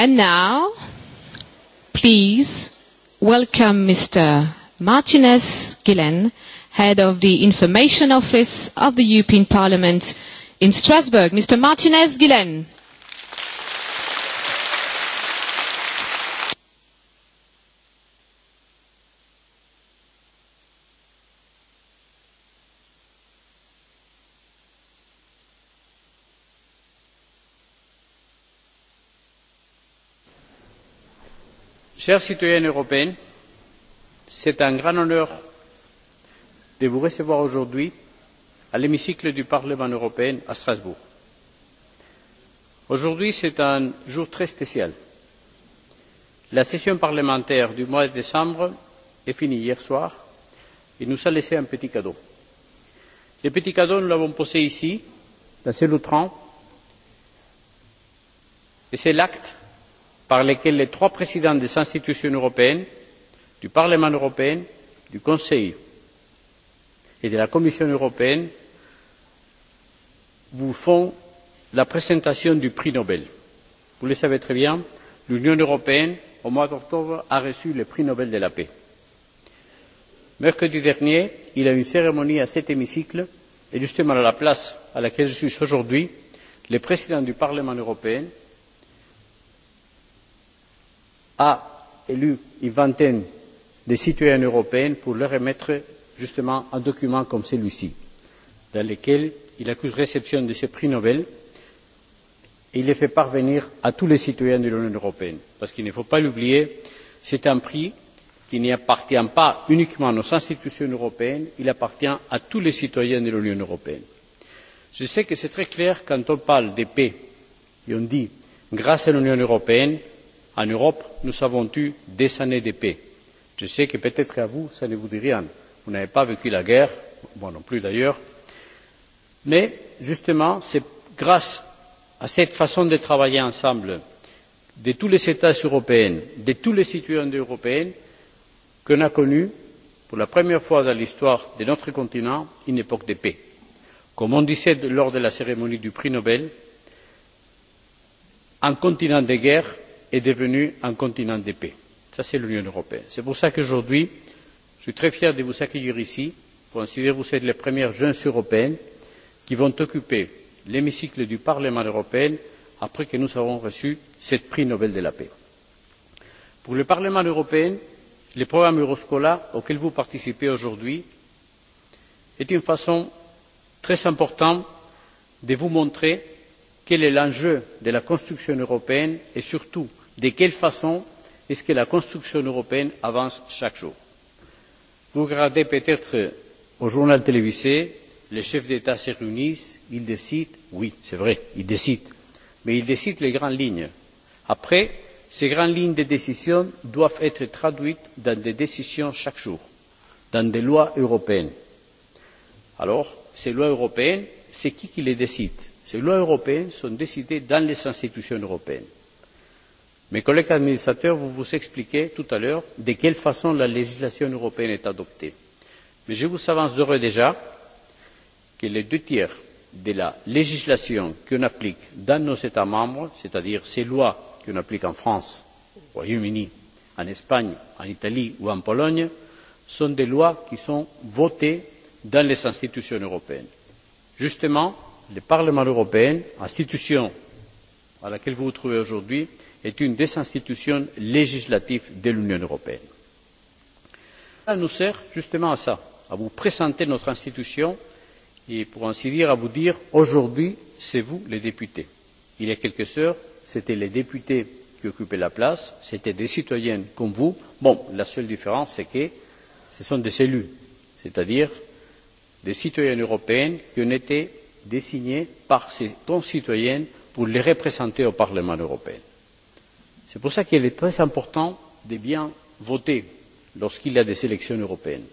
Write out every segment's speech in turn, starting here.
And now, please welcome Mr. Martinez Gillen, Head of the Information Office of the European Parliament in Strasbourg. Mr. Martinez Gillen. chers citoyens européens c'est un grand honneur de vous recevoir aujourd'hui à l'hémicycle du parlement européen à strasbourg. aujourd'hui est un jour très spécial. la session parlementaire du mois de décembre est finie hier soir et nous a laissé un petit cadeau. le petit cadeau nous l'avons posé ici dans ce lutrin et c'est l'acte par lequel les trois présidents des institutions européennes du parlement européen du conseil et de la commission européenne vous font la présentation du prix nobel. vous le savez très bien l'union européenne au mois d'octobre a reçu le prix nobel de la paix. mercredi dernier il y a eu une cérémonie à cet hémicycle et justement à la place à laquelle je suis aujourd'hui le président du parlement européen a élu une vingtaine de citoyens européens pour leur remettre justement un document comme celui ci dans lequel il accuse réception de ce prix Nobel et le fait parvenir à tous les citoyens de l'Union européenne. Parce qu'il ne faut pas l'oublier, c'est un prix qui n'appartient pas uniquement aux institutions européennes, il appartient à tous les citoyens de l'Union européenne. Je sais que c'est très clair quand on parle de paix et on dit grâce à l'Union européenne, en europe nous avons eu des années de paix. je sais que peut être à vous cela ne vous dit rien vous n'avez pas vécu la guerre moi non plus d'ailleurs mais justement c'est grâce à cette façon de travailler ensemble de tous les états européens de tous les citoyens européens qu'on a connu pour la première fois dans l'histoire de notre continent une époque de paix. comme on disait lors de la cérémonie du prix nobel un continent en guerre est devenu un continent de paix. Ça, c'est l'Union européenne. C'est pour cela qu'aujourd'hui, je suis très fier de vous accueillir ici, ainsi que vous êtes les premières jeunes européennes qui vont occuper l'hémicycle du Parlement européen après que nous aurons reçu ce prix Nobel de la paix. Pour le Parlement européen, le programme Euroscola auquel vous participez aujourd'hui est une façon très importante de vous montrer quel est l'enjeu de la construction européenne et surtout de quelle façon la construction européenne avance t elle chaque jour? vous regardez peut être au journal télévisé les chefs d'état se réunissent ils décident oui c'est vrai ils décident mais ils décident les grandes lignes. après ces grandes lignes de décision doivent être traduites dans des décisions chaque jour dans des lois européennes. alors ces lois européennes c'est qui qui les décide? ces lois européennes sont décidées dans les institutions européennes mes collègues administrateurs vont vous expliquer tout à l'heure de quelle façon la législation européenne est adoptée mais je vous avance d'ores et déjà que les deux tiers de la législation qu'on applique dans nos états membres c'est à dire ces lois qu'on applique en france au royaume uni en espagne en italie ou en pologne sont des lois qui sont votées dans les institutions européennes. justement le parlement européen institution à laquelle vous vous trouvez aujourd'hui est une des institutions législatives de l'Union européenne. Cela nous sert justement à ça, à vous présenter notre institution et pour ainsi dire à vous dire aujourd'hui c'est vous les députés. Il y a quelques heures, c'étaient les députés qui occupaient la place, c'étaient des citoyens comme vous. Bon, la seule différence c'est que ce sont des élus, c'est-à-dire des citoyens européens qui ont été désignés par ces concitoyens pour les représenter au Parlement européen c'est pour cela qu'il est très important de bien voter lorsqu'il y a des élections européennes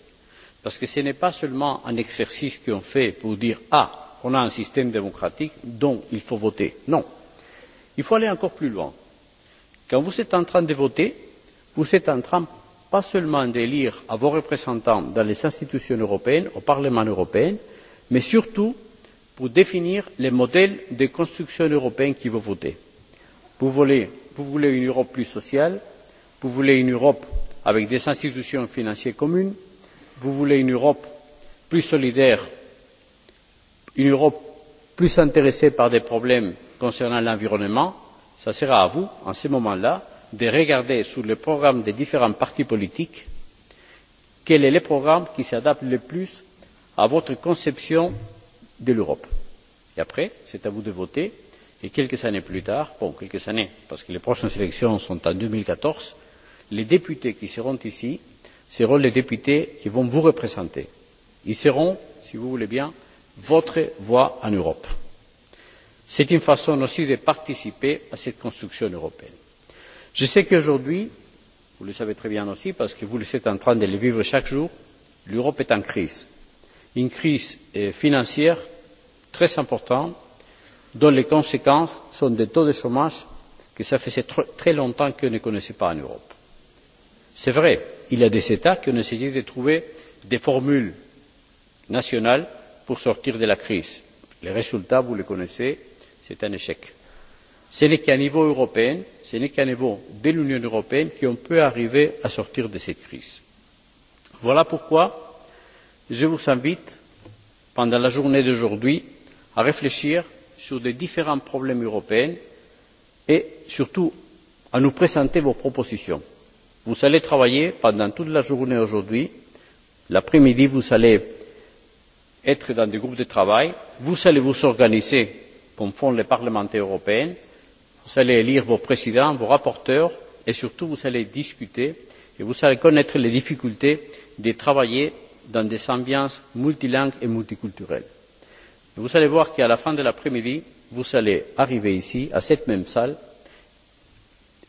parce que ce n'est pas seulement un exercice qu'on fait pour dire ah on a un système démocratique donc il faut voter non il faut aller encore plus loin. quand vous êtes en train de voter vous êtes en train pas seulement d'élire à vos représentants dans les institutions européennes au parlement européen mais surtout pour définir le modèle de construction européenne que vous voter. vous voulez vous voulez une europe plus sociale vous voulez une europe avec des institutions financières communes vous voulez une europe plus solidaire une europe plus intéressée par des problèmes concernant l'environnement ce sera à vous en ce moment là de regarder sur le programme des différents partis politiques quel est le programme qui s'adapte le plus à votre conception de l'europe. et après c'est à vous de voter Et quelques années plus tard, bon, quelques années, parce que les prochaines élections sont en deux mille quatorze, les députés qui seront ici seront les députés qui vont vous représenter. Ils seront, si vous voulez bien, votre voix en Europe. C'est une façon aussi de participer à cette construction européenne. Je sais qu'aujourd'hui, vous le savez très bien aussi, parce que vous êtes en train de le vivre chaque jour, l'Europe est en crise. Une crise financière très importante, dont les conséquences sont des taux de chômage que cela faisait très longtemps qu'on ne connaissait pas en europe. c'est vrai il y a des états qui ont essayé de trouver des formules nationales pour sortir de la crise. le résultat vous le connaissez c'est un échec. ce n'est qu'au niveau européen ce n'est qu'au niveau de l'union européenne qu'on peut arriver à sortir de cette crise. voilà pourquoi je vous invite pendant la journée d'aujourd'hui à réfléchir sur les différents problèmes européens et surtout à nous présenter vos propositions. Vous allez travailler pendant toute la journée aujourd'hui. L'après midi, vous allez être dans des groupes de travail. Vous allez vous organiser comme font les parlementaires européens. Vous allez élire vos présidents, vos rapporteurs et surtout vous allez discuter et vous allez connaître les difficultés de travailler dans des ambiances multilingues et multiculturelles vous allez voir qu'à la fin de l'après midi vous allez arriver ici à cette même salle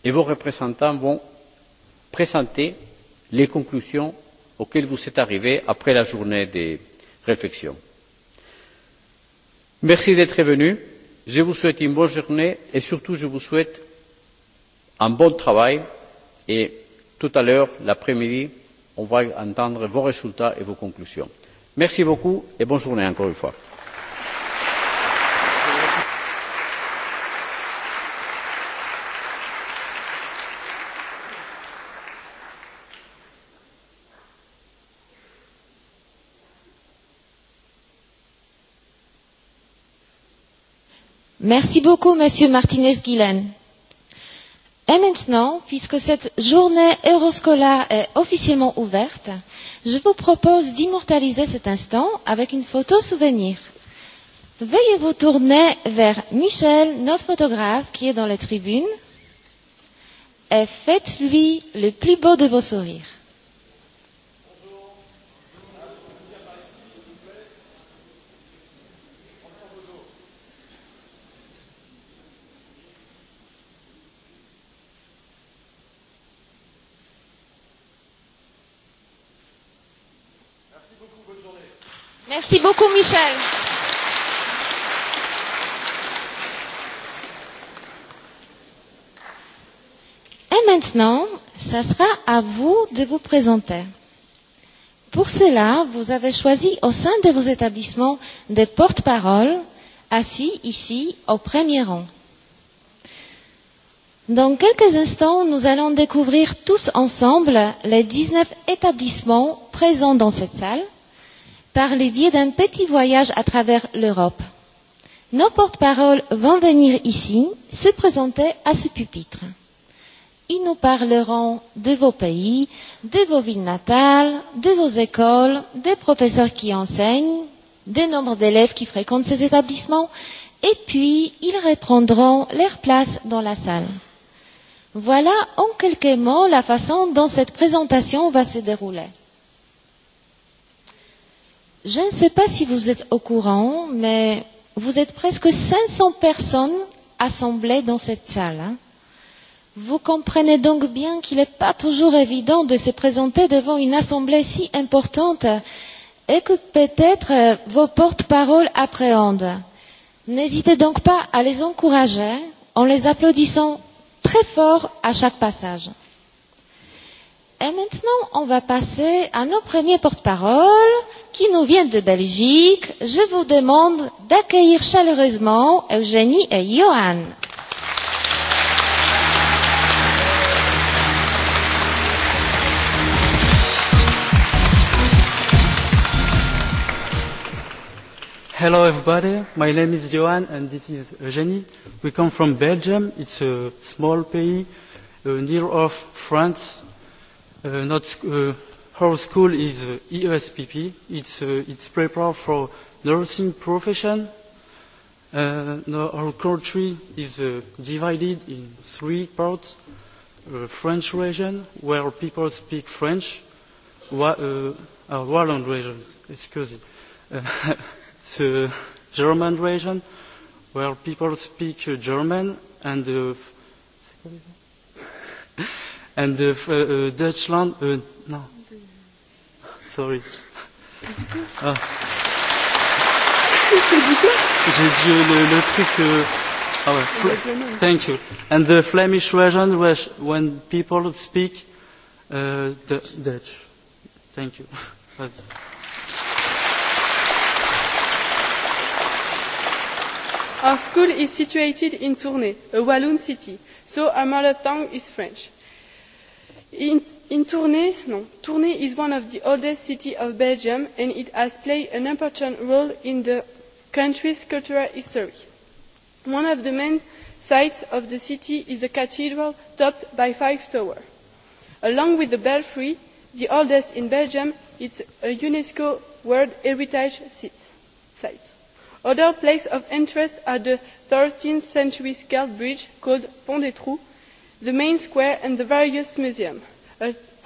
et vos représentants vont présenter les conclusions auxquelles vous êtes arrivés après la journée de réflexion. merci d'être venus je vous souhaite une bonne journée et surtout je vous souhaite un bon travail et tout à l'heure l'après midi on va entendre vos résultats et vos conclusions. merci beaucoup et bonne journée encore une fois. Merci beaucoup, Monsieur Martinez-Guilen. Et maintenant, puisque cette journée euroscolaire est officiellement ouverte, je vous propose d'immortaliser cet instant avec une photo souvenir. Veuillez vous tourner vers Michel, notre photographe, qui est dans les tribunes, et faites-lui le plus beau de vos sourires. Merci beaucoup, Michel. Et maintenant, ce sera à vous de vous présenter. Pour cela, vous avez choisi au sein de vos établissements des porte-paroles assis ici au premier rang. Dans quelques instants, nous allons découvrir tous ensemble les 19 établissements présents dans cette salle – par le biais d'un petit voyage à travers l'Europe. Nos porte-paroles vont venir ici se présenter à ce pupitre. Ils nous parleront de vos pays, de vos villes natales, de vos écoles, des professeurs qui enseignent, des nombres d'élèves qui fréquentent ces établissements, et puis ils reprendront leur place dans la salle. Voilà en quelques mots la façon dont cette présentation va se dérouler. Je ne sais pas si vous êtes au courant, mais vous êtes presque 500 personnes assemblées dans cette salle. Vous comprenez donc bien qu'il n'est pas toujours évident de se présenter devant une assemblée si importante et que peut-être vos porte-paroles appréhendent. N'hésitez donc pas à les encourager en les applaudissant très fort à chaque passage. Et maintenant, on va passer à nos premiers porte-paroles qui nous viennent de Belgique. Je vous demande d'accueillir chaleureusement Eugénie et Johan. Hello everybody, my name is Johan and this is Eugénie. We come from Belgium, it's a small pays uh, near of France not uh, her school is uh, ESPP. It's uh, it's prepared for nursing profession. Uh, no, our country is uh, divided in three parts: uh, French region, where people speak French, wa uh, uh, Wallon region, excuse me, uh, the German region, where people speak uh, German, and uh, En de, Duitsland. no. Sorry. Ah. J'ai dit le, truc. thank you. And the Flemish version, when people speak uh, Dutch. Thank you. Our school is situated in Tournai, a Walloon city, so our mother tongue is French in tournai is one of the oldest cities of belgium and it has played an important role in the country's cultural history. one of the main sights of the city is a cathedral topped by five towers. along with the belfry the oldest in belgium it is a unesco world heritage site. other places of interest are the thirteenth century scaled bridge called pont des trous the main square and the various museums.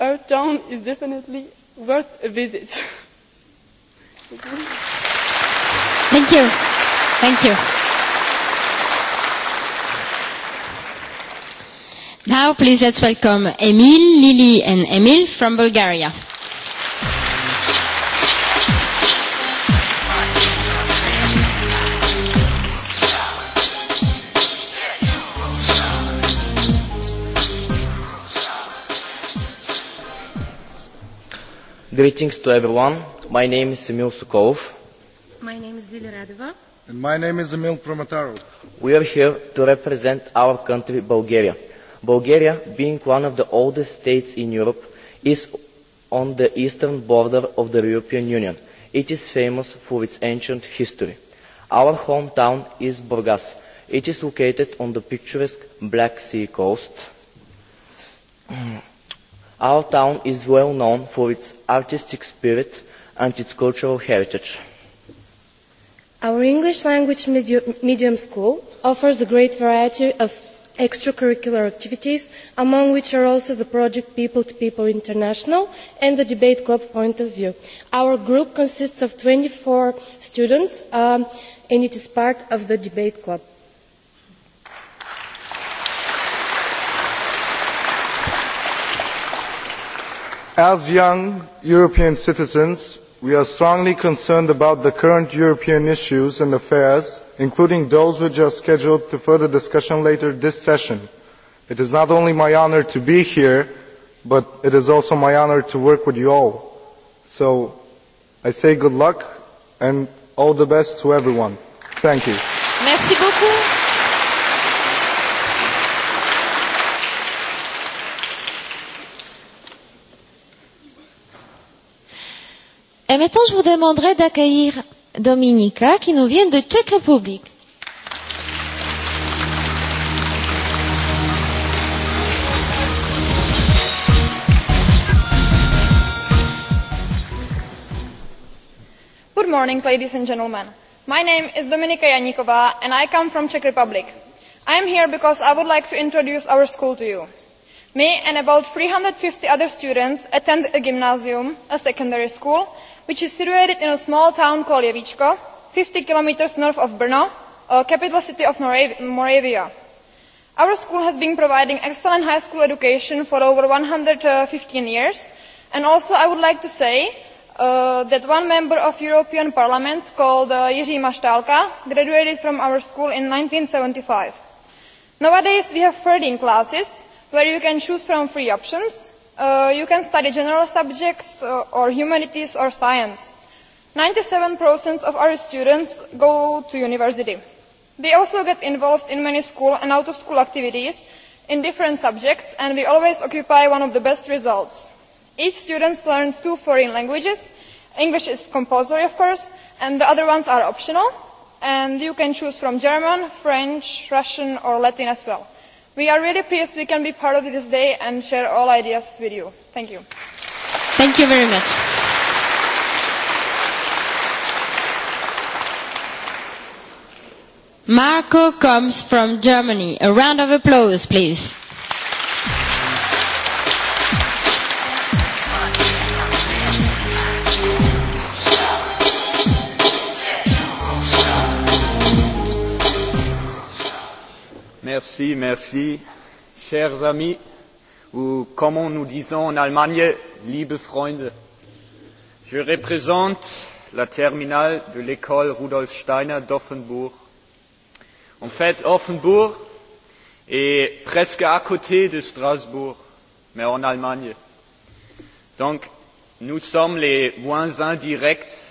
our town is definitely worth a visit. Thank you. Thank you. Now please let's welcome Emil, Lily and Emil from Bulgaria. Greetings to everyone. My name is Emil Sokolov. My name is Lili Radeva. And my name is Emil Promotaro. We are here to represent our country, Bulgaria. Bulgaria, being one of the oldest states in Europe, is on the eastern border of the European Union. It is famous for its ancient history. Our hometown is Burgas. It is located on the picturesque Black Sea coast Our town is well known for its artistic spirit and its cultural heritage. Our English language medium school offers a great variety of extracurricular activities, among which are also the project People to People International and the Debate Club Point of View. Our group consists of twenty four students and it is part of the Debate Club. as young european citizens we are strongly concerned about the current european issues and affairs including those which are scheduled for further discussion later this session. it is not only my honour to be here but it is also my honour to work with you all so i say good luck and all the best to everyone. thank you. Et maintenant, je vous demanderai d'accueillir Dominica qui nous vient de Tchèque République. Good morning, ladies and gentlemen. My name is Dominika Janikova and I come from Czech Republic. I am here because I would like to introduce our school to you. Me and about 350 other students attend a gymnasium, a secondary school, which is situated in a small town called javico fifty kilometres north of brno the capital city of moravia. our school has been providing excellent high school education for over one hundred and fifteen years and also i would like to say that one member of the european parliament called jiří maštálka graduated from our school in. one thousand nine hundred and seventy five nowadays we have thirteen classes where you can choose from three options you can study general subjects or humanities or science. ninety seven of our students go to university. they also get involved in many school and out of school activities in different subjects and we always occupy one of the best results. each student learns two foreign languages english is compulsory of course and the other ones are optional and you can choose from german french russian or latin as well we are really pleased we can be part of this day and share all ideas with you. Thank you. Thank you very much. Marco comes from Germany. A round of applause, please. Merci, merci. Chers amis, ou comme nous disons en Allemagne, liebe Freunde, je représente la terminale de l'école Rudolf Steiner d'Offenbourg. En fait, Offenbourg est presque à côté de Strasbourg, mais en Allemagne. Donc, nous sommes les voisins directs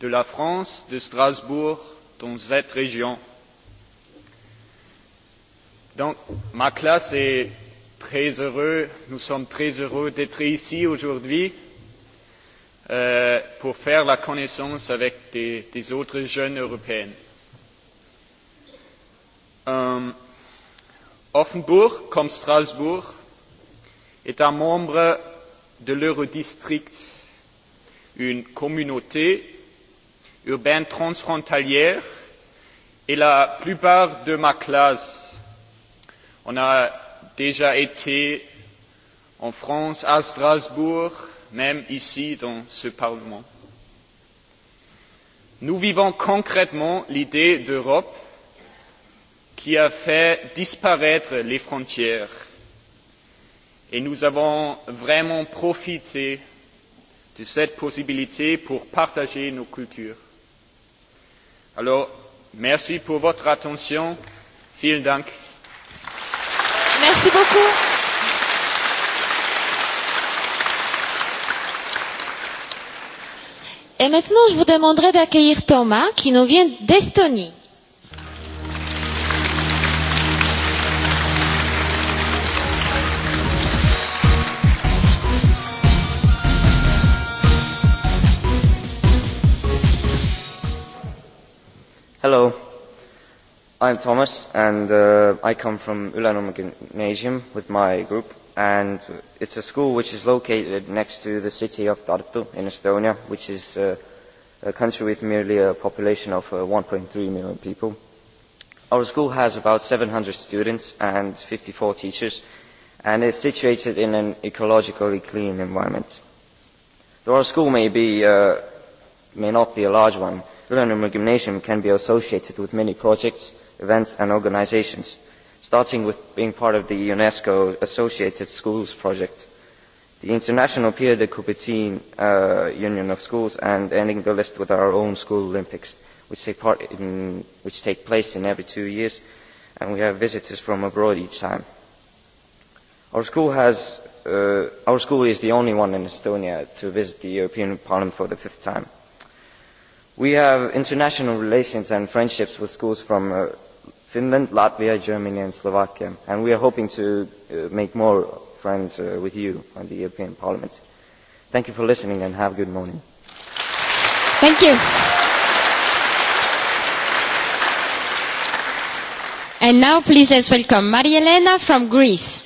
de la France, de Strasbourg, dans cette région. Donc, ma classe est très heureux, nous sommes très heureux d'être ici aujourd'hui euh, pour faire la connaissance avec des, des autres jeunes européennes. Euh, Offenbourg, comme Strasbourg, est un membre de l'Eurodistrict, une communauté urbaine transfrontalière, et la plupart de ma classe On a déjà été en France, à Strasbourg, même ici dans ce Parlement. Nous vivons concrètement l'idée d'Europe qui a fait disparaître les frontières et nous avons vraiment profité de cette possibilité pour partager nos cultures. Alors, merci pour votre attention. Vielen Dank. Merci beaucoup. Et maintenant, je vous demanderai d'accueillir Thomas, qui nous vient d'Estonie. Hello. I'm Thomas, and uh, I come from Ulanum Gymnasium with my group, and it's a school which is located next to the city of Tartu in Estonia, which is uh, a country with merely a population of uh, 1.3 million people. Our school has about 700 students and 54 teachers, and is situated in an ecologically clean environment. Though our school may, be, uh, may not be a large one, Ulanum Gymnasium can be associated with many projects events and organisations, starting with being part of the UNESCO Associated Schools project, the International Pierre de Coubertin uh, Union of Schools, and ending the list with our own school Olympics, which take, part in, which take place in every two years, and we have visitors from abroad each time. Our school has uh, our school is the only one in Estonia to visit the European Parliament for the fifth time. We have international relations and friendships with schools from uh, Finland, Latvia, Germany and Slovakia. And we are hoping to uh, make more friends uh, with you and the European Parliament. Thank you for listening and have a good morning. Thank you. And now please let's welcome Maria Elena from Greece.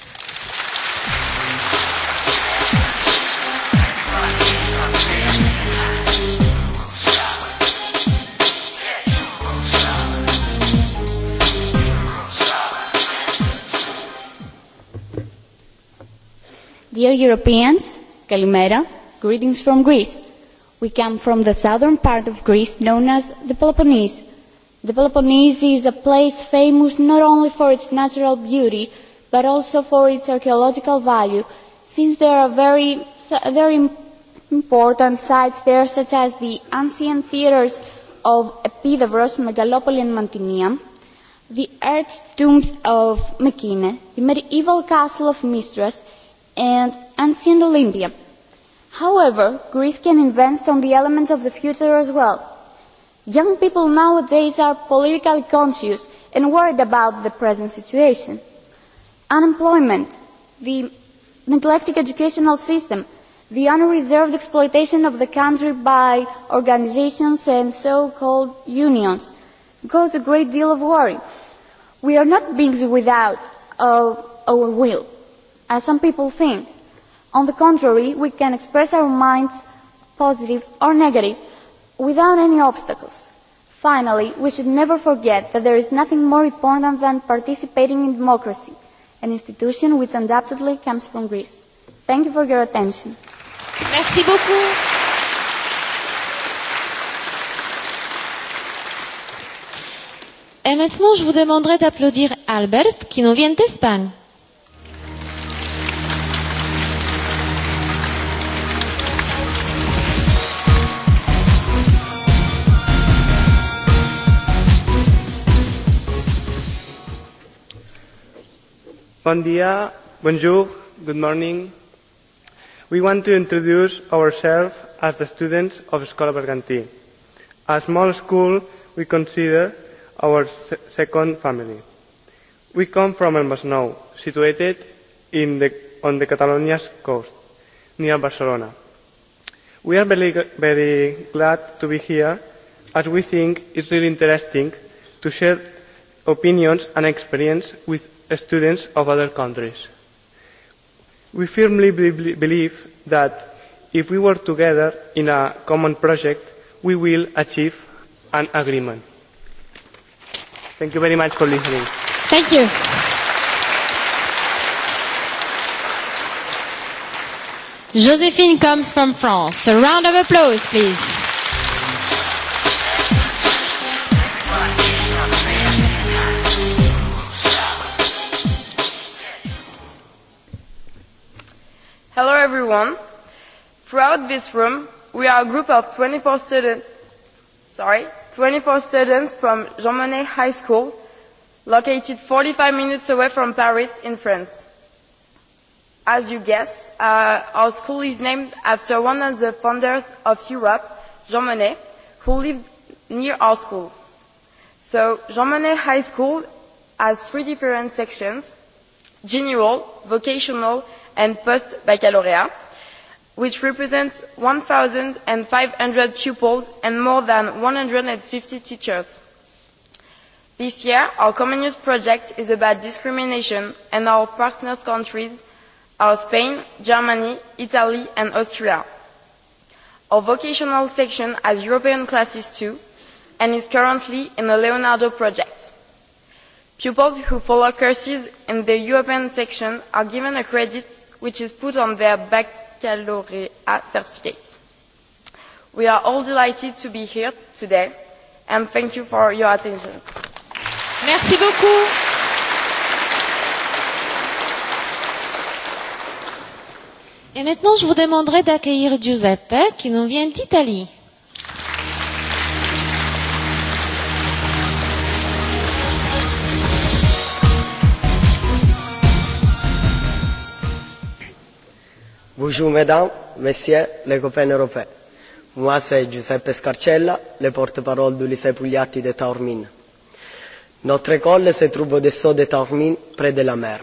Dear Europeans, Kalimera, greetings from Greece. We come from the southern part of Greece known as the Peloponnese. The Peloponnese is a place famous not only for its natural beauty, but also for its archaeological value, since there are very, very important sites there, such as the ancient theatres of Epidavros, Megalopoli and Mantineum, the earth tombs of Mekine, the medieval castle of Mistras, and ancient Olympia. However, Greece can invest on the elements of the future as well. Young people nowadays are politically conscious and worried about the present situation. Unemployment, the neglected educational system, the unreserved exploitation of the country by organisations and so-called unions cause a great deal of worry. We are not beings without a will as some people think. On the contrary, we can express our minds, positive or negative, without any obstacles. Finally, we should never forget that there is nothing more important than participating in democracy, an institution which undoubtedly comes from Greece. Thank you for your attention. Merci beaucoup. Et maintenant, je vous demanderai d'applaudir Albert qui nous vient d'Espagne. Bon dia, bonjour, good morning. We want to introduce ourselves as the students of Escola Bergantí. A small school we consider our second family. We come from El Masnou, situated in the, on the Catalonia's coast, near Barcelona. We are very, very glad to be here, as we think it's really interesting to share opinions and experience with students of other countries. We firmly believe that if we work together in a common project, we will achieve an agreement. Thank you very much for listening. Thank you. Josephine comes from France. A round of applause, please. everyone. Throughout this room, we are a group of 24 students, sorry, 24 students from Jean Monnet High School, located 45 minutes away from Paris in France. As you guess, uh, our school is named after one of the founders of Europe, Jean Monnet, who lived near our school. So Jean Monnet High School has three different sections, general, vocational, and post baccalaureate, which represents 1,500 pupils and more than 150 teachers. This year, our common Youth project is about discrimination, and our partners countries are Spain, Germany, Italy, and Austria. Our vocational section has European classes too, and is currently in the Leonardo project. Pupils who follow courses in the European section are given a credit which is put on their baccalaureate certificates. We are all delighted to be here today and thank you for your attention. Merci beaucoup. Et maintenant, je vous demanderai d'accueillir Giuseppe qui nous vient d'Italie. Bonjour mesdames, messieurs les copains européens. Moi c'est Giuseppe Scarcella, le porte-parole du lycée Pugliatti de Taormine. Notre école se trouve au-dessous de Taormine, près de la mer.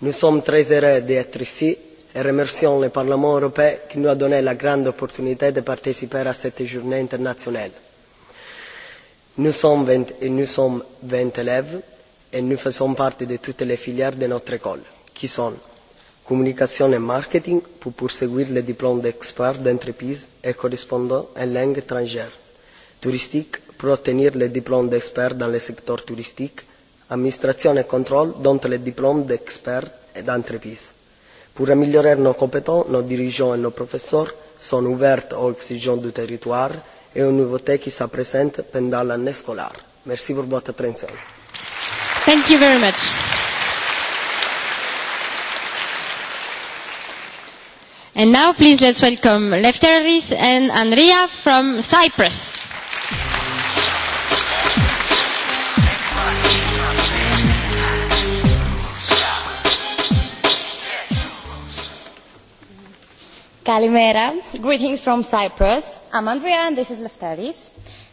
Nous sommes très heureux d'être ici et remercions le Parlement européen qui nous a donné la grande opportunité de participer à cette journée internationale. Nous sommes vingt élèves et nous faisons partie de toutes les filières de notre école, qui sont communication et marketing pour poursuivre le diplôme d'expert d'entreprise et correspondant en langue étrangère. Touristique pour obtenir le diplôme d'expert dans le secteur touristique, administration et contrôle dont le diplôme d'expert d'entreprise. Pour améliorer nos compétences, nos dirigeants et nos professeurs sont ouverts aux exigences du territoire et aux nouveautés qui se présentent pendant l'année scolaire. Merci pour votre attention. Thank you very much. And now please let's welcome Lefteris and Andrea from Cyprus. Kalimera, greetings from Cyprus. I'm Andrea and this is Lefteris.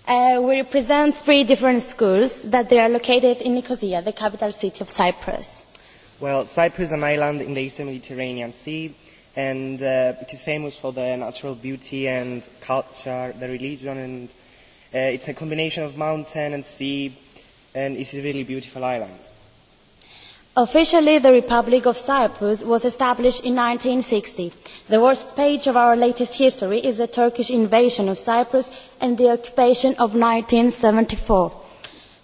Uh, we represent three different schools that they are located in Nicosia, the capital city of Cyprus. Well, Cyprus is an island in the eastern Mediterranean Sea and uh, it is famous for the natural beauty and culture, the religion, and uh, it's a combination of mountain and sea, and it's a really beautiful island. Officially, the Republic of Cyprus was established in 1960. The worst page of our latest history is the Turkish invasion of Cyprus and the occupation of 1974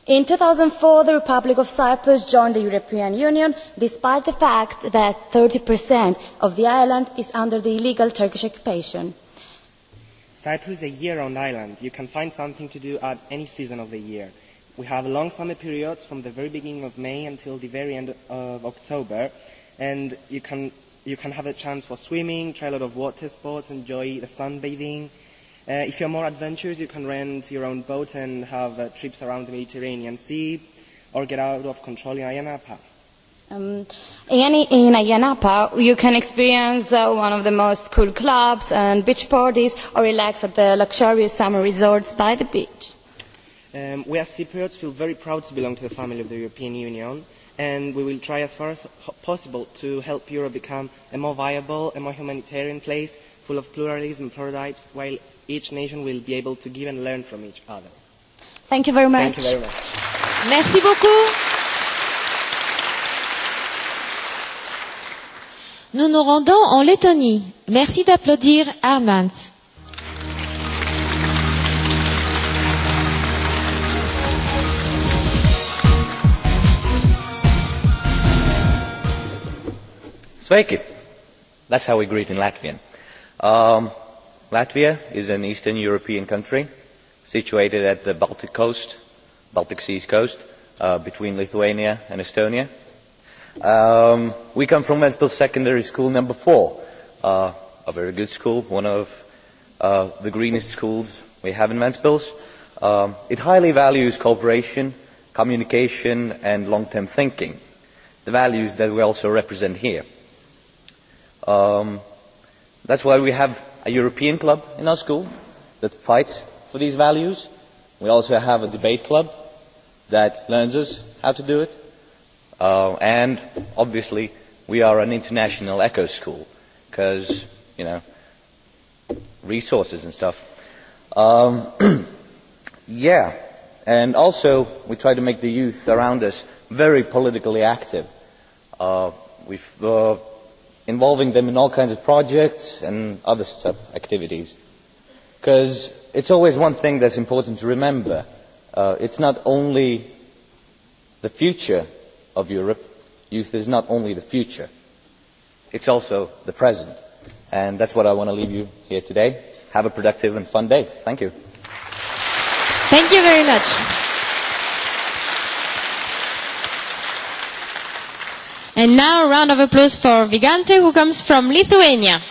in two thousand and four the republic of cyprus joined the european union despite the fact that thirty of the island is under the illegal turkish occupation. cyprus is a year round island. you can find something to do at any season of the year. we have long summer periods from the very beginning of may until the very end of october and you can, you can have a chance for swimming, try a lot of water sports, enjoy the sunbathing Uh, if you're more adventurous, you can rent your own boat and have uh, trips around the Mediterranean Sea or get out of control in Ayanapa. Um, in, in Ayanapa, you can experience uh, one of the most cool clubs and beach parties or relax at the luxurious summer resorts by the beach. Um, we as Cypriots feel very proud to belong to the family of the European Union and we will try as far as possible to help Europe become a more viable, a more humanitarian place full of pluralism, prototypes, while each nation will be able to give and learn from each other. Thank you very much. Thank you very much. Merci beaucoup. Nous nous rendons en Lettonie. Merci d'applaudir Armand. Sveiki. That's how we greet in Latvian. Um, latvia is an eastern european country situated at the baltic coast baltic sea coast between lithuania and estonia um, we come from Ventspils secondary school number four uh, a very good school one of uh, the greenest schools we have in Ventspils um, it highly values cooperation communication and long-term thinking the values that we also represent here um, that's why we have a European club in our school that fights for these values. We also have a debate club that learns us how to do it. Uh, and obviously, we are an international echo school because, you know, resources and stuff. Um, yeah. And also, we try to make the youth around us very politically active. Uh, we've uh, involving them in all kinds of projects and other stuff, activities. Because it's always one thing that's important to remember. it it's not only the future of Europe, youth is not only the future, it's also the present. And that's what I want to leave you here today. Have a productive and fun day. Thank you. Thank you very much. And now a round of applause for Vigante who comes from Lithuania.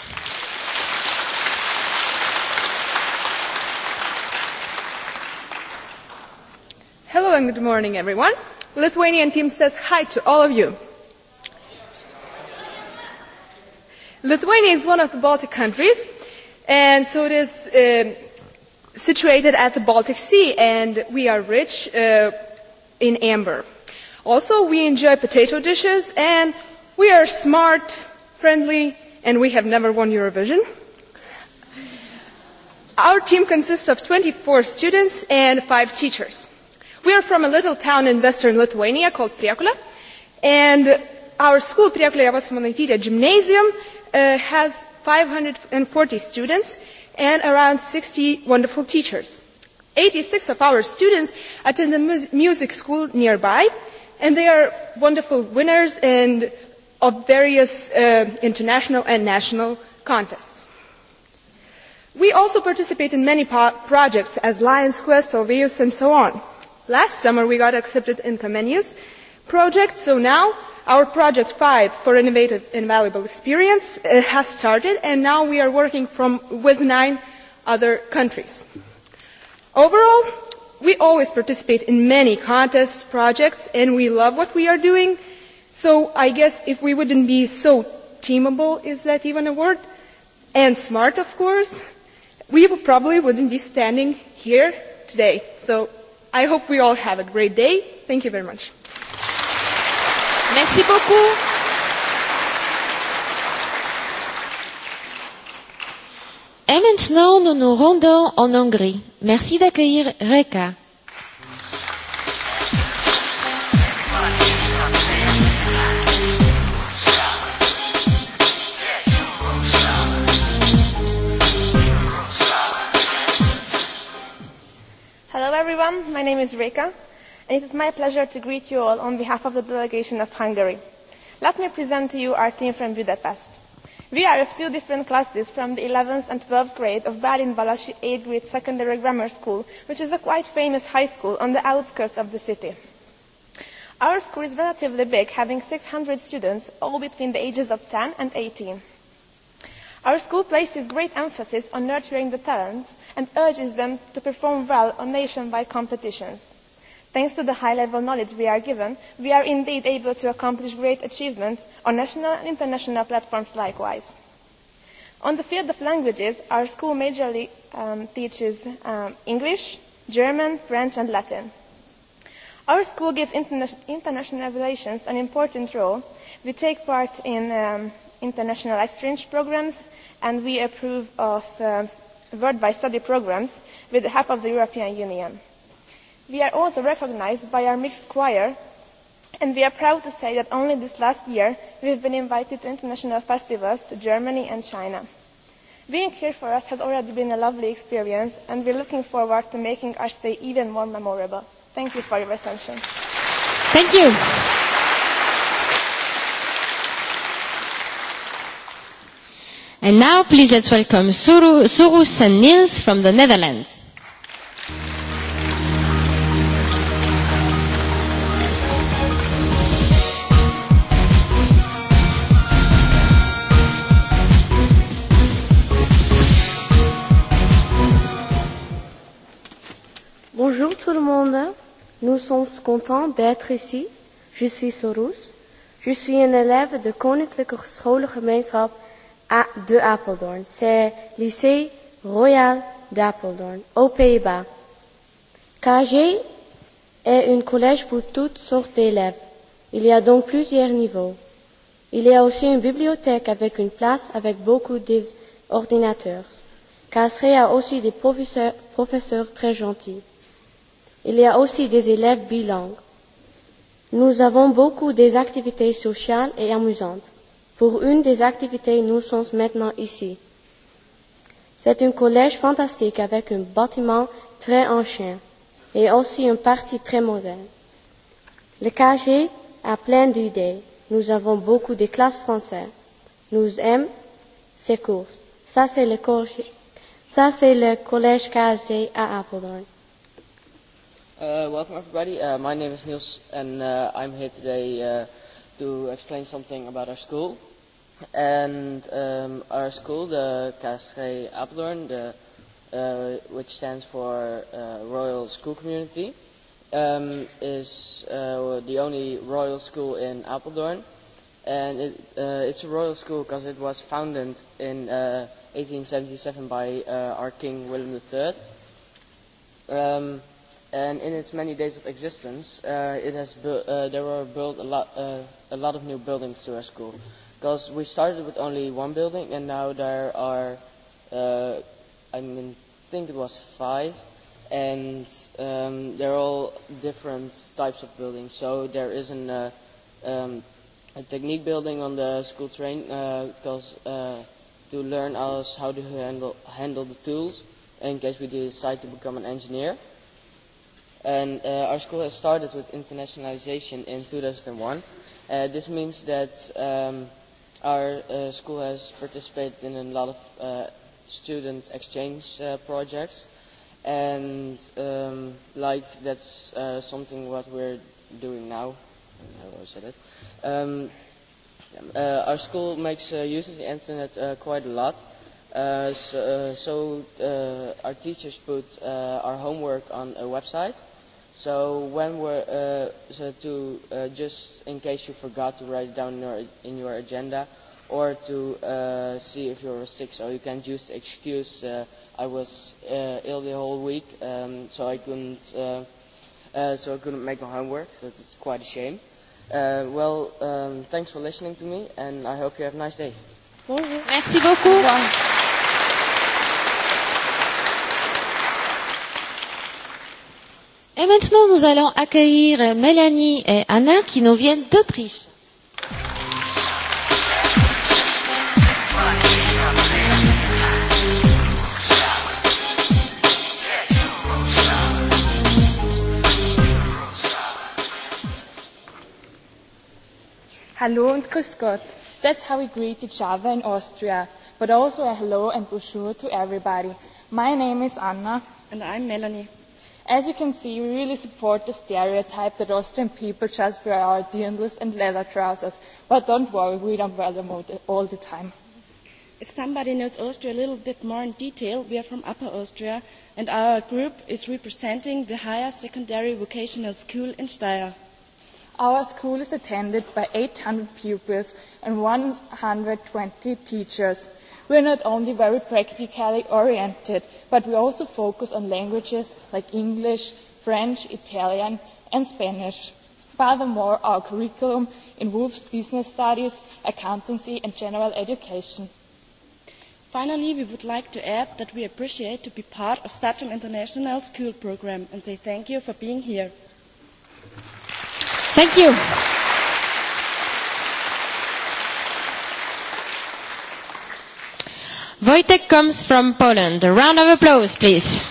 Hello and good morning everyone. Lithuanian team says hi to all of you. Lithuania is one of the Baltic countries and so it is uh, situated at the Baltic Sea and we are rich uh, in amber also we enjoy potato dishes and we are smart friendly and we have never won eurovision our team consists of twenty four students and five teachers we are from a little town in western lithuania called priakula and our school priakula javasmanaitytė gymnasium has five hundred and forty students and around sixty wonderful teachers. eighty six of our students attend a music school nearby and they are wonderful winners in, of various uh, international and national contests. We also participate in many projects as Lions Quest, Orveus and so on. Last summer we got accepted in Comenius project, so now our project five for innovative and valuable experience uh, has started and now we are working from, with nine other countries. Overall, we always participate in many contests, projects, and we love what we are doing. So I guess if we wouldn't be so teamable, is that even a word? And smart, of course, we probably wouldn't be standing here today. So I hope we all have a great day. Thank you very much. Merci beaucoup. Et maintenant, nous nous rendons en Hongrie. Merci d'accueillir Reka. Hello everyone, my name is Reka, and it is my pleasure to greet you all on behalf of the delegation of Hungary. Let me present to you our team from Budapest we are of two different classes from the eleventh and twelfth grade of balin balai eighth grade secondary grammar school which is a quite famous high school on the outskirts of the city. our school is relatively big having six hundred students all between the ages of ten and. eighteen our school places great emphasis on nurturing the talents and urges them to perform well on nationwide competitions Thanks to the high-level knowledge we are given, we are indeed able to accomplish great achievements on national and international platforms likewise. On the field of languages, our school majorly um, teaches um, English, German, French and Latin. Our school gives interna- international relations an important role. We take part in um, international exchange programs and we approve of um, worldwide study programs with the help of the European Union we are also recognised by our mixed choir and we are proud to say that only this last year we have been invited to international festivals to germany and china. being here for us has already been a lovely experience and we are looking forward to making our stay even more memorable. thank you for your attention. Thank you. And now please let's welcome Suru, Suru San Niels from the Netherlands. Bonjour tout le monde. Nous sommes contents d'être ici. Je suis Sorous. Je suis un élève de Koninklijke Scholengemeenschap de Apeldoorn. C'est lycée royal d'Apeldoorn, aux Pays-Bas. KG est un collège pour toutes sortes d'élèves. Il y a donc plusieurs niveaux. Il y a aussi une bibliothèque avec une place avec beaucoup d'ordinateurs. Casseré a aussi des professeurs, professeurs très gentils. Il y a aussi des élèves bilingues. Nous avons beaucoup des activités sociales et amusantes. Pour une des activités, nous sommes maintenant ici. C'est un collège fantastique avec un bâtiment très ancien et aussi une partie très moderne. Le KG a plein d'idées. Nous avons beaucoup de classes françaises. Nous aimons ces courses. Ça, c'est le collège KG à Apollon. Uh, welcome, everybody. Uh, my name is Niels, and uh, I'm here today uh, to explain something about our school. And um, our school, the Castre Apeldoorn, the, uh, which stands for uh, Royal School Community, um, is uh, the only royal school in Apeldoorn. And it, uh, it's a royal school because it was founded in uh, 1877 by uh, our King William III. Um, and in its many days of existence, uh, it has bu- uh, there were built a lot, uh, a lot of new buildings to our school. Because we started with only one building, and now there are, uh, I mean, think it was five, and um, they're all different types of buildings. So there is an, uh, um, a technique building on the school train because uh, uh, to learn us how to handle, handle the tools in case we decide to become an engineer. And uh, our school has started with internationalization in 2001. Uh, this means that um, our uh, school has participated in a lot of uh, student exchange uh, projects. And um, like that's uh, something what we're doing now. I said it. Um, uh, our school makes uh, use of the internet uh, quite a lot. Uh, so uh, so uh, our teachers put uh, our homework on a website So when we're uh, so to uh, just in case you forgot to write it down in your, in your agenda, or to uh, see if you're sick, so you can use the excuse uh, I was uh, ill the whole week, um, so I couldn't uh, uh, so I couldn't make my homework. So it's quite a shame. Uh, well, um, thanks for listening to me, and I hope you have a nice day. Merci beaucoup. Bye. Et maintenant, nous allons accueillir Mélanie et Anna qui nous viennent d'Autriche. Hallo und grüß Gott. That's how we greet each other in Austria. But also a hello and bonjour to everybody. My name is Anna. And I'm Melanie. As you can see, we really support the stereotype that Austrian people just wear our dirndls and leather trousers. But don't worry, we don't wear them all the, all the time. If somebody knows Austria a little bit more in detail, we are from Upper Austria, and our group is representing the Higher Secondary Vocational School in Steyr. Our school is attended by 800 pupils and 120 teachers we are not only very practically oriented but we also focus on languages like english french italian and spanish. furthermore our curriculum involves business studies accountancy and general education. finally we would like to add that we appreciate being part of such an international school programme and say thank you for being here. Wojtek comes from Poland. A round of applause, please.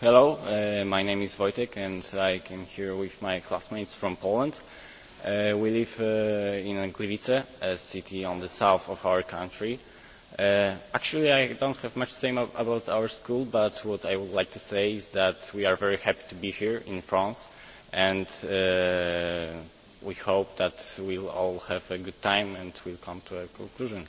Hello, uh, my name is Wojtek and I came here with my classmates from Poland. Uh, we live uh, in Gliwice, a city on the south of our country Uh, actually, I don't have much to say about our school, but what I would like to say is that we are very happy to be here in France, and uh, we hope that we'll all have a good time and we'll come to a conclusion.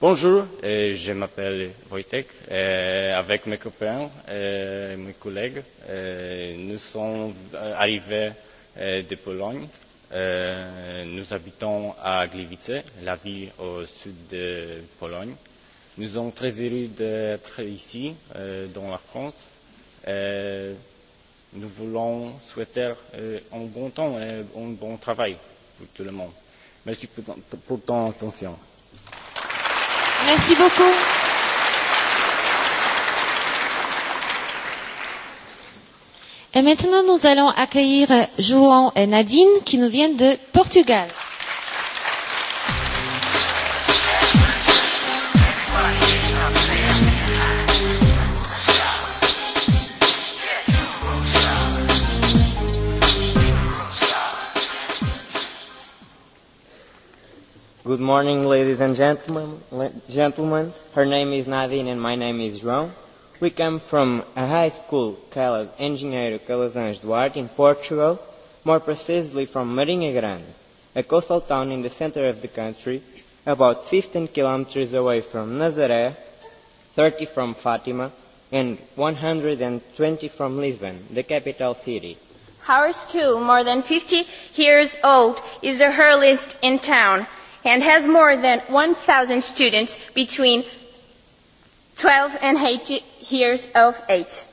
Bonjour, euh, je m'appelle Wojtek, euh, avec mes copains, euh, mes collègues. Euh, nous sommes arrivés euh, de Pologne nous habitons à Gliwice, la ville au sud de Pologne. Nous sommes très heureux d'être ici, dans la France. nous voulons souhaiter un bon temps et un bon travail pour tout le monde. Merci pour ton attention. Merci beaucoup. Et maintenant, nous allons accueillir João et Nadine qui nous viennent de Portugal. Good morning, ladies and gentlemen. gentlemen. Her name is Nadine and my name is João. We come from a high school called Engenheiro Calazans Duarte in Portugal, more precisely from Marinha Grande, a coastal town in the center of the country, about 15 kilometers away from Nazaré, 30 from Fatima, and 120 from Lisbon, the capital city. Our school, more than 50 years old, is the earliest in town and has more than 1,000 students between 12 and 18 years of age.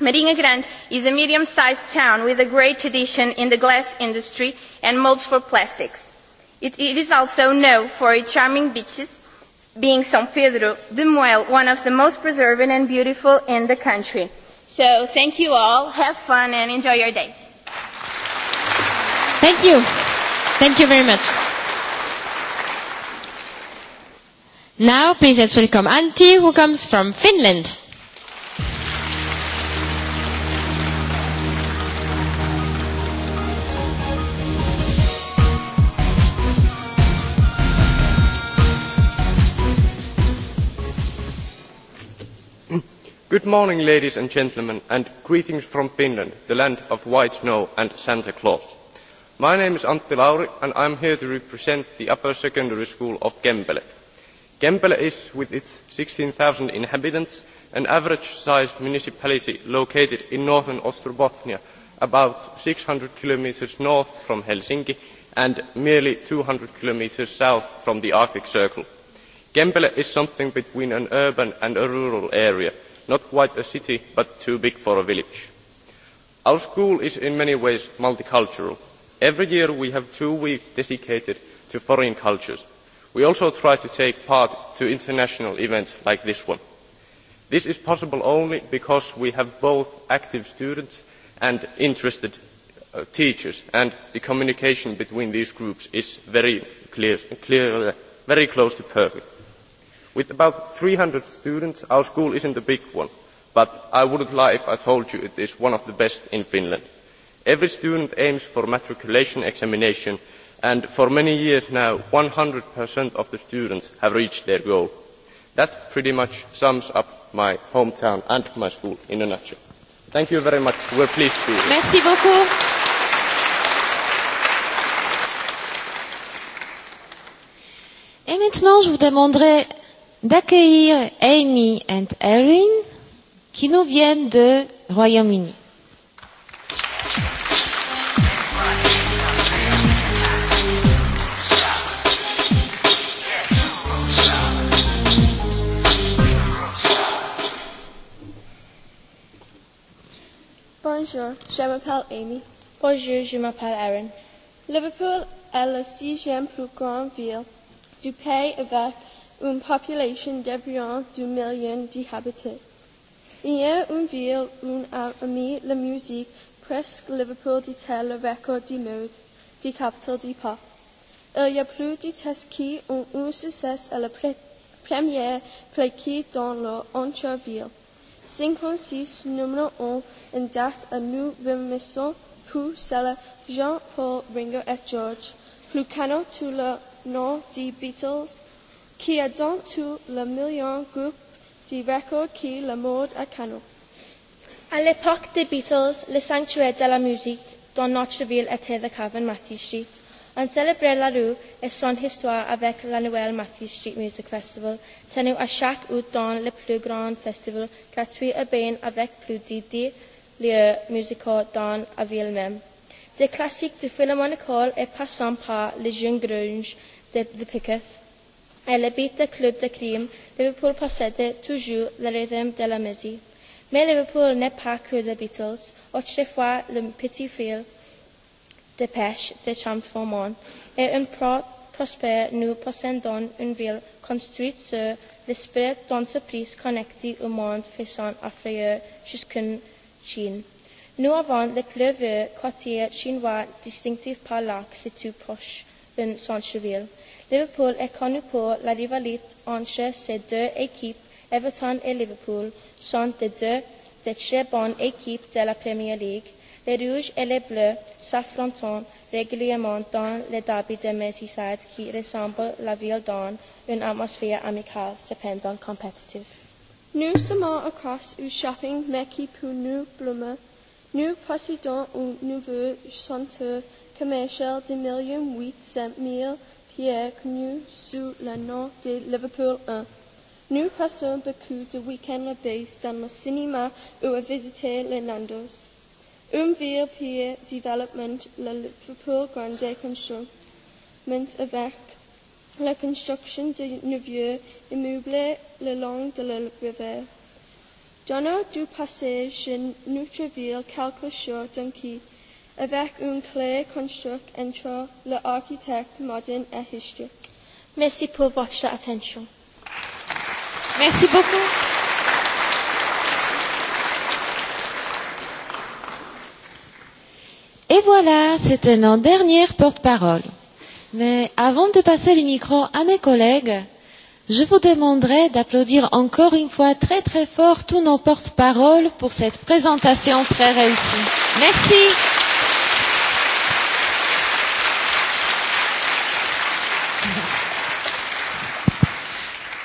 Marina Grande is a medium-sized town with a great tradition in the glass industry and molds for plastics. It, it is also known for its charming beaches, being São Pedro de Moel, one of the most preserving and beautiful in the country. So thank you all, have fun and enjoy your day. Thank you. Thank you very much. Now please let's welcome Antti who comes from Finland. good morning ladies and gentlemen and greetings from finland the land of white snow and santa claus. my name is antti lauri and i am here to represent the upper secondary school of kempele. kempele is with its sixteen zero inhabitants an average sized municipality located in northern ostrobothnia about six hundred kilometres north from helsinki and merely two hundred kilometres south from the arctic circle. kempele is something between an urban and a rural area not quite a city but too big for a village. our school is in many ways multicultural. every year we have two weeks dedicated to foreign cultures. we also try to take part in international events like this one. this is possible only because we have both active students and interested teachers and the communication between these groups is very close to perfect with about three hundred students our school is not a big one but i would not lie if i told you it is one of the best in finland. every student aims for matriculation examination and for many years now one hundred of the students have reached their goal. that pretty much sums up my hometown and my school in a nutshell. thank you very much. we are pleased to be here. Et maintenant, je vous demanderai d'accueillir Amy and Erin qui nous viennent de Royaume-Uni. Bonjour, je m'appelle Amy. Bonjour, je m'appelle Erin. Liverpool est la sixième plus grande ville du pays avec une population d'environ 2 millions d'habitants. Il y a une ville où on a mis la musique presque Liverpool dit le record du mode, du capital du pop. Il y a plus de tests qui ont eu succès à la première plaquée dans leur entière ville. 56 numéro 1 en date à nous remettons pour celle Jean-Paul Ringo et George, plus canon tout le nom des Beatles qui est dans tout le million groupe de records qui le mode à canon. À l'époque des Beatles, le sanctuaire de la musique dans notre ville était The Cavern Matthew Street. On célébrait la rue et son histoire avec l'annuel Matthew Street Music Festival, tenu à chaque août dans le plus grand festival gratuit urbain avec plus de 10 lieux musicaux dans la ville même. Des classiques du Philharmonic Hall et passant par les jeunes grunge de The Pickett, Elle habite le club de crime. Liverpool possède toujours le rythme de la musique. Mais Liverpool n'est pas que les Beatles, autrefois le petit fil de pêche des champs et un pro prospère nous possédons une ville construite sur l'esprit d'entreprise connectée au monde faisant affreux jusqu'en Chine. Nous avons le plus vieux quartier chinois distinctif par l'arc situé proche une centre-ville. Liverpool est connu pour la rivalité entre ses deux équipes, Everton et Liverpool, sont des deux des très bonnes équipes de la Premier League. Les Rouges et les Bleus s'affrontent régulièrement dans les derbys de Merseyside qui ressemblent la ville dans une atmosphère amicale, cependant compétitive. Nous sommes across au shopping Meki pour nous Nous possédons un nouveau centre commercial de million huit cent mille pierres connues sous le nom de Liverpool 1. Nous passons beaucoup de week-ends base dans le cinéma ou à visiter les Nandos. Une ville peer development, le Liverpool Grande Construction avec la construction de nouveaux immeubles le long de la rivière. Donnant du passage chez notre ville quelques avec un clé construct entre l'architecte moderne et historique. Merci pour votre attention. Merci beaucoup. Et voilà, c'était notre dernière porte-parole. Mais avant de passer le micro à mes collègues, je vous demanderai d'applaudir encore une fois très très fort tous nos porte-paroles pour cette présentation très réussie. Merci.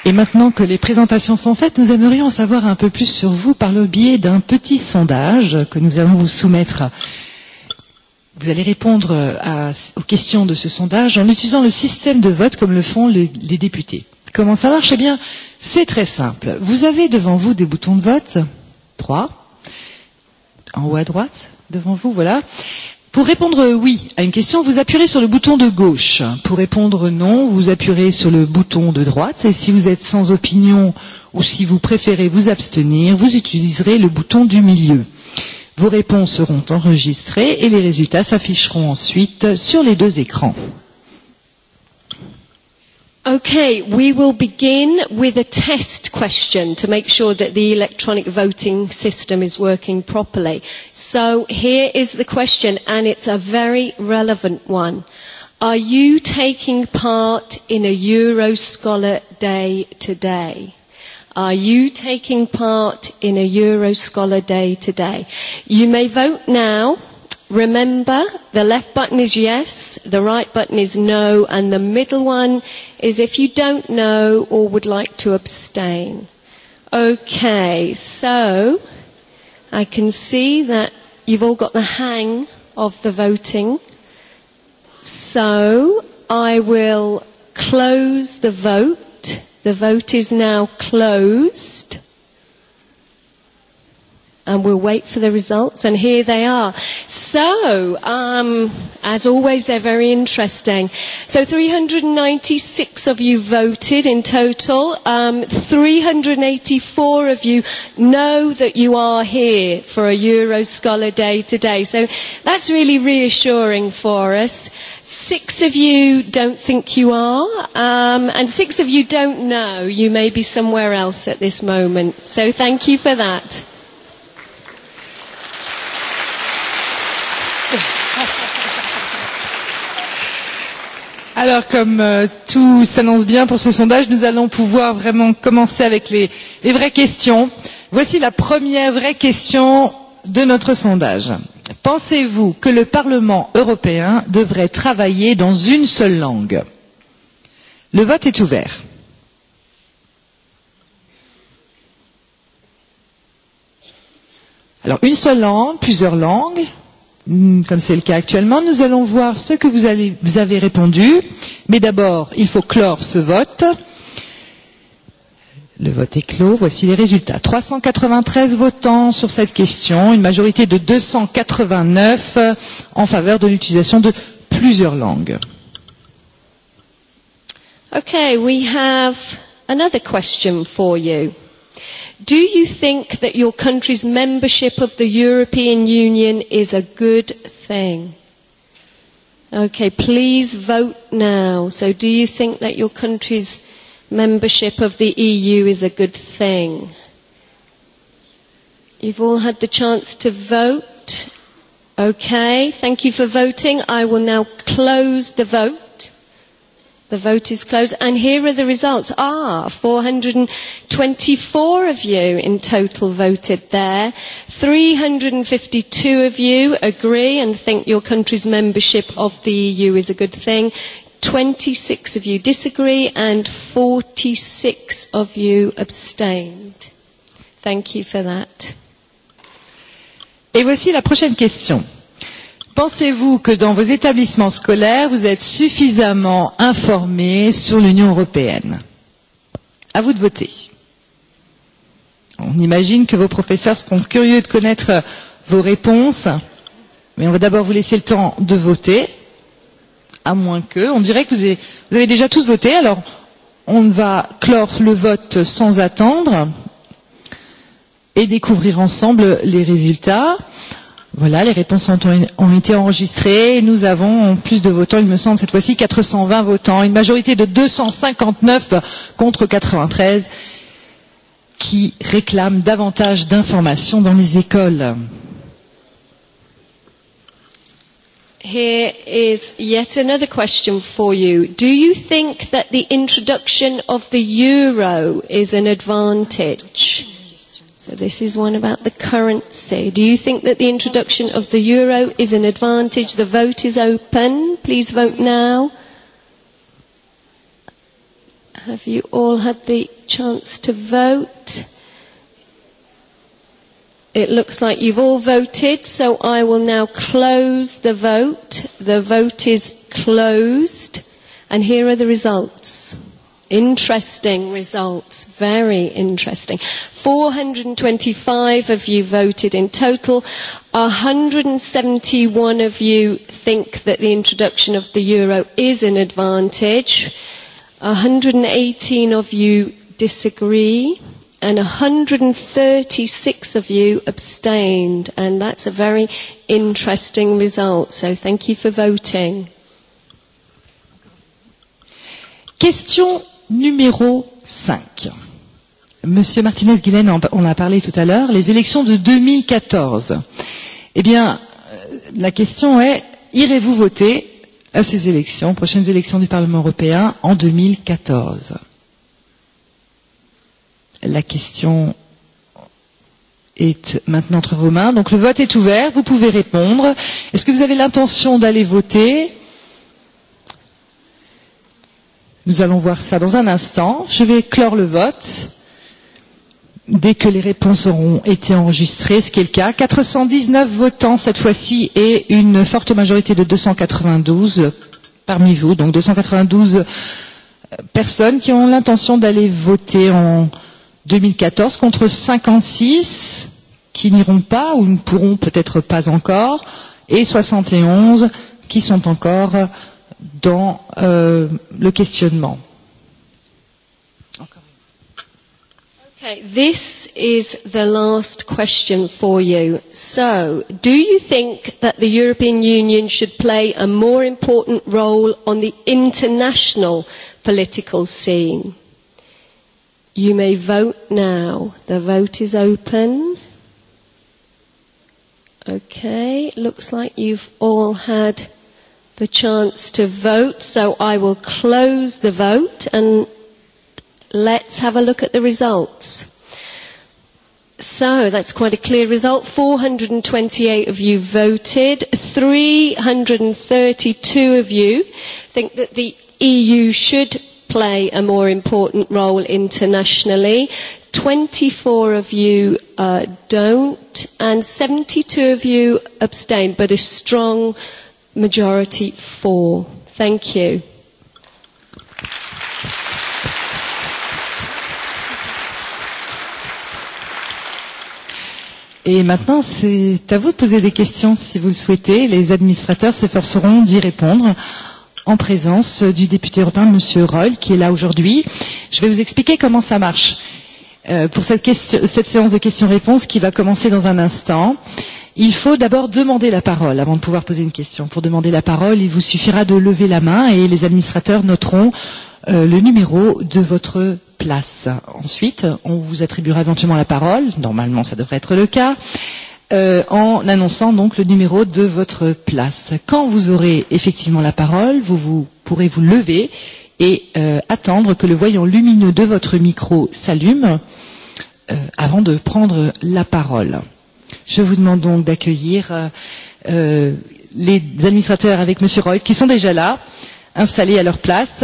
Et maintenant que les présentations sont faites, nous aimerions en savoir un peu plus sur vous par le biais d'un petit sondage que nous allons vous soumettre. Vous allez répondre à, aux questions de ce sondage en utilisant le système de vote comme le font les, les députés. Comment ça marche Eh bien, c'est très simple. Vous avez devant vous des boutons de vote, trois, en haut à droite, devant vous, voilà. Pour répondre oui à une question, vous appuyez sur le bouton de gauche. Pour répondre non, vous appuyez sur le bouton de droite. Et si vous êtes sans opinion ou si vous préférez vous abstenir, vous utiliserez le bouton du milieu. Vos réponses seront enregistrées et les résultats s'afficheront ensuite sur les deux écrans. Okay, we will begin with a test question to make sure that the electronic voting system is working properly. So here is the question, and it's a very relevant one. Are you taking part in a Euroscholar Day today? Are you taking part in a Euroscholar Day today? You may vote now. Remember, the left button is yes, the right button is no, and the middle one is if you don't know or would like to abstain. Okay, so I can see that you've all got the hang of the voting. So I will close the vote. The vote is now closed and we'll wait for the results. And here they are. So, um, as always, they're very interesting. So, 396 of you voted in total. Um, 384 of you know that you are here for a Euro Scholar Day today. So, that's really reassuring for us. Six of you don't think you are, um, and six of you don't know. You may be somewhere else at this moment. So, thank you for that. Alors, comme euh, tout s'annonce bien pour ce sondage, nous allons pouvoir vraiment commencer avec les, les vraies questions. Voici la première vraie question de notre sondage. Pensez-vous que le Parlement européen devrait travailler dans une seule langue Le vote est ouvert. Alors, une seule langue, plusieurs langues comme c'est le cas actuellement. Nous allons voir ce que vous, avez, vous avez répondu. Mais d'abord, il faut clore ce vote. Le vote est clos. Voici les résultats. 393 votants sur cette question, une majorité de 289 en faveur de l'utilisation de plusieurs langues. Okay, we have another question for you. Do you think that your country's membership of the European Union is a good thing? Okay, please vote now. So, do you think that your country's membership of the EU is a good thing? You've all had the chance to vote. Okay, thank you for voting. I will now close the vote. The vote is closed. And here are the results. Ah, 424 of you in total voted there. 352 of you agree and think your country's membership of the EU is a good thing. 26 of you disagree and 46 of you abstained. Thank you for that. Et voici la prochaine question. Pensez-vous que dans vos établissements scolaires, vous êtes suffisamment informés sur l'Union européenne À vous de voter. On imagine que vos professeurs seront curieux de connaître vos réponses, mais on va d'abord vous laisser le temps de voter, à moins que. On dirait que vous avez, vous avez déjà tous voté, alors on va clore le vote sans attendre et découvrir ensemble les résultats. Voilà, les réponses ont, ont été enregistrées. Et Nous avons plus de votants, il me semble, cette fois-ci 420 votants, une majorité de 259 contre 93 qui réclament davantage d'informations dans les écoles. Here is yet another question for you. Do you think that the introduction of the euro is an advantage? So this is one about the currency. Do you think that the introduction of the euro is an advantage? The vote is open. Please vote now. Have you all had the chance to vote? It looks like you've all voted, so I will now close the vote. The vote is closed. And here are the results. Interesting results. Very interesting. 425 of you voted in total. 171 of you think that the introduction of the euro is an advantage. 118 of you disagree. And 136 of you abstained. And that's a very interesting result. So thank you for voting. Question numéro 5. Monsieur Martinez-Guilaine, on a parlé tout à l'heure, les élections de 2014. Eh bien, la question est, irez-vous voter à ces élections, prochaines élections du Parlement européen en 2014 La question est maintenant entre vos mains. Donc le vote est ouvert, vous pouvez répondre. Est-ce que vous avez l'intention d'aller voter Nous allons voir ça dans un instant. Je vais clore le vote dès que les réponses auront été enregistrées, ce qui est le cas. 419 votants cette fois-ci et une forte majorité de 292 parmi vous, donc 292 personnes qui ont l'intention d'aller voter en 2014 contre 56 qui n'iront pas ou ne pourront peut-être pas encore et 71 qui sont encore euh, dans euh, le questionnement. Okay, this is the last question for you. So, do you think that the European Union should play a more important role on the international political scene? You may vote now. The vote is open. Okay, looks like you've all had the chance to vote, so I will close the vote and let's have a look at the results. So that's quite a clear result. 428 of you voted. 332 of you think that the EU should play a more important role internationally. 24 of you uh, don't, and 72 of you abstain but a strong majority for. Thank you. Et maintenant, c'est à vous de poser des questions si vous le souhaitez. Les administrateurs s'efforceront d'y répondre en présence du député européen, M. Reul, qui est là aujourd'hui. Je vais vous expliquer comment ça marche euh, pour cette, question, cette séance de questions-réponses qui va commencer dans un instant. Euh, Il faut d'abord demander la parole avant de pouvoir poser une question. Pour demander la parole, il vous suffira de lever la main et les administrateurs noteront euh, le numéro de votre place. Ensuite, on vous attribuera éventuellement la parole, normalement ça devrait être le cas, euh, en annonçant donc le numéro de votre place. Quand vous aurez effectivement la parole, vous, vous pourrez vous lever et euh, attendre que le voyant lumineux de votre micro s'allume euh, avant de prendre la parole. Je vous demande donc d'accueillir euh, les administrateurs avec Monsieur Roy qui sont déjà là, installés à leur place.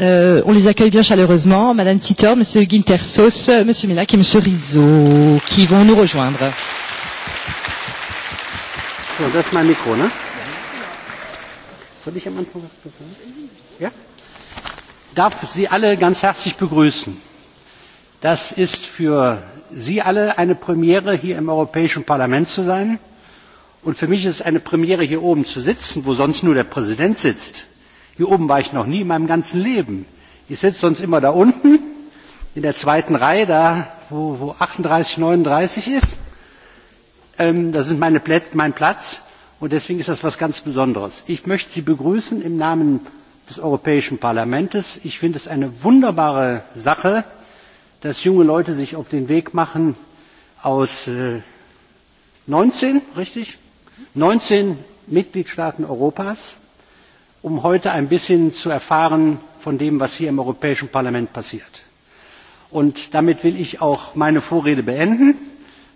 Euh, on les accueille bien chaleureusement, Madame Titor, M. Guintersos, M. Mélac et Monsieur Rizzo, qui vont nous rejoindre. Darf Sie alle ganz herzlich begrüßen. Das ist für Sie alle eine Premiere hier im Europäischen Parlament zu sein. Und für mich ist es eine Premiere, hier oben zu sitzen, wo sonst nur der Präsident sitzt. Hier oben war ich noch nie in meinem ganzen Leben. Ich sitze sonst immer da unten in der zweiten Reihe, da wo, wo 38, 39 ist. Ähm, das ist meine mein Platz und deswegen ist das etwas ganz Besonderes. Ich möchte Sie begrüßen im Namen des Europäischen Parlaments. Ich finde es eine wunderbare Sache, dass junge Leute sich auf den Weg machen aus neunzehn richtig? 19 Mitgliedstaaten Europas, um heute ein bisschen zu erfahren von dem, was hier im Europäischen Parlament passiert. Und damit will ich auch meine Vorrede beenden,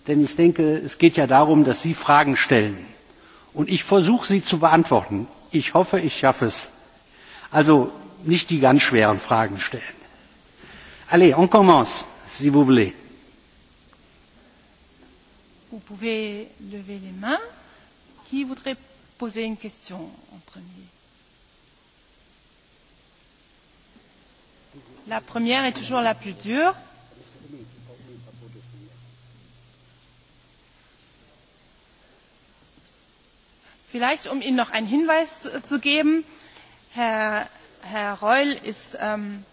denn ich denke, es geht ja darum, dass Sie Fragen stellen. Und ich versuche sie zu beantworten. Ich hoffe, ich schaffe es. Also nicht die ganz schweren Fragen stellen. Allez, on commence, si vous voulez. Vous pouvez lever les mains. Qui voudrait poser une question en premier La première est toujours la plus dure. Vielleicht, um Ihnen noch einen Hinweis zu geben, Herr, Herr Reul ist ähm,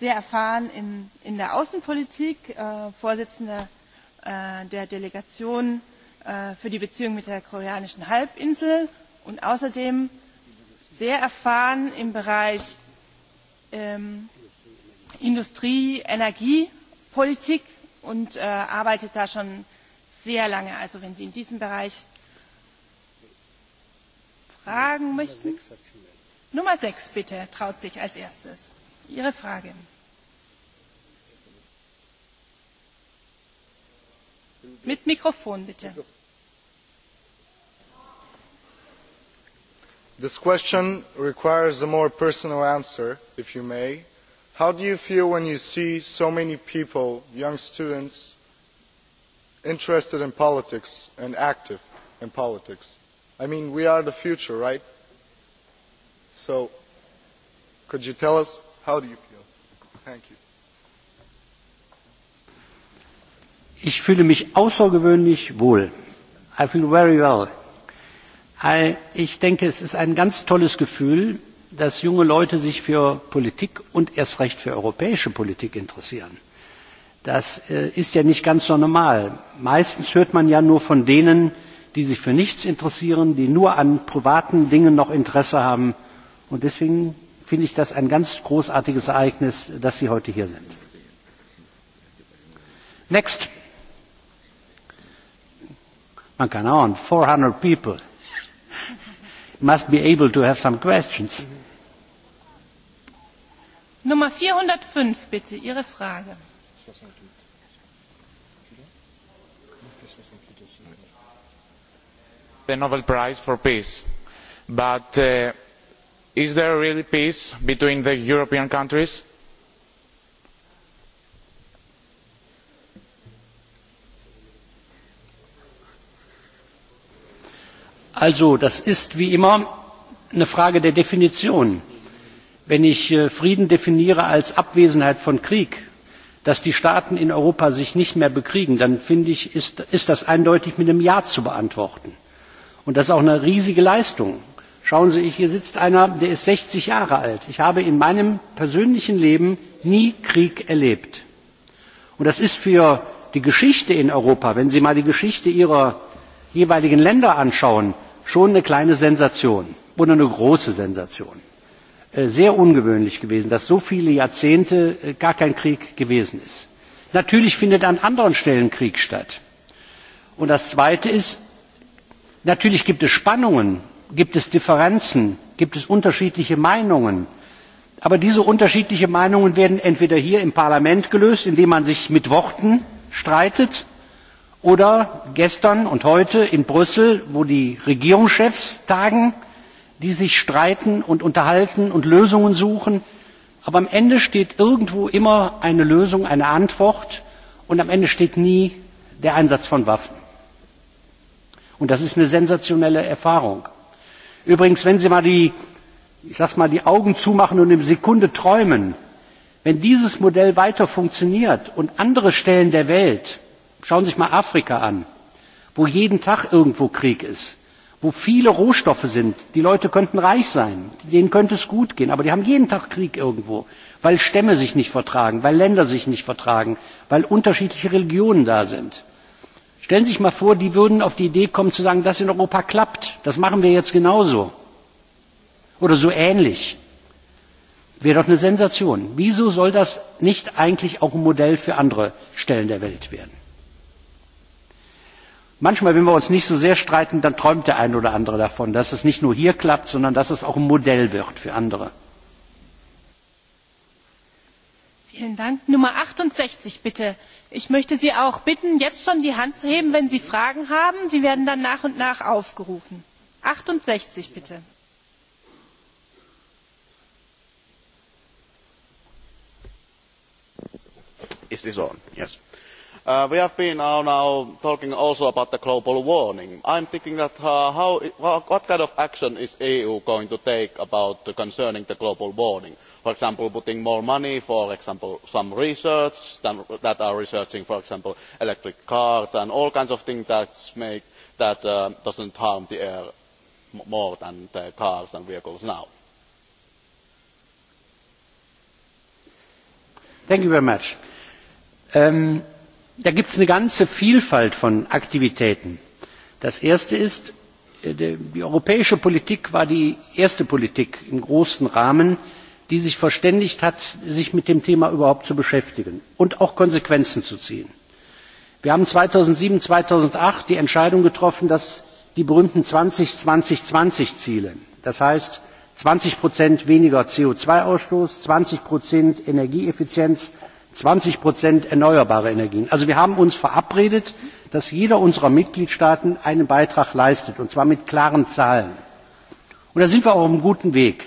sehr erfahren in, in der Außenpolitik, äh, Vorsitzender äh, der Delegation äh, für die Beziehung mit der koreanischen Halbinsel und außerdem sehr erfahren im Bereich ähm, Industrie, Energiepolitik und äh, arbeitet da schon sehr lange. Also wenn Sie in diesem Bereich fragen möchten. Nummer sechs bitte, traut sich als erstes. Ihre Frage. mit Mikrofon bitte. This question requires a more personal answer, if you may. How do you feel when you see so many people, young students, interested in politics and active in politics? I mean, we are the future, right? So, could you tell us how do you feel? Thank you. Ich fühle mich außergewöhnlich wohl. I feel very well. Ich denke, es ist ein ganz tolles Gefühl, dass junge Leute sich für Politik und erst recht für europäische Politik interessieren. Das ist ja nicht ganz so normal. Meistens hört man ja nur von denen, die sich für nichts interessieren, die nur an privaten Dingen noch Interesse haben. Und deswegen finde ich das ein ganz großartiges Ereignis, dass Sie heute hier sind. Next. Well, come on, 400 people must be able to have some questions. Nummer 405, bitte, Ihre Frage. The Nobel Prize for Peace. But uh, is there really peace between the European countries? Also, das ist wie immer eine Frage der Definition. Wenn ich Frieden definiere als Abwesenheit von Krieg, dass die Staaten in Europa sich nicht mehr bekriegen, dann finde ich, ist, das eindeutig mit einem Ja zu beantworten. Und das ist auch eine riesige Leistung. Schauen Sie, hier sitzt einer, der ist sechzig Jahre alt. Ich habe in meinem persönlichen Leben nie Krieg erlebt. Und das ist für die Geschichte in Europa, wenn Sie mal die Geschichte Ihrer jeweiligen Länder anschauen, schon eine kleine Sensation oder eine große Sensation. Sehr ungewöhnlich gewesen, dass so viele Jahrzehnte gar kein Krieg gewesen ist. Natürlich findet an anderen Stellen Krieg statt. Und das Zweite ist, natürlich gibt es Spannungen, gibt es Differenzen, gibt es unterschiedliche Meinungen. Aber diese unterschiedlichen Meinungen werden entweder hier im Parlament gelöst, indem man sich mit Worten streitet, Oder gestern und heute in Brüssel, wo die Regierungschefs tagen, die sich streiten und unterhalten und Lösungen suchen. Aber am Ende steht irgendwo immer eine Lösung, eine Antwort. Und am Ende steht nie der Einsatz von Waffen. Und das ist eine sensationelle Erfahrung. Übrigens, wenn Sie mal die, ich sag's mal, die Augen zumachen und eine Sekunde träumen, wenn dieses Modell weiter funktioniert und andere Stellen der Welt schauen sie sich mal afrika an wo jeden tag irgendwo krieg ist wo viele rohstoffe sind die leute könnten reich sein denen könnte es gut gehen aber die haben jeden tag krieg irgendwo weil stämme sich nicht vertragen weil länder sich nicht vertragen weil unterschiedliche religionen da sind. stellen sie sich mal vor die würden auf die idee kommen zu sagen das in europa klappt das machen wir jetzt genauso oder so ähnlich wäre doch eine sensation. wieso soll das nicht eigentlich auch ein modell für andere stellen der welt werden? manchmal, wenn wir uns nicht so sehr streiten, dann träumt der eine oder andere davon, dass es nicht nur hier klappt, sondern dass es auch ein Modell wird für andere. Vielen Dank. Nummer 68, bitte. Ich möchte Sie auch bitten, jetzt schon die Hand zu heben, wenn Sie Fragen haben. Sie werden dann nach und nach aufgerufen. 68, bitte. Is this on? Yes we have been now talking also about global warming. i am thinking what kind of action is the eu going to take concerning global warming for example putting more money for example some research that are researching for example electric cars and all kinds of things that do not harm the air more than cars and vehicles now? thank you very much da gibt es eine ganze vielfalt von aktivitäten. das erste ist die europäische politik war die erste politik im großen rahmen die sich verständigt hat sich mit dem thema überhaupt zu beschäftigen und auch konsequenzen zu ziehen. wir haben zweitausendsieben zweitausendacht die entscheidung getroffen dass die berühmten zwanzig zwanzig zwanzig ziele das heißt zwanzig weniger co zwei ausstoß zwanzig energieeffizienz zwanzig erneuerbare energien. also wir haben uns verabredet dass jeder unserer mitgliedstaaten einen beitrag leistet und zwar mit klaren zahlen. da sind wir auch auf einem guten weg.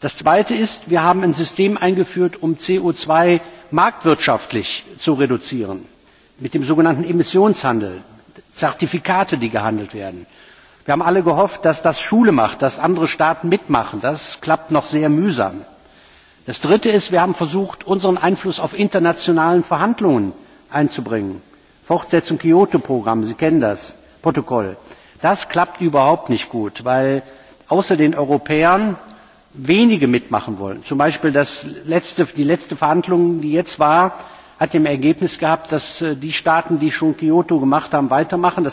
das zweite ist wir haben ein system eingeführt um co zwei marktwirtschaftlich zu reduzieren mit dem sogenannten emissionshandel zertifikate die gehandelt werden. wir haben alle gehofft dass das schule macht dass andere staaten mitmachen. das klappt noch sehr mühsam das dritte ist wir haben versucht unseren einfluss auf internationale verhandlungen einzubringen fortsetzung kyoto programm sie kennen das protokoll. das klappt überhaupt nicht gut weil außer den europäern wenige mitmachen wollen. zum beispiel die letzte verhandlung die jetzt war hat zum ergebnis gehabt dass die staaten die schon kyoto gemacht haben weitermachen.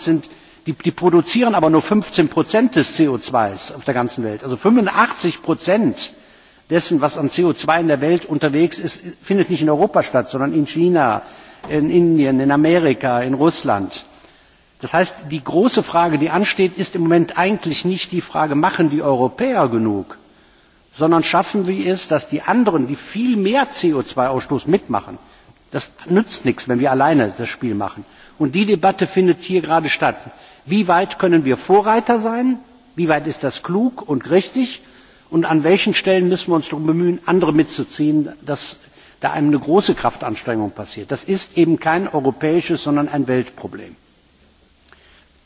die produzieren aber nur fünfzehn des co zwei auf der ganzen welt also fünfundachtzig dessen, was an co zwei in der Welt unterwegs ist, findet nicht in Europa statt, sondern in China, in Indien, in Amerika, in Russland. Das heißt, die große Frage, die ansteht, ist im Moment eigentlich nicht die Frage, machen die Europäer genug, sondern schaffen wir es, dass die anderen, die viel mehr co zwei ausstoß mitmachen, das nützt nichts, wenn wir alleine das Spiel machen. Und die Debatte findet hier gerade statt. Wie weit können wir Vorreiter sein? Wie weit ist das klug und richtig? und an welchen Stellen müssen wir uns darum bemühen, andere mitzuziehen, dass da eine große Kraftanstrengung passiert. Das ist eben kein europäisches, sondern ein Weltproblem.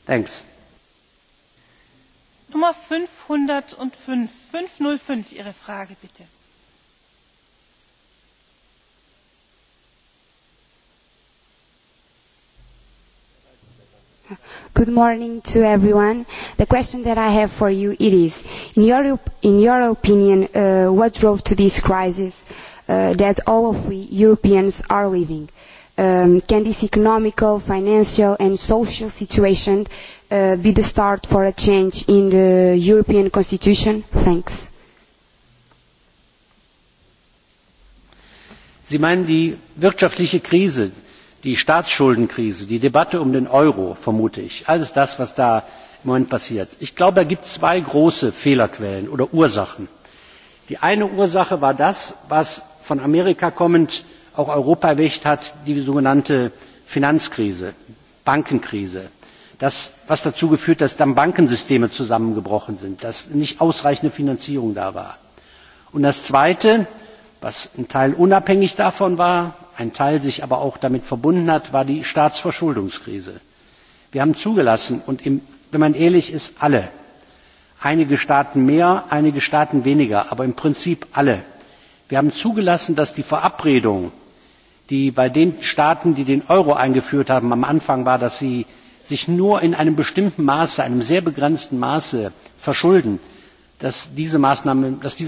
Thanks. Nummer 505, 505, Ihre Frage bitte Good morning to everyone. The question that I have for you it is, in your, in your opinion, uh, what drove to this crisis uh, that all of we Europeans are living? Um, can this economical, financial and social situation uh, be the start for a change in the European Constitution? Thanks. Sie meinen die wirtschaftliche Krise, die staatsschuldenkrise die debatte um den euro vermute ich alles das was da im moment passiert ich glaube da gibt es zwei große fehlerquellen oder ursachen. die eine ursache war das was von amerika kommend auch europa erwischt hat die sogenannte finanzkrise bankenkrise was dazu geführt hat dass dann bankensysteme zusammengebrochen sind dass nicht ausreichende finanzierung da war. und das zweite was zum teil unabhängig davon war ein Teil sich aber auch damit verbunden hat, war die Staatsverschuldungskrise. Wir haben zugelassen, und wenn man ehrlich ist, alle, einige Staaten mehr, einige Staaten weniger, aber im Prinzip alle, wir haben zugelassen, dass die Verabredung, die bei den Staaten, die den Euro eingeführt haben, am Anfang war, dass sie sich nur in einem bestimmten Maße, einem sehr begrenzten Maße verschulden, dass diese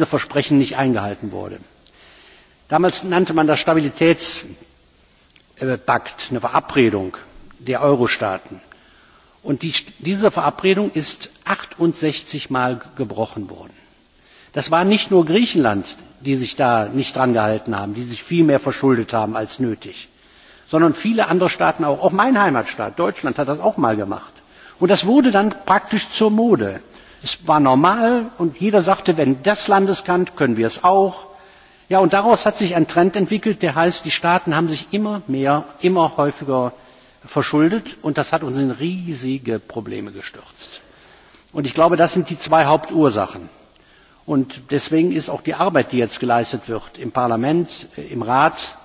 Versprechen nicht eingehalten wurde damals nannte man das stabilitätspakt eine verabredung der eurostaaten und diese verabredung ist achtundsechzig mal gebrochen worden. das war nicht nur griechenland die sich da nicht dran gehalten haben die sich viel mehr verschuldet haben als nötig sondern viele andere staaten auch. auch mein heimatstaat deutschland hat das auch mal gemacht. und das wurde dann praktisch zur mode. es war normal und jeder sagte wenn das land es kann können wir es auch. Ja, und daraus hat sich ein Trend entwickelt, der heißt, die Staaten haben sich immer mehr, immer häufiger verschuldet und das hat uns in riesige Probleme gestürzt. Und ich glaube, das sind die zwei Hauptursachen. Und deswegen ist auch die Arbeit, die jetzt geleistet wird im Parlament, im Rat,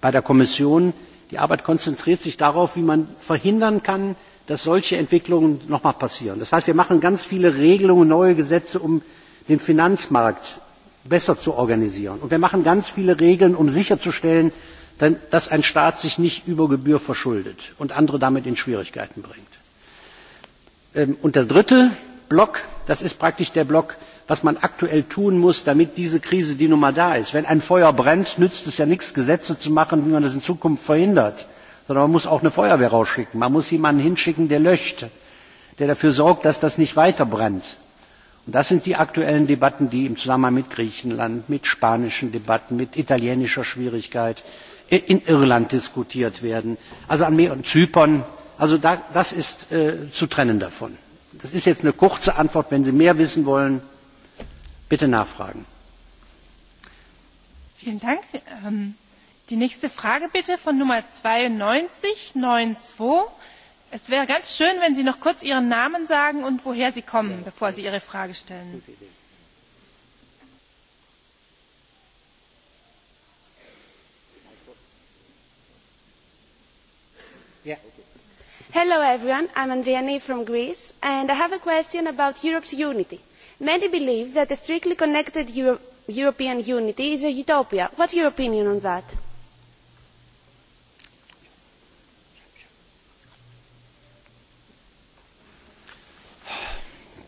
bei der Kommission, die Arbeit konzentriert sich darauf, wie man verhindern kann, dass solche Entwicklungen nochmal passieren. Das heißt, wir machen ganz viele Regelungen, neue Gesetze, um den Finanzmarkt besser zu organisieren. Und wir machen ganz viele Regeln, um sicherzustellen, dass ein Staat sich nicht über Gebühr verschuldet und andere damit in Schwierigkeiten bringt. Und der dritte Block, das ist praktisch der Block, was man aktuell tun muss, damit diese Krise, die nun mal da ist, wenn ein Feuer brennt, nützt es ja nichts, Gesetze zu machen, wie man das in Zukunft verhindert, sondern man muss auch eine Feuerwehr rausschicken. Man muss jemanden hinschicken, der löscht, der dafür sorgt, dass das nicht weiter brennt. Das sind die aktuellen Debatten, die im Zusammenhang mit Griechenland, mit spanischen Debatten, mit italienischer Schwierigkeit in Irland diskutiert werden, also an mehreren und Zypern. Also das ist zu trennen davon. Das ist jetzt eine kurze Antwort. Wenn Sie mehr wissen wollen, bitte nachfragen. Vielen Dank. die nächste Frage bitte von Nummer 9292 es wäre ganz schön wenn sie noch kurz ihren namen sagen und woher sie kommen bevor sie ihre frage stellen. hello everyone I'm andriani from greece and i have a question about europe's unity. many believe that a strictly connected european unity is a utopia. What's your opinion on that?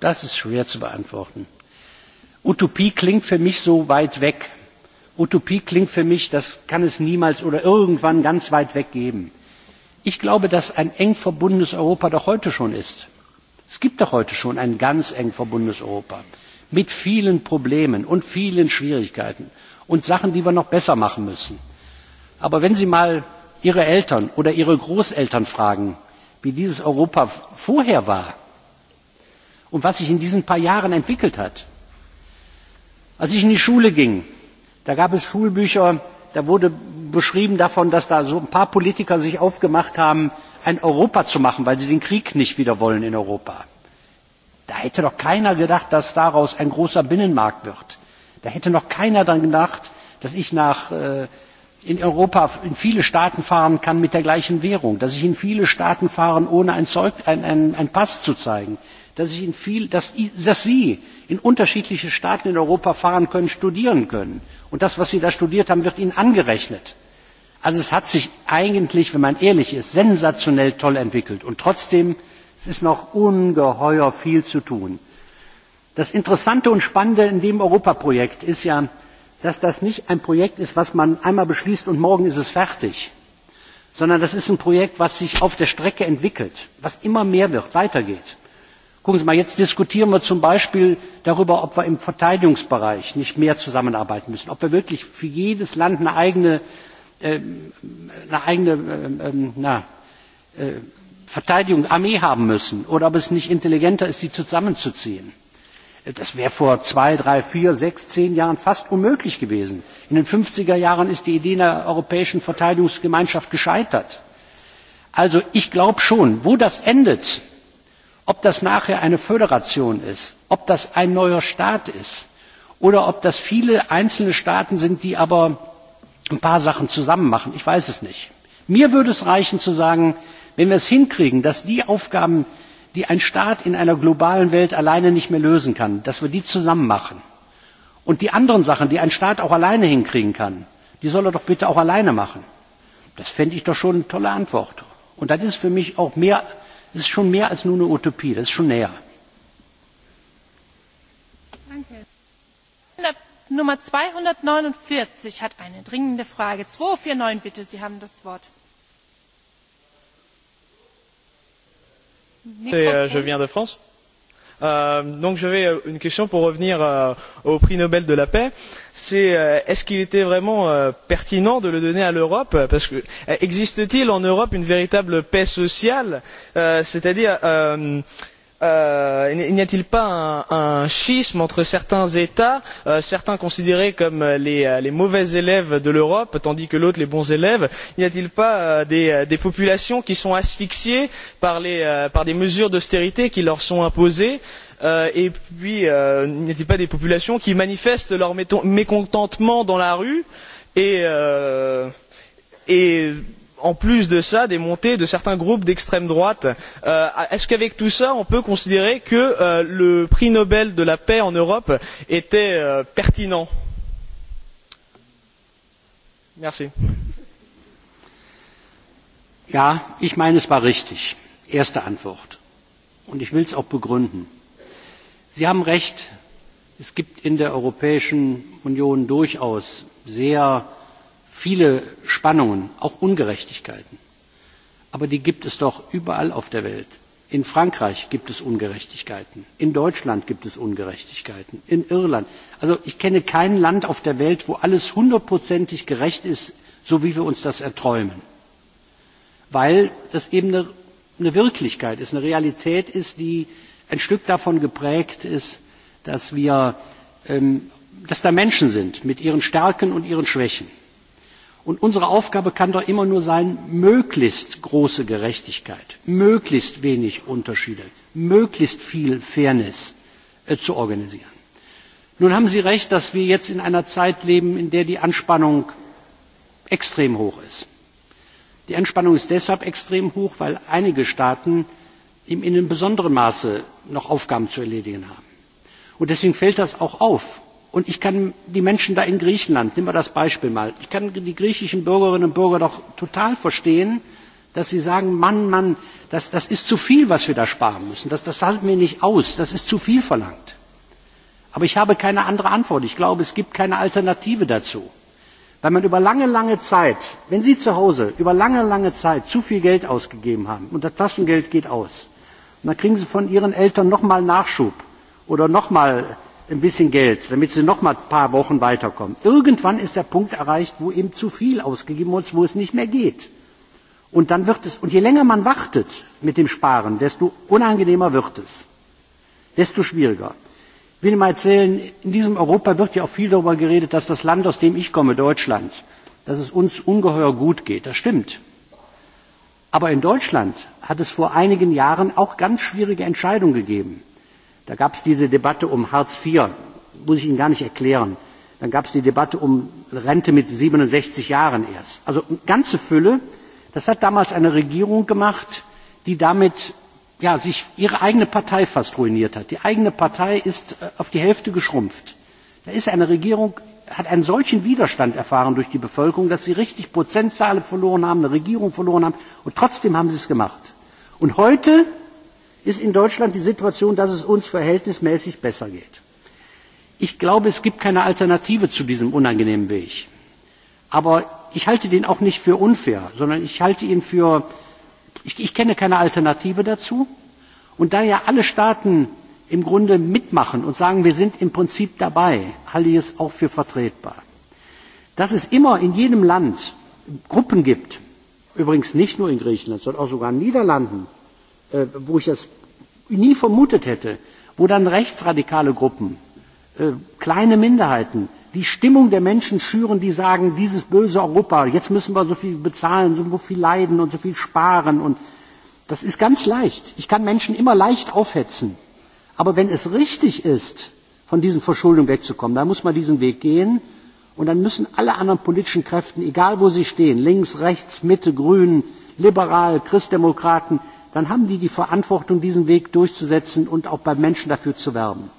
Das ist schwer zu beantworten. Utopie klingt für mich so weit weg. Utopie klingt für mich, das kann es niemals oder irgendwann ganz weit weg geben. Ich glaube, dass ein eng verbundenes Europa doch heute schon ist. Es gibt doch heute schon ein ganz eng verbundenes Europa mit vielen Problemen und vielen Schwierigkeiten und Sachen, die wir noch besser machen müssen. Aber wenn Sie mal Ihre Eltern oder Ihre Großeltern fragen, wie dieses Europa vorher war, und was sich in diesen paar Jahren entwickelt hat. Als ich in die Schule ging, da gab es Schulbücher, da wurde beschrieben davon, dass da so ein paar Politiker sich aufgemacht haben, ein Europa zu machen, weil sie den Krieg nicht wieder wollen in Europa. Da hätte doch keiner gedacht, dass daraus ein großer Binnenmarkt wird. Da hätte noch keiner daran gedacht, dass ich nach, äh, in Europa in viele Staaten fahren kann mit der gleichen Währung, dass ich in viele Staaten fahren, ohne einen Pass zu zeigen, dass, ich in viel, dass, dass Sie in unterschiedliche Staaten in Europa fahren können, studieren können. Und das, was Sie da studiert haben, wird Ihnen angerechnet. Also es hat sich eigentlich, wenn man ehrlich ist, sensationell toll entwickelt. Und trotzdem, es ist noch ungeheuer viel zu tun. Das Interessante und Spannende in dem Europaprojekt ist ja, dass das nicht ein Projekt ist, das man einmal beschließt und morgen ist es fertig, sondern das ist ein Projekt, das sich auf der Strecke entwickelt, das immer mehr wird, weitergeht. Gucken Sie mal, jetzt diskutieren wir zum Beispiel darüber, ob wir im Verteidigungsbereich nicht mehr zusammenarbeiten müssen, ob wir wirklich für jedes Land eine eigene, eine eigene na, Verteidigung, Armee haben müssen oder ob es nicht intelligenter ist, sie zusammenzuziehen. Das wäre vor zwei, drei, vier, sechs, zehn Jahren fast unmöglich gewesen. In den 50er Jahren ist die Idee einer europäischen Verteidigungsgemeinschaft gescheitert. Also ich glaube schon, wo das endet, ob das nachher eine föderation ist ob das ein neuer staat ist oder ob das viele einzelne staaten sind die aber ein paar sachen zusammen machen ich weiß es nicht. mir würde es reichen zu sagen wenn wir es hinkriegen dass wir die aufgaben die ein staat in einer globalen welt alleine nicht mehr lösen kann zusammen machen und die anderen sachen die ein staat auch alleine hinkriegen kann die soll er doch bitte auch alleine machen. das fände ich doch schon eine tolle antwort. und dann ist für mich auch mehr. Das ist schon mehr als nur eine Utopie, das ist schon näher. Danke. Nummer 249 hat eine dringende Frage. 249 bitte, Sie haben das Wort. Et, euh, je viens de France donc j'avais une question pour revenir au prix Nobel de la paix. C'est est-ce qu'il était vraiment pertinent de le donner à l'Europe Parce que existe-t-il en Europe une véritable paix sociale C'est-à-dire n'y a t il pas un schisme entre certains états certains considérés comme les mauvais élèves de l'europe tandis que d'autres les bons élèves? n'y a t il pas des populations qui sont asphyxiées par des mesures d'austérité qui leur sont imposées et puis n'y a t il pas des populations qui manifestent leur mécontentement dans la rue et en plus de cela des montées de certains groupes d'extrême droite. est ce qu'avec tout cela on peut considérer que le prix nobel de la paix en europe était pertinent? ja ich meine es war richtig erste antwort und ich will es auch begründen. sie haben recht es gibt in der europäischen union durchaus sehr viele Spannungen, auch Ungerechtigkeiten. Aber die gibt es doch überall auf der Welt. In Frankreich gibt es Ungerechtigkeiten, in Deutschland gibt es Ungerechtigkeiten, in Irland. Also ich kenne kein Land auf der Welt, wo alles hundertprozentig gerecht ist, so wie wir uns das erträumen. Weil das eben eine, eine Wirklichkeit ist, eine Realität ist, die ein Stück davon geprägt ist, dass wir, ähm, dass da Menschen sind mit ihren Stärken und ihren Schwächen Und unsere Aufgabe kann doch immer nur sein, möglichst große Gerechtigkeit, möglichst wenig Unterschiede, möglichst viel Fairness zu organisieren. Nun haben Sie recht, dass wir jetzt in einer Zeit leben, in der die Anspannung extrem hoch ist. Die Anspannung ist deshalb extrem hoch, weil einige Staaten in einem besonderen Maße noch Aufgaben zu erledigen haben. Und deswegen fällt das auch auf und ich kann die menschen da in griechenland nehmen wir das beispiel mal ich kann die griechischen bürgerinnen und bürger doch total verstehen dass sie sagen mann mann das, das ist zu viel was wir da sparen müssen das, das halten wir nicht aus das ist zu viel verlangt. aber ich habe keine andere antwort ich glaube es gibt keine alternative dazu weil man über lange lange zeit wenn sie zu hause über lange lange zeit zu viel geld ausgegeben haben und das taschengeld geht aus und dann kriegen sie von ihren eltern nochmal nachschub oder nochmal ein bisschen Geld, damit sie noch mal ein paar Wochen weiterkommen. Irgendwann ist der Punkt erreicht, wo eben zu viel ausgegeben wird, wo es nicht mehr geht. Und dann wird es, und je länger man wartet mit dem Sparen, desto unangenehmer wird es. Desto schwieriger. Ich will Ihnen mal erzählen, in diesem Europa wird ja auch viel darüber geredet, dass das Land, aus dem ich komme, Deutschland, dass es uns ungeheuer gut geht. Das stimmt. Aber in Deutschland hat es vor einigen Jahren auch ganz schwierige Entscheidungen gegeben Da gab es diese Debatte um Hartz IV, muss ich Ihnen gar nicht erklären. Dann gab es die Debatte um Rente mit 67 Jahren erst. Also eine ganze Fülle. Das hat damals eine Regierung gemacht, die damit ja, sich ihre eigene Partei fast ruiniert hat. Die eigene Partei ist auf die Hälfte geschrumpft. Da ist eine Regierung, hat einen solchen Widerstand erfahren durch die Bevölkerung, dass sie richtig Prozentzahlen verloren haben, eine Regierung verloren haben und trotzdem haben sie es gemacht. Und heute ist in deutschland die situation dass es uns verhältnismäßig besser geht. ich glaube es gibt keine alternative zu diesem unangenehmen weg. aber ich halte den auch nicht für unfair sondern ich kenne keine alternative dazu. und da ja alle staaten im grunde mitmachen und sagen wir sind im prinzip dabei halte ich es auch für vertretbar. dass es immer in jedem land gruppen gibt übrigens nicht nur in griechenland sondern auch sogar in den niederlanden wo ich das nie vermutet hätte, wo dann rechtsradikale Gruppen, kleine Minderheiten die Stimmung der Menschen schüren, die sagen, dieses böse Europa, jetzt müssen wir so viel bezahlen, so viel leiden und so viel sparen. Und das ist ganz leicht. Ich kann Menschen immer leicht aufhetzen. Aber wenn es richtig ist, von diesen Verschuldungen wegzukommen, dann muss man diesen Weg gehen. Und dann müssen alle anderen politischen Kräften, egal wo sie stehen, links, rechts, Mitte, Grün, liberal, Christdemokraten, dann haben die die Verantwortung, diesen Weg durchzusetzen und auch beim Menschen dafür zu werben.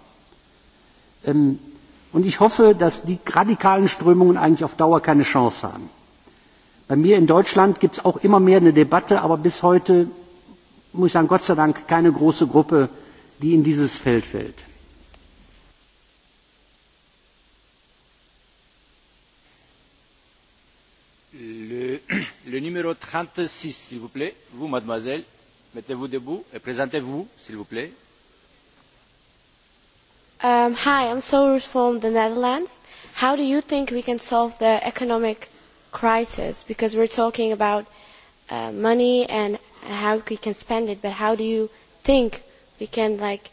und ich hoffe, dass die radikalen Strömungen eigentlich auf Dauer keine Chance haben. Bei mir in Deutschland gibt es auch immer mehr eine Debatte, aber bis heute muss ich sagen, Gott sei Dank keine große Gruppe, die in dieses Feld fällt. le numéro s'il vous plaît vous mademoiselle Mettez-vous debout et présentez-vous, s'il vous plaît. Um, hi, I'm Soros from the Netherlands. How do you think we can solve the economic crisis? Because we're talking about uh, money and how we can spend it, but how do you think we can like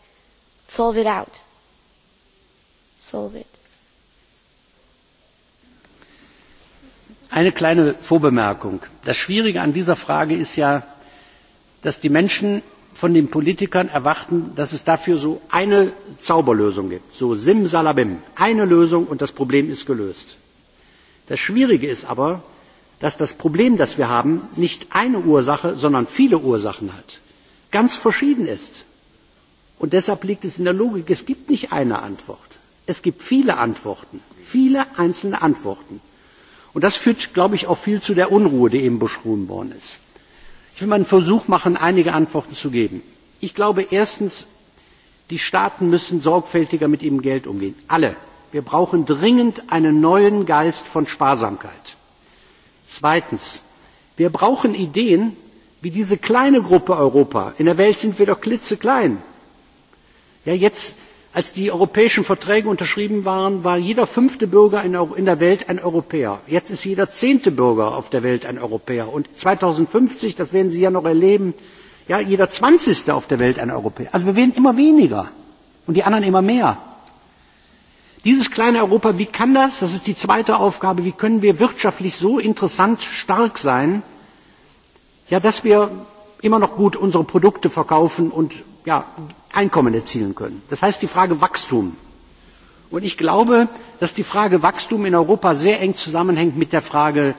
solve it out? Solve it. Eine kleine Vorbemerkung. Das Schwierige an dieser Frage ist ja, dass die menschen von den politikern erwarten dass es dafür so eine zauberlösung gibt so simsalabim eine lösung und das problem ist gelöst. das schwierige ist aber dass das problem das wir haben nicht eine ursache sondern viele ursachen hat ganz verschieden ist. und deshalb liegt es in der logik es gibt nicht eine antwort es gibt viele antworten viele einzelne antworten. und das führt glaube ich auch viel zu der unruhe die eben beschrieben worden Ich will mal einen Versuch machen, einige Antworten zu geben. Ich glaube erstens, die Staaten müssen sorgfältiger mit ihrem Geld umgehen. Alle. Wir brauchen dringend einen neuen Geist von Sparsamkeit. Zweitens, wir brauchen Ideen, wie diese kleine Gruppe Europa. In der Welt sind wir doch klitzeklein. Ja, jetzt als die europäischen verträge unterschrieben waren war jeder fünfte bürger in der welt ein europäer. jetzt ist jeder zehnte bürger auf der welt ein europäer und zweitausendfünfzig das werden sie ja noch erleben jeder zwanzigste auf der welt ein europäer. also wir werden immer weniger und die anderen immer mehr. dieses kleine europa wie kann das das ist die zweite aufgabe wie können wir wirtschaftlich so interessant stark sein dass wir immer noch gut unsere produkte verkaufen und Einkommen erzielen können. Das heißt die Frage Wachstum. Und ich glaube, dass die Frage Wachstum in Europa sehr eng zusammenhängt mit der Frage,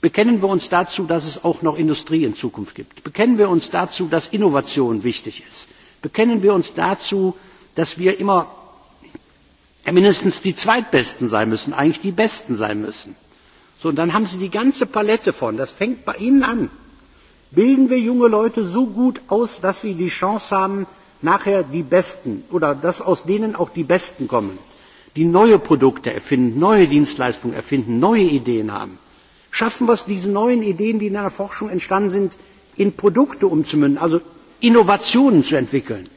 bekennen wir uns dazu, dass es auch noch Industrie in Zukunft gibt? Bekennen wir uns dazu, dass Innovation wichtig ist? Bekennen wir uns dazu, dass wir immer mindestens die Zweitbesten sein müssen, eigentlich die Besten sein müssen? So, und dann haben Sie die ganze Palette von. Das fängt bei Ihnen an. Bilden wir junge Leute so gut aus, dass sie die Chance haben, nachher die Besten oder dass aus denen auch die Besten kommen, die neue Produkte erfinden, neue Dienstleistungen erfinden, neue Ideen haben. Schaffen wir es, diese neuen Ideen, die in der Forschung entstanden sind, in Produkte umzumünden, also Innovationen zu entwickeln.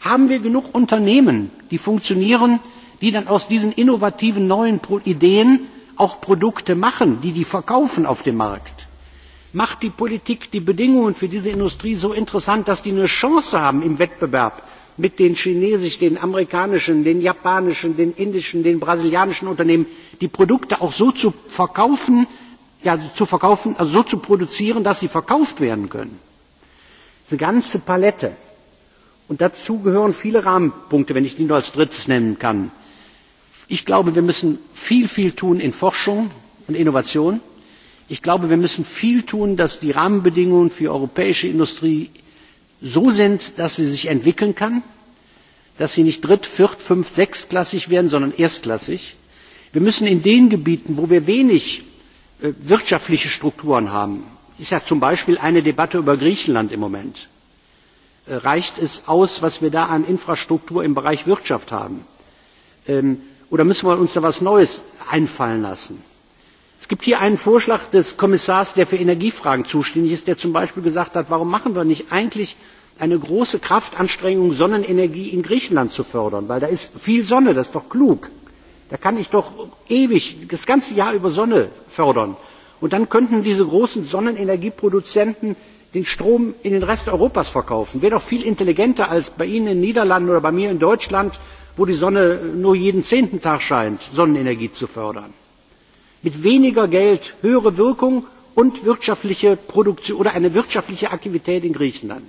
Haben wir genug Unternehmen, die funktionieren, die dann aus diesen innovativen neuen Ideen auch Produkte machen, die die verkaufen auf dem Markt? macht die politik die bedingungen für diese industrie so interessant dass sie eine chance haben im wettbewerb mit den chinesischen den amerikanischen den japanischen den indischen den brasilianischen unternehmen die produkte auch so zu verkaufen so zu produzieren dass sie verkauft werden können. eine ganze palette. und dazu gehören viele rahmenpunkte wenn ich die nur als drittes nennen kann. ich glaube wir müssen viel viel tun in forschung und innovation. Ich glaube, wir müssen viel tun, dass die Rahmenbedingungen für die europäische Industrie so sind, dass sie sich entwickeln kann, dass sie nicht dritt-, viert-, fünf-, sechstklassig werden, sondern erstklassig. Wir müssen in den Gebieten, wo wir wenig wirtschaftliche Strukturen haben, ist ja zum Beispiel eine Debatte über Griechenland im Moment, reicht es aus, was wir da an Infrastruktur im Bereich Wirtschaft haben? Oder müssen wir uns da etwas Neues einfallen lassen? es gibt hier einen vorschlag des kommissars der für energiefragen zuständig ist der zum beispiel gesagt hat warum machen wir nicht eigentlich eine große kraftanstrengung sonnenenergie in griechenland zu fördern weil da ist viel sonne das ist doch klug da kann ich doch ewig das ganze jahr über sonne fördern und dann könnten diese großen sonnenenergieproduzenten den strom in den rest europas verkaufen wäre doch viel intelligenter als bei ihnen in den niederlanden oder bei mir in deutschland wo die sonne nur jeden zehnten tag scheint sonnenenergie zu fördern mit weniger Geld höhere Wirkung und wirtschaftliche Produktion oder eine wirtschaftliche Aktivität in Griechenland.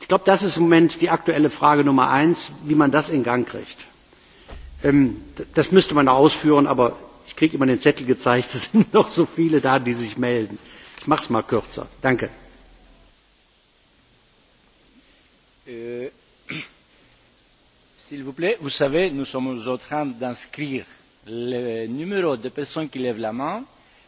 Ich glaube, das ist im Moment die aktuelle Frage Nummer eins, wie man das in Gang kriegt. das müsste man noch ausführen, aber ich kriege immer den Zettel gezeigt, es sind noch so viele da, die sich melden. Ich mache es mal kürzer. Danke. S'il vous plaît, vous savez, nous sommes en train d'inscrire le numéro de personnes qui lèvent la main.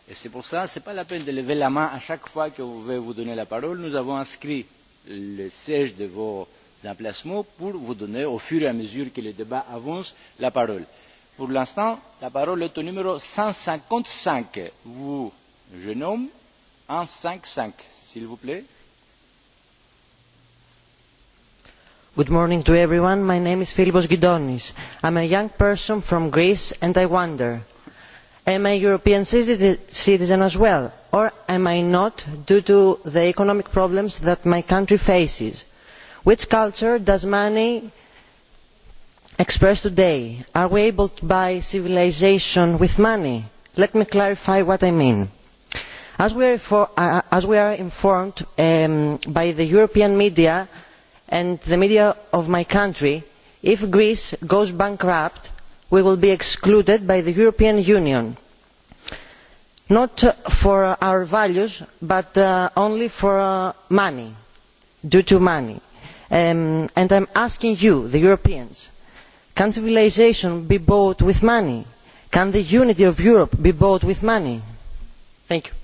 Et c'est pour ça, ce n'est pas la peine de lever la main à chaque fois que vous voulez vous donner la parole. Nous avons inscrit le siège de vos emplacements pour vous donner, au fur et à mesure que le débat avance, la parole. Pour l'instant, la parole est au numéro 155. Vous, jeune homme, 155, s'il vous plaît. Good morning to everyone. My name is Philippos Gidonis. I'm a young person from Greece and I wonder, am I a European citizen as well? Or am I not due to the economic problems that my country faces? Which culture does money express today? Are we able to buy civilization with money? Let me clarify what I mean. As we are, informed by the European media, and the media of my country if greece goes bankrupt we will be excluded by the european union not for our values but only for money due to money. and i am asking you the europeans can civilisation be bought with money? can the unity of europe be bought with money? thank you.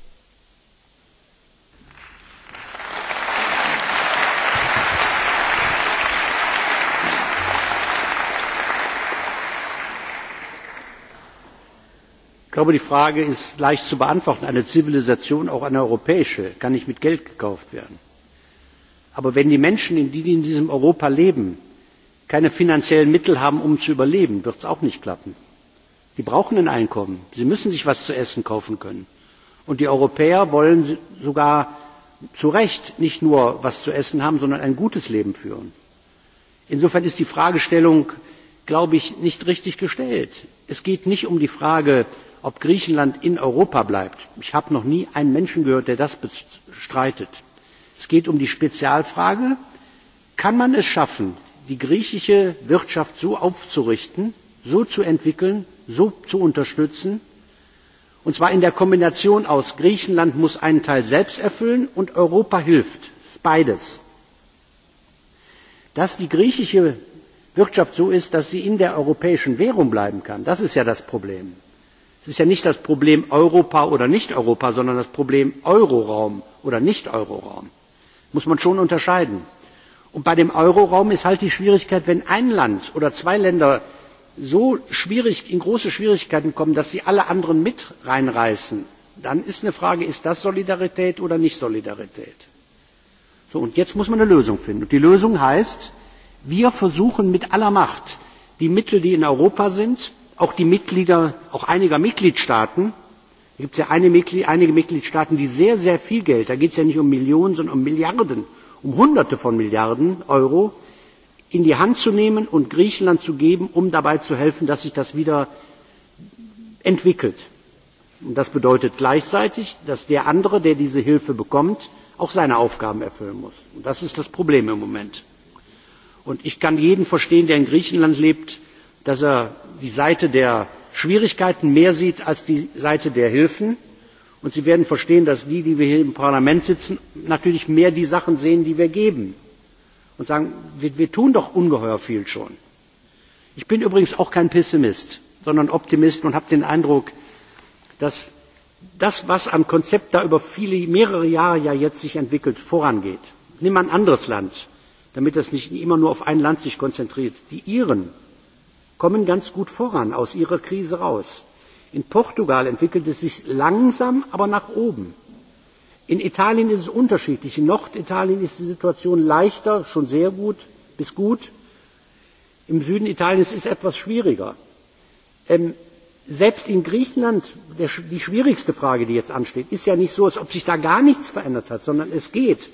Ich glaube, die Frage ist leicht zu beantworten. Eine Zivilisation, auch eine europäische, kann nicht mit Geld gekauft werden. Aber wenn die Menschen, die in diesem Europa leben, keine finanziellen Mittel haben, um zu überleben, wird es auch nicht klappen. Die brauchen ein Einkommen. Sie müssen sich etwas zu essen kaufen können. Und die Europäer wollen sogar zu Recht nicht nur etwas zu essen haben, sondern ein gutes Leben führen. Insofern ist die Fragestellung, glaube ich, nicht richtig gestellt es geht nicht um die frage ob griechenland in europa bleibt ich habe noch nie einen menschen gehört der das bestreitet. es geht um die spezialfrage kann man es schaffen die griechische wirtschaft so aufzurichten so zu entwickeln so zu unterstützen und zwar in der kombination aus griechenland muss einen teil selbst erfüllen und europa hilft beides dass die griechische wirtschaft so ist dass sie in der europäischen währung bleiben kann. das ist ja das problem. es ist ja nicht das problem europa oder nicht europa sondern das problem euroraum oder nicht euroraum. das muss man schon unterscheiden. und bei dem euroraum ist halt die schwierigkeit wenn ein land oder zwei länder so in große schwierigkeiten kommen dass sie alle anderen mit reinreißen dann ist eine frage ist das solidarität oder nicht solidarität? und jetzt muss man eine lösung finden. und die lösung heißt wir versuchen mit aller macht die mittel die in europa sind auch die einiger mitgliedstaaten da gibt es ja einige mitgliedstaaten die sehr sehr viel geld da geht es ja nicht um millionen sondern um milliarden um hunderte von milliarden euro in die hand zu nehmen und griechenland zu geben um dabei zu helfen dass sich das wieder entwickelt. das bedeutet gleichzeitig dass der andere der diese hilfe bekommt auch seine aufgaben erfüllen muss. das ist das problem im moment. Und ich kann jeden verstehen, der in Griechenland lebt, dass er die Seite der Schwierigkeiten mehr sieht als die Seite der Hilfen. Und Sie werden verstehen, dass die, die wir hier im Parlament sitzen, natürlich mehr die Sachen sehen, die wir geben. Und sagen, wir, wir tun doch ungeheuer viel schon. Ich bin übrigens auch kein Pessimist, sondern Optimist und habe den Eindruck, dass das, was an Konzept da über viele, mehrere Jahre ja jetzt sich entwickelt, vorangeht. Nimm ein anderes Land damit das nicht immer nur auf ein Land sich konzentriert. Die Iren kommen ganz gut voran aus ihrer Krise raus. In Portugal entwickelt es sich langsam, aber nach oben. In Italien ist es unterschiedlich. In Norditalien ist die Situation leichter, schon sehr gut bis gut. Im Süden Italiens ist es etwas schwieriger. selbst in Griechenland, die schwierigste Frage, die jetzt ansteht, ist ja nicht so, als ob sich da gar nichts verändert hat, sondern es geht.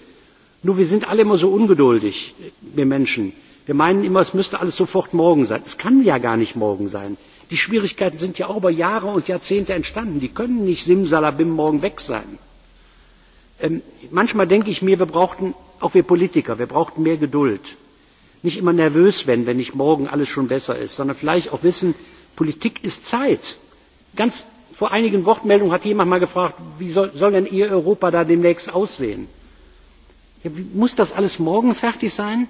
Nur wir sind alle immer so ungeduldig, wir Menschen. Wir meinen immer, es müsste alles sofort morgen sein. Es kann ja gar nicht morgen sein. Die Schwierigkeiten sind ja auch über Jahre und Jahrzehnte entstanden. Die können nicht simsalabim morgen weg sein. manchmal denke ich mir, wir brauchten, auch wir Politiker, wir brauchten mehr Geduld. Nicht immer nervös werden, wenn nicht morgen alles schon besser ist, sondern vielleicht auch wissen, Politik ist Zeit. Ganz vor einigen Wortmeldungen hat jemand mal gefragt, wie soll, denn Ihr Europa da demnächst aussehen? Muss das alles morgen fertig sein?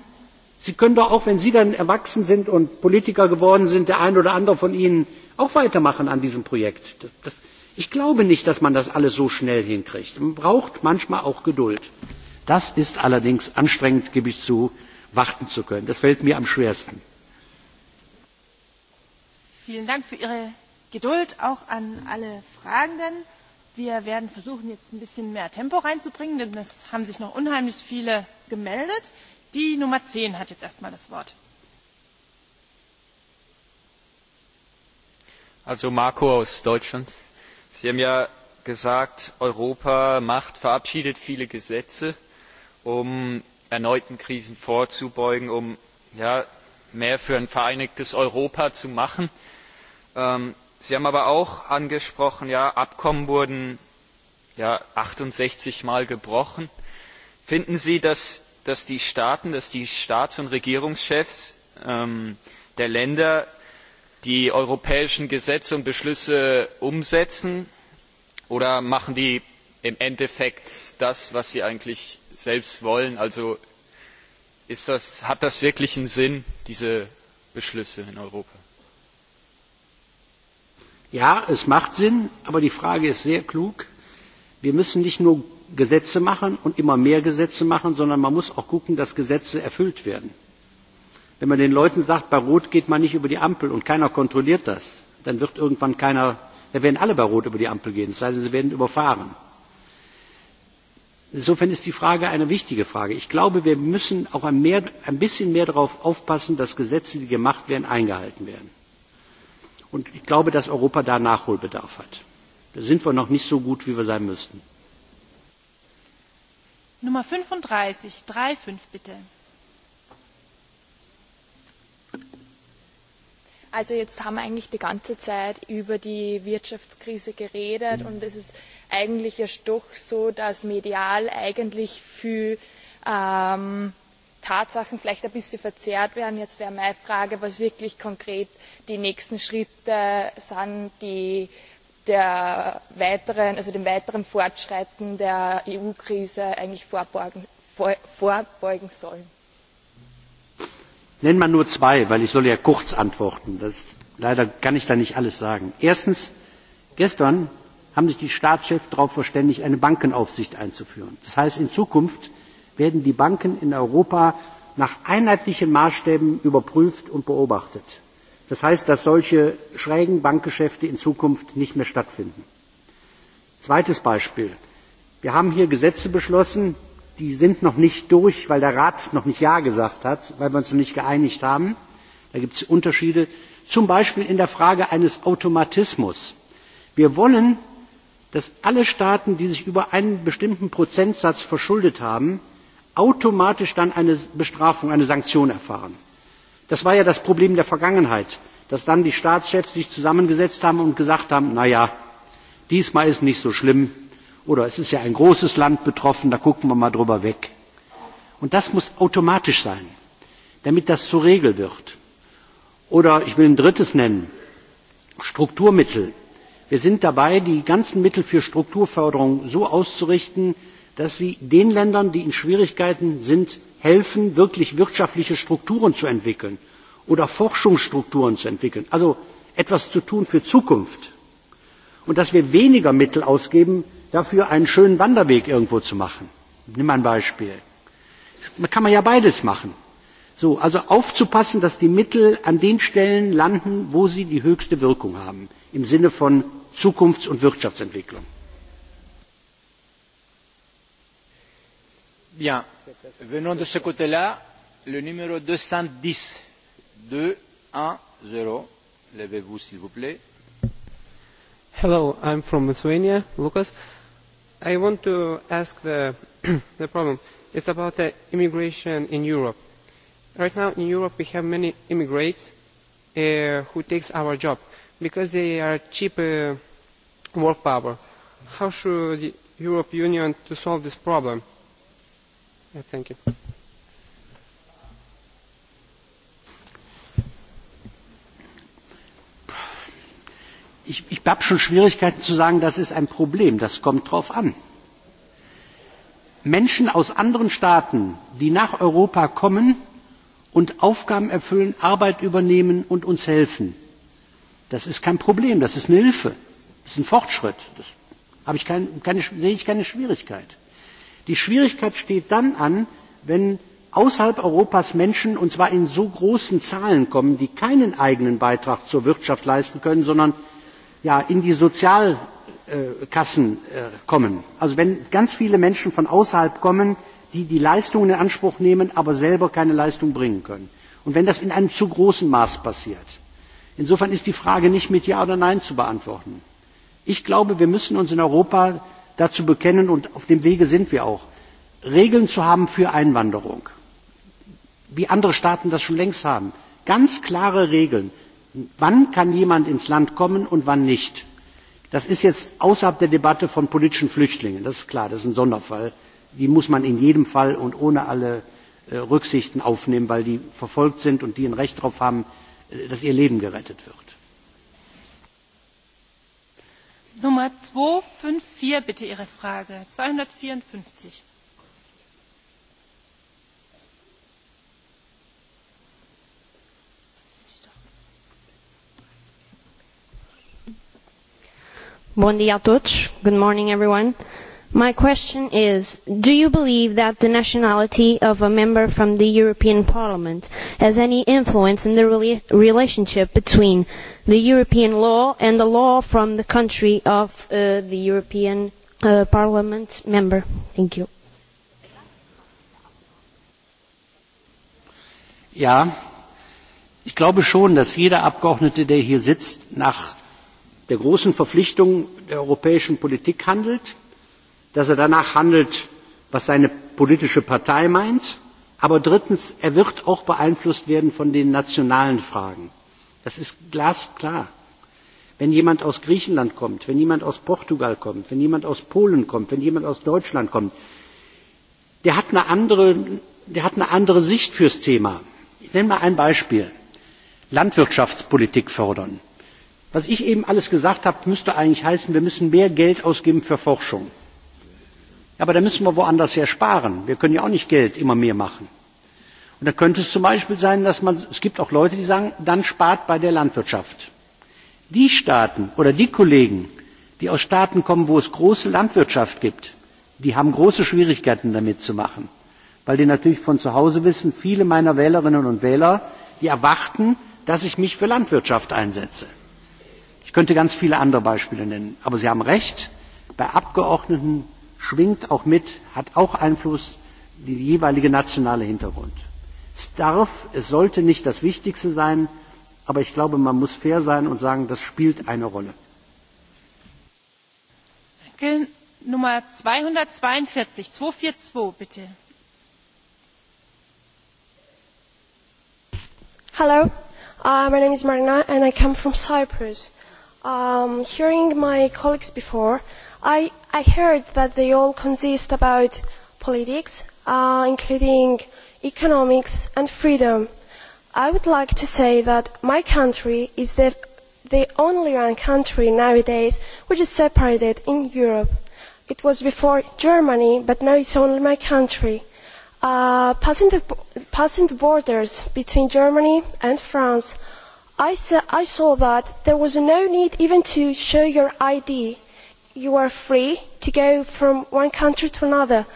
Sie können doch auch, wenn Sie dann erwachsen sind und Politiker geworden sind, der ein oder andere von Ihnen auch weitermachen an diesem Projekt. ich glaube nicht, dass man das alles so schnell hinkriegt. Man braucht manchmal auch Geduld. Das ist allerdings anstrengend, gebe ich zu, warten zu können. Das fällt mir am schwersten. Vielen Dank für Ihre Geduld, auch an alle Fragenden. Wir werden versuchen, jetzt ein bisschen mehr Tempo reinzubringen, denn es haben sich noch unheimlich viele gemeldet. Die Nummer 10 hat jetzt erstmal das Wort. Also Marco aus Deutschland. Sie haben ja gesagt, Europa macht, verabschiedet viele Gesetze, um erneuten Krisen vorzubeugen, um mehr für ein vereinigtes Europa zu machen sie haben aber auch angesprochen abkommen wurden achtundsechzig mal gebrochen. finden sie dass die staaten dass die staats und regierungschefs der länder die europäischen gesetze und beschlüsse umsetzen oder machen die im endeffekt das was sie eigentlich selbst wollen? also hat das wirklich einen sinn diese beschlüsse in europa? Ja, es macht Sinn, aber die Frage ist sehr klug. Wir müssen nicht nur Gesetze machen und immer mehr Gesetze machen, sondern man muss auch gucken, dass Gesetze erfüllt werden. Wenn man den Leuten sagt, bei Rot geht man nicht über die Ampel und keiner kontrolliert das, dann wird irgendwann keiner, dann werden alle bei Rot über die Ampel gehen, es sei denn, sie werden überfahren. Insofern ist die Frage eine wichtige Frage. Ich glaube, wir müssen auch ein, bisschen mehr darauf aufpassen, dass Gesetze, die gemacht werden, eingehalten werden. Und ich glaube, dass Europa da Nachholbedarf hat. Da sind wir noch nicht so gut, wie wir sein müssten. Nummer 35, 3,5 bitte. Also jetzt haben wir eigentlich die ganze Zeit über die Wirtschaftskrise geredet und es ist eigentlich erst doch so, dass medial eigentlich viel ähm, tatsachen vielleicht ein bisschen verzerrt werden. jetzt wäre meine frage was wirklich konkret die nächsten schritte sind die dem weiteren fortschreiten der eu krise eigentlich vorbeugen sollen. nennen wir nur zwei weil ich soll ja kurz antworten. leider kann ich da nicht alles sagen. erstens gestern haben sich die staatschefs darauf verständigt eine bankenaufsicht einzuführen. das heißt in zukunft werden die banken in europa nach einheitlichen maßstäben überprüft und beobachtet. das heißt dass solche schrägen bankgeschäfte in zukunft nicht mehr stattfinden. zweites beispiel wir haben hier gesetze beschlossen die sind noch nicht durch weil der rat noch nicht ja gesagt hat weil wir uns noch nicht geeinigt haben da gibt es unterschiede zum beispiel in der frage eines automatismus. wir wollen dass alle staaten die sich über einen bestimmten prozentsatz verschuldet haben automatisch dann eine Bestrafung, eine Sanktion erfahren. Das war ja das Problem der Vergangenheit, dass dann die Staatschefs sich zusammengesetzt haben und gesagt haben, na ja, diesmal ist nicht so schlimm oder es ist ja ein großes Land betroffen, da gucken wir mal drüber weg. Und das muss automatisch sein, damit das zur Regel wird. Oder ich will ein drittes nennen, Strukturmittel. Wir sind dabei, die ganzen Mittel für Strukturförderung so auszurichten, dass sie den Ländern, die in Schwierigkeiten sind, helfen, wirklich wirtschaftliche Strukturen zu entwickeln oder Forschungsstrukturen zu entwickeln, also etwas zu tun für Zukunft. Und dass wir weniger Mittel ausgeben, dafür einen schönen Wanderweg irgendwo zu machen. Nimm ein Beispiel. Man kann man ja beides machen. So, also aufzupassen, dass die Mittel an den Stellen landen, wo sie die höchste Wirkung haben, im Sinne von Zukunfts- und Wirtschaftsentwicklung. Bien. Venons de ce côté-là, le numéro 210. 2, 1, 0. Levez-vous, s'il vous plaît. Hello, I'm from Lithuania, Lucas. I want to ask the, the problem. It's about the immigration in Europe. Right now in Europe we have many immigrants uh, who takes our job because they are cheap uh, work power. How should the Europe Union to solve this problem? Thank you. Ich, ich habe schon Schwierigkeiten zu sagen, das ist ein Problem. Das kommt drauf an. Menschen aus anderen Staaten, die nach Europa kommen und Aufgaben erfüllen, Arbeit übernehmen und uns helfen, das ist kein Problem. Das ist eine Hilfe. Das ist ein Fortschritt. Das habe ich kein, keine, sehe ich keine Schwierigkeit die schwierigkeit steht dann an wenn außerhalb europas menschen und zwar in so großen zahlen kommen die keinen eigenen beitrag zur wirtschaft leisten können sondern in die sozialkassen kommen also wenn ganz viele menschen von außerhalb kommen die die leistungen in anspruch nehmen aber selber keine leistung bringen können und wenn das in einem zu großen maß passiert. insofern ist die frage nicht mit ja oder nein zu beantworten. ich glaube wir müssen uns in europa dazu bekennen und auf dem Wege sind wir auch, Regeln zu haben für Einwanderung, wie andere Staaten das schon längst haben. Ganz klare Regeln. Wann kann jemand ins Land kommen und wann nicht? Das ist jetzt außerhalb der Debatte von politischen Flüchtlingen. Das ist klar, das ist ein Sonderfall. Die muss man in jedem Fall und ohne alle Rücksichten aufnehmen, weil die verfolgt sind und die ein Recht darauf haben, dass ihr Leben gerettet wird. Nummer 254, bitte Ihre Frage. 254. dia a todos. Good morning, everyone. My question is, do you believe that the nationality of a member from the European Parliament has any influence in the relationship between the European law and the law from the country of the European Parliament member? Thank you. Ja, ich glaube schon, dass jeder Abgeordnete, der hier sitzt, nach der großen Verpflichtung der europäischen Politik handelt dass er danach handelt, was seine politische Partei meint. Aber drittens, er wird auch beeinflusst werden von den nationalen Fragen. Das ist glasklar. Wenn jemand aus Griechenland kommt, wenn jemand aus Portugal kommt, wenn jemand aus Polen kommt, wenn jemand aus Deutschland kommt, der hat eine andere, der hat eine andere Sicht fürs Thema. Ich nenne mal ein Beispiel. Landwirtschaftspolitik fördern. Was ich eben alles gesagt habe, müsste eigentlich heißen, wir müssen mehr Geld ausgeben für Forschung aber da müssen wir woanders her sparen. Wir können ja auch nicht Geld immer mehr machen. Und da könnte es zum Beispiel sein, dass man, es gibt auch Leute, die sagen, dann spart bei der Landwirtschaft. Die Staaten oder die Kollegen, die aus Staaten kommen, wo es große Landwirtschaft gibt, die haben große Schwierigkeiten damit zu machen. Weil die natürlich von zu Hause wissen, viele meiner Wählerinnen und Wähler, die erwarten, dass ich mich für Landwirtschaft einsetze. Ich könnte ganz viele andere Beispiele nennen. Aber Sie haben recht, bei Abgeordneten schwingt auch mit, hat auch Einfluss der jeweilige nationale Hintergrund. Es darf, es sollte nicht das Wichtigste sein, aber ich glaube, man muss fair sein und sagen, das spielt eine Rolle. Danke. Nummer 242, 242, bitte. Hello, uh, my name is Marina and I come from Cyprus. Um, hearing my colleagues before, I, I heard that they all consist about politics, uh, including economics and freedom. I would like to say that my country is the, the only one country nowadays which is separated in Europe. It was before Germany, but now it's only my country. Uh, passing, the, borders between Germany and France, I saw, I saw that there was no need even to show your ID you are free to go from one country to another.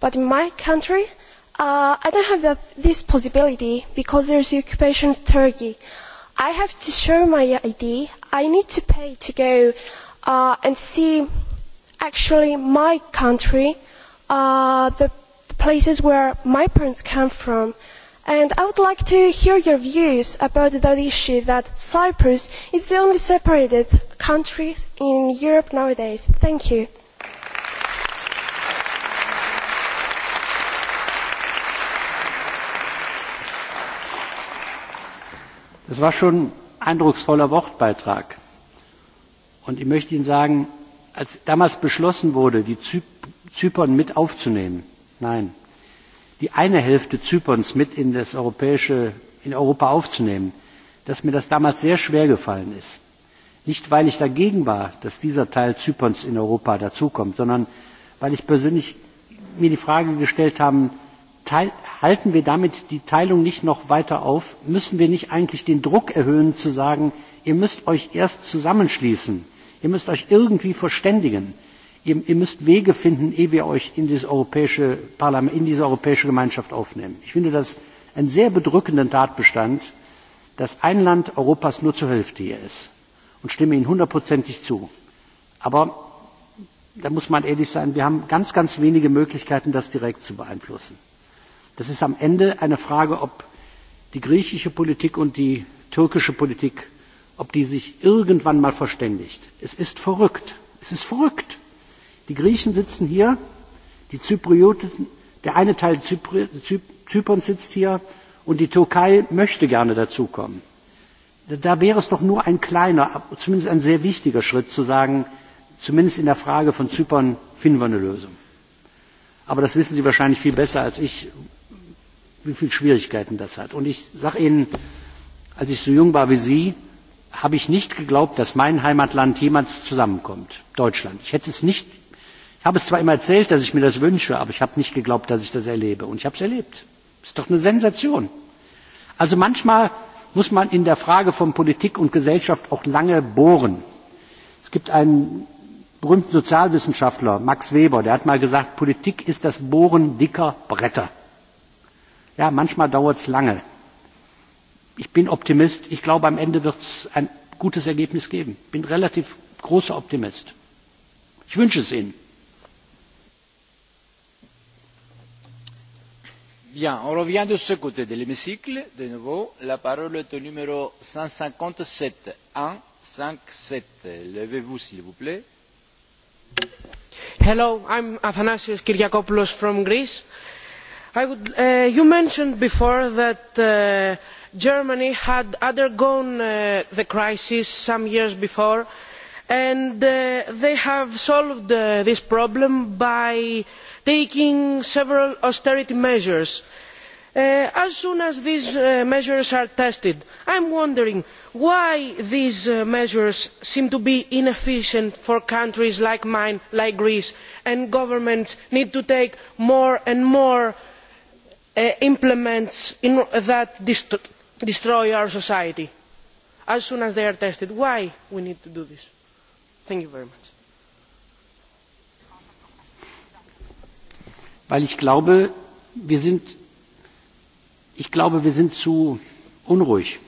But in my country, uh, I don't have that, this possibility because there is the occupation of Turkey. I have to show my ID. I need to pay to go uh, and see actually my country, uh, the places where my parents come from. And I would like to hear your views about the issue that Cyprus is the only separated country in Europe nowadays. Thank you. Das war schon ein eindrucksvoller Wortbeitrag. Und ich möchte Ihnen sagen, als damals beschlossen wurde, die Zypern mit aufzunehmen, nein, die eine Hälfte Zyperns mit in das europäische, in Europa aufzunehmen, dass mir das damals sehr schwer gefallen ist. Nicht, weil ich dagegen war, dass dieser Teil Zyperns in Europa dazukommt, sondern weil ich persönlich mir die Frage gestellt habe, halten wir damit die Teilung nicht noch weiter auf? Müssen wir nicht eigentlich den Druck erhöhen, zu sagen, ihr müsst euch erst zusammenschließen, ihr müsst euch irgendwie verständigen? Ihr, müsst Wege finden, ehe wir euch in, dieses europäische Parlament, in diese europäische Gemeinschaft aufnehmen. Ich finde das einen sehr bedrückenden Tatbestand, dass ein Land Europas nur zur Hälfte hier ist und stimme Ihnen hundertprozentig zu. Aber da muss man ehrlich sein, wir haben ganz, ganz wenige Möglichkeiten, das direkt zu beeinflussen. Das ist am Ende eine Frage, ob die griechische Politik und die türkische Politik, ob die sich irgendwann mal verständigt. Es ist verrückt. Es ist verrückt. Die Griechen sitzen hier, die Zyprioten, der eine Teil Zyperns sitzt hier und die Türkei möchte gerne dazukommen. Da wäre es doch nur ein kleiner, zumindest ein sehr wichtiger Schritt zu sagen, zumindest in der Frage von Zypern finden wir eine Lösung. Aber das wissen Sie wahrscheinlich viel besser als ich, wie viele Schwierigkeiten das hat. Und ich sage Ihnen, als ich so jung war wie Sie, habe ich nicht geglaubt, dass mein Heimatland jemals zusammenkommt, Deutschland. Ich hätte es nicht Ich habe es zwar immer erzählt, dass ich mir das wünsche, aber ich habe nicht geglaubt, dass ich das erlebe. Und ich habe es erlebt. Das ist doch eine Sensation. Also manchmal muss man in der Frage von Politik und Gesellschaft auch lange bohren. Es gibt einen berühmten Sozialwissenschaftler, Max Weber, der hat mal gesagt, Politik ist das Bohren dicker Bretter. Ja, manchmal dauert es lange. Ich bin Optimist. Ich glaube, am Ende wird es ein gutes Ergebnis geben. Ich bin relativ großer Optimist. Ich wünsche es Ihnen. Bien, on revient de ce côté de l'hémicycle. De nouveau, la parole est au numéro 157. 157. Levez-vous, s'il vous plaît. Hello, I'm Athanasios Kyriakopoulos from Greece. I would, uh, you mentioned before that uh, Germany had undergone uh, the crisis some years before and they have solved this problem by taking several austerity measures. as soon as these measures are tested i am wondering why these measures seem to be inefficient for countries like mine like greece and governments need to take more and more implements that destroy our society as soon as they are tested. why do we need to do this? Weil ich glaube, wir sind, wir sind zu unruhig.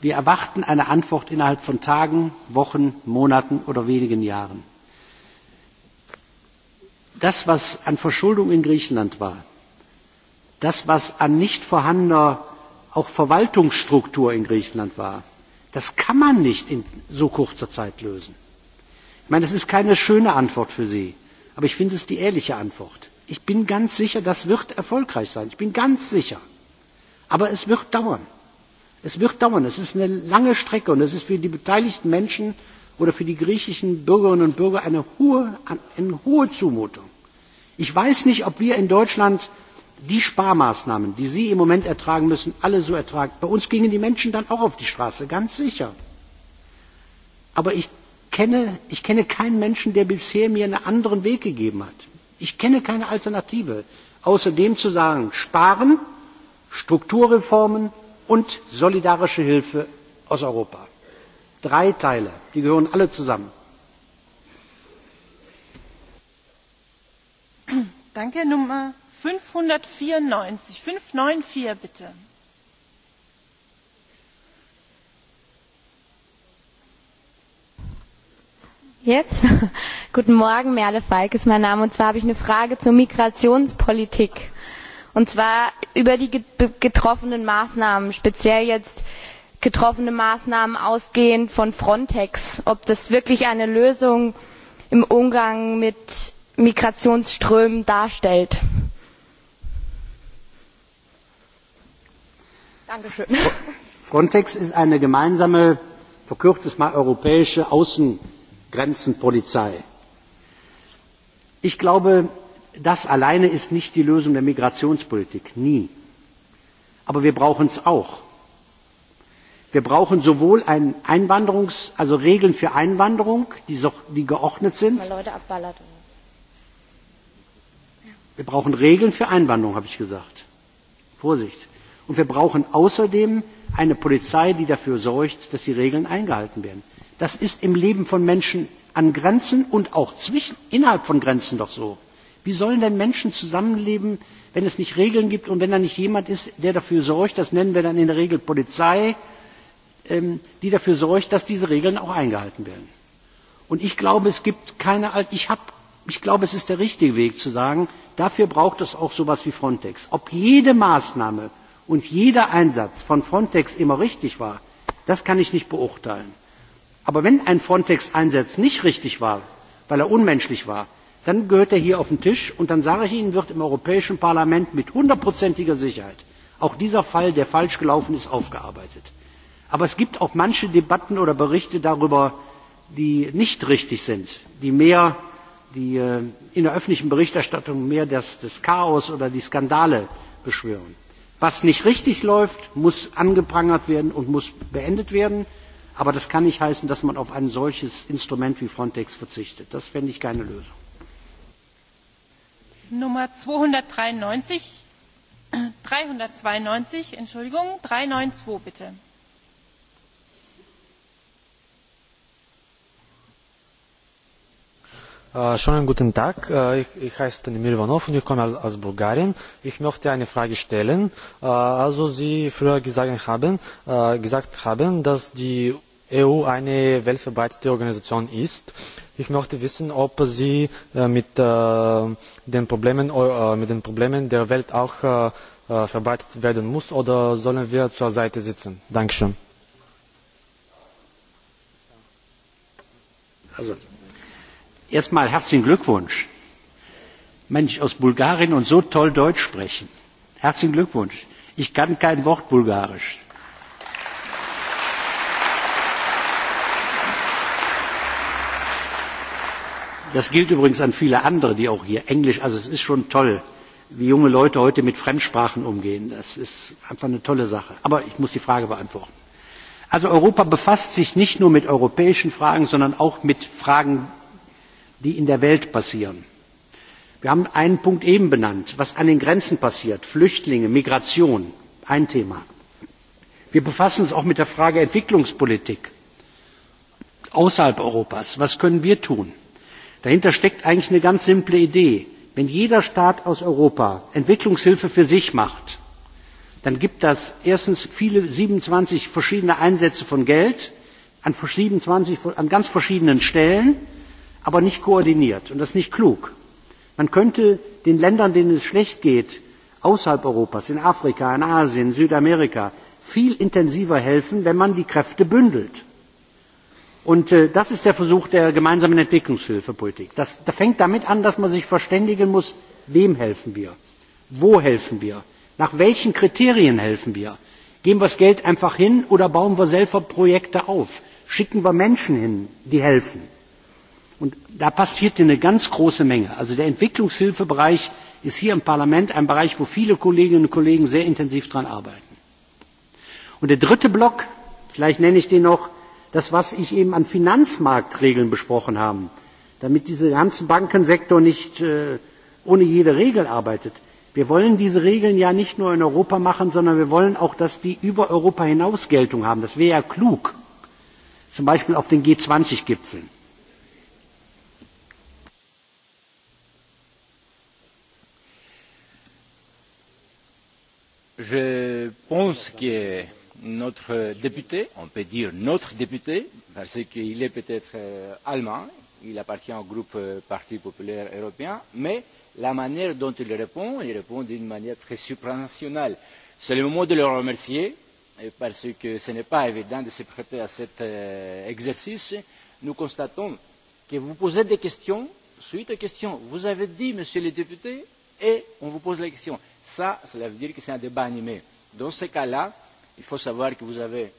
Wir erwarten eine Antwort innerhalb von Tagen, Wochen, Monaten oder wenigen Jahren. Das, was an Verschuldung in Griechenland war, das, was an nicht vorhandener auch Verwaltungsstruktur in Griechenland war, das kann man nicht in so kurzer Zeit lösen. Ich meine, das ist keine schöne Antwort für Sie, aber ich finde es die ehrliche Antwort. Ich bin ganz sicher, das wird erfolgreich sein. Ich bin ganz sicher. Aber es wird dauern. Es wird dauern. Es ist eine lange Strecke und es ist für die beteiligten Menschen oder für die griechischen Bürgerinnen und Bürger eine hohe, eine hohe Zumutung. Ich weiß nicht, ob wir in Deutschland die Sparmaßnahmen, die Sie im Moment ertragen müssen, alle so ertragen. Bei uns gingen die Menschen dann auch auf die Straße, ganz sicher. Aber ich kenne, ich kenne keinen Menschen, der bisher mir einen anderen Weg gegeben hat. Ich kenne keine Alternative, außer dem zu sagen, sparen, Strukturreformen und solidarische Hilfe aus Europa. Drei Teile, die gehören alle zusammen. Danke, Nummer 594. 594 bitte. Jetzt? Guten Morgen, Merle Falk ist mein Name. Und zwar habe ich eine Frage zur Migrationspolitik. Und zwar über die getroffenen Maßnahmen, speziell jetzt getroffene Maßnahmen ausgehend von Frontex. Ob das wirklich eine Lösung im Umgang mit Migrationsströmen darstellt. Dankeschön. Frontex ist eine gemeinsame, verkürztes mal, europäische Außen- grenzenpolizei. ich glaube das alleine ist nicht die lösung der migrationspolitik nie. aber wir brauchen es auch. wir brauchen sowohl regeln für einwanderung die geordnet sind wir brauchen regeln für einwanderung habe ich gesagt vorsicht! und wir brauchen außerdem eine polizei die dafür sorgt dass die regeln eingehalten werden das ist im leben von menschen an grenzen und auch innerhalb von grenzen doch so. wie sollen denn menschen zusammenleben wenn es nicht regeln gibt und wenn da nicht jemand ist der dafür sorgt das nennen wir dann in der regel polizei die dafür sorgt dass diese regeln auch eingehalten werden? ich glaube es ist der richtige weg zu sagen dafür braucht es auch so etwas wie frontex. ob jede maßnahme und jeder einsatz von frontex immer richtig war das kann ich nicht beurteilen aber wenn ein frontex einsatz nicht richtig war weil er unmenschlich war dann gehört er hier auf den tisch und dann sage ich ihnen wird im europäischen parlament mit hundertprozentiger sicherheit auch dieser fall der falsch gelaufen ist aufgearbeitet. aber es gibt auch manche debatten oder berichte darüber die nicht richtig sind die mehr in der öffentlichen berichterstattung mehr das chaos oder die skandale beschwören. was nicht richtig läuft muss angeprangert werden und muss beendet werden. Aber das kann nicht heißen, dass man auf ein solches Instrument wie Frontex verzichtet. Das fände ich keine Lösung. Nummer 293, 392, Entschuldigung, 392 bitte. Schönen guten Tag. Ich, heiße Tanimir Ivanov und ich komme aus Bulgarien. Ich möchte eine Frage stellen. Also Sie früher gesagt haben, gesagt haben, dass die EU eine weltverbreitete Organisation ist. Ich möchte wissen, ob Sie mit, den Problemen, mit den Problemen der Welt auch verbreitet werden muss oder sollen wir zur Seite sitzen? Dankeschön. Also Erstmal herzlichen Glückwunsch. Mensch, aus Bulgarien und so toll Deutsch sprechen. Herzlichen Glückwunsch. Ich kann kein Wort Bulgarisch. Das gilt übrigens an viele andere, die auch hier Englisch, also es ist schon toll, wie junge Leute heute mit Fremdsprachen umgehen. Das ist einfach eine tolle Sache. Aber ich muss die Frage beantworten. Also Europa befasst sich nicht nur mit europäischen Fragen, sondern auch mit Fragen die in der Welt passieren. Wir haben einen Punkt eben benannt, was an den Grenzen passiert. Flüchtlinge, Migration, ein Thema. Wir befassen uns auch mit der Frage Entwicklungspolitik außerhalb Europas. Was können wir tun? Dahinter steckt eigentlich eine ganz simple Idee. Wenn jeder Staat aus Europa Entwicklungshilfe für sich macht, dann gibt das erstens viele 27 verschiedene Einsätze von Geld an, 27, an ganz verschiedenen Stellen aber nicht koordiniert. Und das ist nicht klug. Man könnte den Ländern, denen es schlecht geht, außerhalb Europas, in Afrika, in Asien, in Südamerika, viel intensiver helfen, wenn man die Kräfte bündelt. Und das ist der Versuch der gemeinsamen Entwicklungshilfepolitik. Das, fängt damit an, dass man sich verständigen muss, wem helfen wir, wo helfen wir, nach welchen Kriterien helfen wir. Geben wir das Geld einfach hin oder bauen wir selber Projekte auf? Schicken wir Menschen hin, die helfen? Und da passiert eine ganz große Menge. Also der Entwicklungshilfebereich ist hier im Parlament ein Bereich, wo viele Kolleginnen und Kollegen sehr intensiv daran arbeiten. Und der dritte Block, vielleicht nenne ich den noch, das, was ich eben an Finanzmarktregeln besprochen habe, damit dieser ganze Bankensektor nicht ohne jede Regel arbeitet. Wir wollen diese Regeln ja nicht nur in Europa machen, sondern wir wollen auch, dass die über Europa hinaus Geltung haben. Das wäre ja klug. Zum Beispiel auf den G20-Gipfeln. je pense que notre député, on peut dire notre député, parce qu'il est peut-être allemand, il appartient au groupe Parti populaire européen, mais la manière dont il répond, il répond d'une manière très supranationale. C'est le moment de le remercier, parce que ce n'est pas évident de se prêter à cet exercice. Nous constatons que vous posez des questions, suite aux questions. Vous avez dit, monsieur le député, et on vous pose la question. Ça, cela veut dire que c'est un débat animé. Dans ces cas-là, il faut savoir que vous avez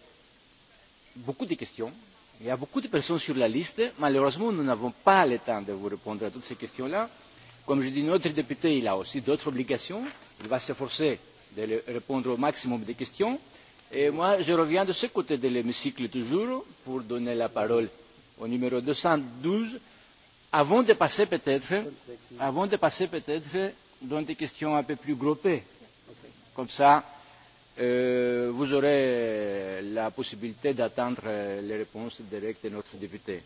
beaucoup de questions. Il y a beaucoup de personnes sur la liste. Malheureusement, nous n'avons pas le temps de vous répondre à toutes ces questions-là. Comme je dis, notre député, il a aussi d'autres obligations. Il va s'efforcer de répondre au maximum des questions. Et moi, je reviens de ce côté de l'hémicycle toujours pour donner la parole au numéro 212 avant de passer peut-être, avant de passer peut-être dans des questions un peu plus groupées. Comme ça, euh, vous aurez la possibilité d'attendre les réponses directes de notre député.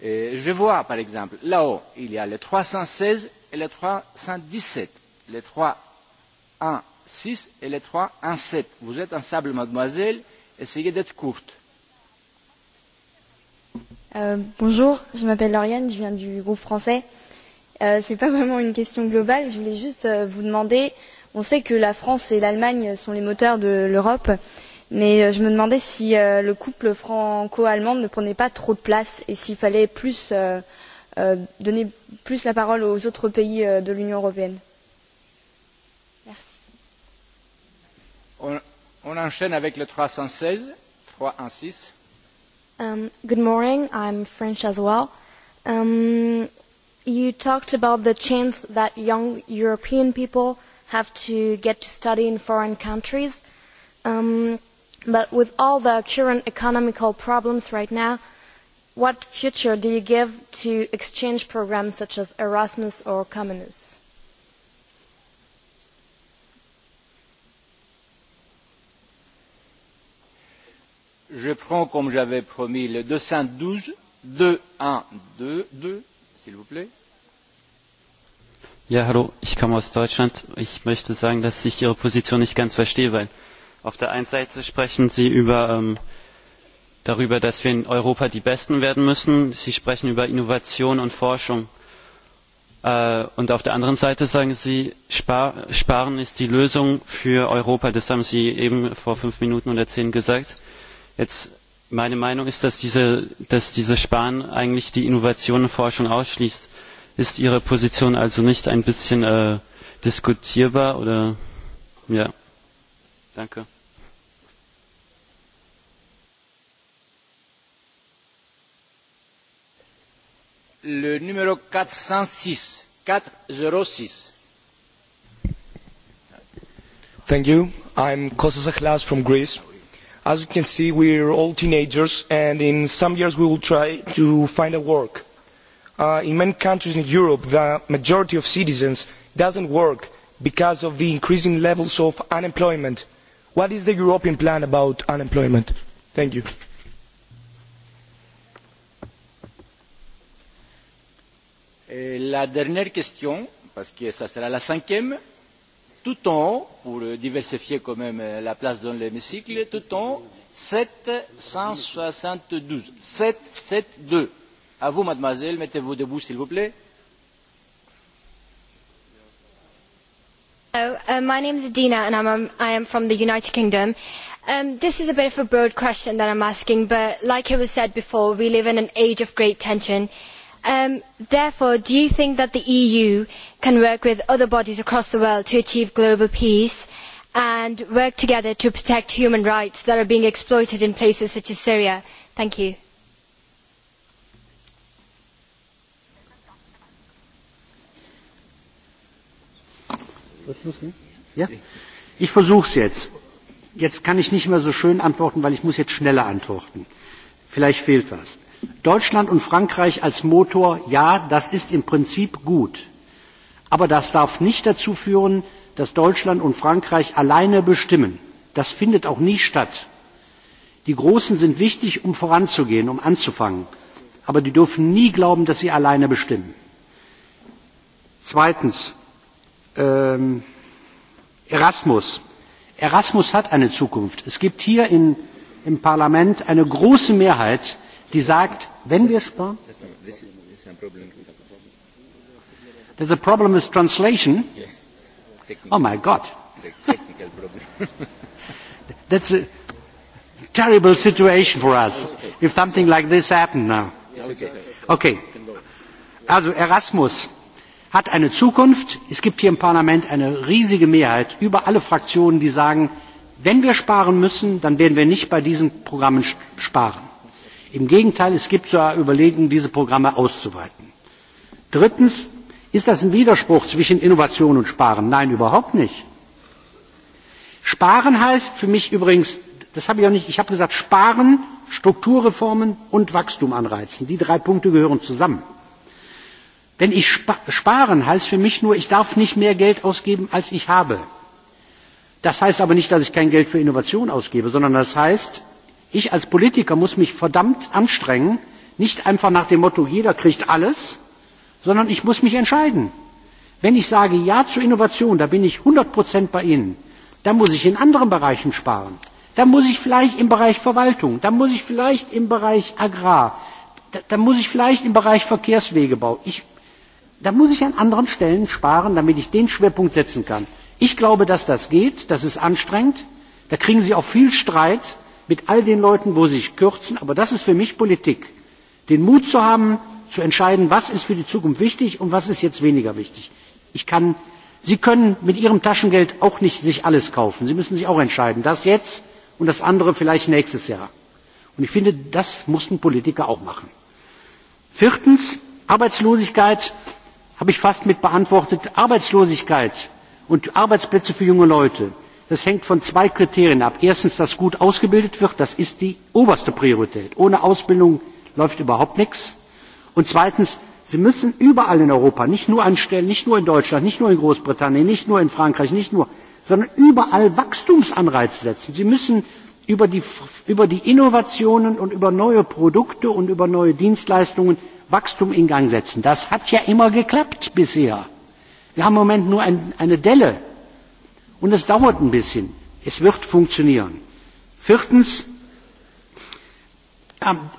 Et je vois, par exemple, là-haut, il y a les 316 et le 317, le 316 et le 317. Vous êtes en sable, mademoiselle, essayez d'être courte. Euh, bonjour, je m'appelle Lauriane, je viens du groupe français. Euh, ce n'est pas vraiment une question globale. Je voulais juste vous demander, on sait que la France et l'Allemagne sont les moteurs de l'Europe, mais je me demandais si le couple franco-allemand ne prenait pas trop de place et s'il fallait plus donner plus la parole aux autres pays de l'Union européenne. On enchaîne avec le 316. 316. Um, good morning, I'm French as well. Um, You talked about the chance that young European people have to get to study in foreign countries. but with all the current economical problems right now, what future do you give to exchange programmes such as Erasmus or Communis? Je prends, comme j'avais promis, le deux cent douze, un, deux s'il vous plaît. Ja, hallo, ich komme aus Deutschland. Ich möchte sagen, dass ich Ihre Position nicht ganz verstehe, weil auf der einen Seite sprechen Sie über, ähm, darüber, dass wir in Europa die Besten werden müssen. Sie sprechen über Innovation und Forschung. Äh, und auf der anderen Seite sagen Sie, Spar Sparen ist die Lösung für Europa. Das haben Sie eben vor fünf Minuten oder zehn gesagt. Jetzt meine Meinung ist, dass diese, dass diese Spahn eigentlich die Innovation und Forschung ausschließt. Ist Ihre Position also nicht ein bisschen äh, diskutierbar oder ja? Danke. Le numéro 406, 406. Thank you. I'm Kostas Achlas from Greece As you can see, we are all teenagers, and in some years we will try to find a work. in many countries in Europe, the majority of citizens doesn't work because of the increasing levels of unemployment. What is the European plan about unemployment? Thank you. La dernière question, parce que ça sera la cinquième, tout en, pour diversifier quand même la place dans l'hémicycle, tout en 772. 772. À vous, mademoiselle, mettez-vous debout, s'il vous plaît. Hello, uh, my name is Dina and I'm, um, I am from the United Kingdom. Um, this is a bit of a broad question that I'm asking, but like it was said before, we live in an age of great tension therefore, do you think that the EU can work with other bodies across the world to achieve global peace and work together to protect human rights that are being exploited in places such as Syria? Thank you. Ich versuche es jetzt. Jetzt kann ich nicht mehr so schön antworten, weil ich muss jetzt schneller antworten. Vielleicht fehlt was Deutschland und Frankreich als Motor, ja, das ist im Prinzip gut. Aber das darf nicht dazu führen, dass Deutschland und Frankreich alleine bestimmen. Das findet auch nie statt. Die Großen sind wichtig, um voranzugehen, um anzufangen. Aber die dürfen nie glauben, dass sie alleine bestimmen. Zweitens, Erasmus. Erasmus hat eine Zukunft. Es gibt hier im Parlament eine große Mehrheit, die sagt, wenn wir sparen. There's a problem with translation. Oh my God. That's a terrible situation for us if something like this happened now. Okay. Also Erasmus hat eine Zukunft. Es gibt hier im Parlament eine riesige Mehrheit über alle Fraktionen, die sagen, wenn wir sparen müssen, dann werden wir nicht bei diesen Programmen sparen. Im Gegenteil, es gibt sogar Überlegungen, diese Programme auszuweiten. Drittens, ist das ein Widerspruch zwischen Innovation und Sparen? Nein, überhaupt nicht. Sparen heißt für mich übrigens, das habe ich auch nicht, ich habe gesagt, Sparen, Strukturreformen und Wachstum anreizen. Die drei Punkte gehören zusammen. Wenn ich sparen, heißt für mich nur, ich darf nicht mehr Geld ausgeben, als ich habe. Das heißt aber nicht, dass ich kein Geld für Innovation ausgebe, sondern das heißt, ich als politiker muss mich verdammt anstrengen nicht einfach nach dem motto jeder kriegt alles sondern ich muss mich entscheiden. wenn ich sage ja zu innovation da bin ich hundert bei ihnen dann muss ich in anderen bereichen sparen dann muss ich vielleicht im bereich verwaltung dann muss ich vielleicht im bereich agrar dann muss ich vielleicht im bereich verkehrswegebau dann muss ich an anderen stellen sparen damit ich den schwerpunkt setzen kann. ich glaube dass das geht das ist anstrengend da kriegen sie auch viel streit mit all den Leuten, wo sie sich kürzen. Aber das ist für mich Politik. Den Mut zu haben, zu entscheiden, was ist für die Zukunft wichtig und was ist jetzt weniger wichtig. Ich kann, Sie können mit Ihrem Taschengeld auch nicht sich alles kaufen. Sie müssen sich auch entscheiden. Das jetzt und das andere vielleicht nächstes Jahr. Und ich finde, das mussten Politiker auch machen. Viertens, Arbeitslosigkeit habe ich fast mit beantwortet. Arbeitslosigkeit und Arbeitsplätze für junge Leute das hängt von zwei kriterien ab erstens dass gut ausgebildet wird das ist die oberste priorität ohne ausbildung läuft überhaupt nichts und zweitens sie müssen überall in europa nicht nur an stellen nicht nur in deutschland nicht nur in großbritannien nicht nur in frankreich nicht nur sondern überall wachstumsanreize setzen. sie müssen über die innovationen und über neue produkte und über neue dienstleistungen wachstum in gang setzen. das hat ja immer geklappt bisher. wir haben im moment nur eine delle Und es dauert ein bisschen. Es wird funktionieren. Viertens,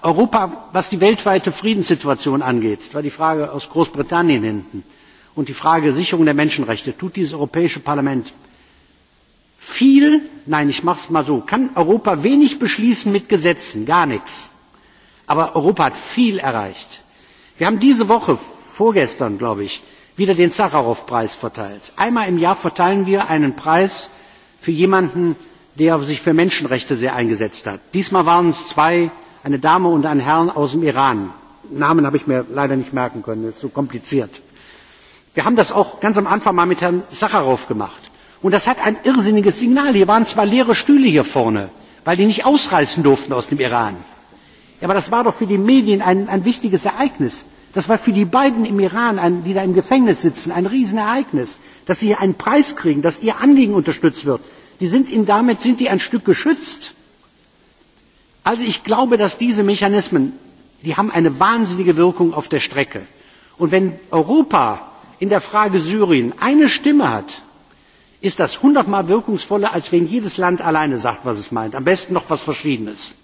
Europa, was die weltweite Friedenssituation angeht, das war die Frage aus Großbritannien hinten, und die Frage der Sicherung der Menschenrechte, tut dieses Europäische Parlament viel, nein, ich mache es mal so, kann Europa wenig beschließen mit Gesetzen, gar nichts. Aber Europa hat viel erreicht. Wir haben diese Woche, vorgestern, glaube ich, wieder den Sacharow Preis verteilt. Einmal im Jahr verteilen wir einen Preis für jemanden, der sich für Menschenrechte sehr eingesetzt hat. Diesmal waren es zwei, eine Dame und ein Herr aus dem Iran. Namen habe ich mir leider nicht merken können, das ist so kompliziert. Wir haben das auch ganz am Anfang mal mit Herrn Sacharow gemacht. Und das hat ein irrsinniges Signal. Hier waren zwar leere Stühle hier vorne, weil die nicht ausreißen durften aus dem Iran. Aber das war doch für die Medien ein, wichtiges Ereignis. Das war für die beiden im Iran, die da im Gefängnis sitzen, ein Riesenereignis, dass sie hier einen Preis kriegen, dass ihr Anliegen unterstützt wird. damit sind die ein Stück geschützt. Also ich glaube, dass diese Mechanismen, die haben eine wahnsinnige Wirkung auf der Strecke. Und wenn Europa in der Frage Syrien eine Stimme hat, ist das hundertmal wirkungsvoller, als wenn jedes Land alleine sagt, was es meint. Am besten noch etwas Verschiedenes.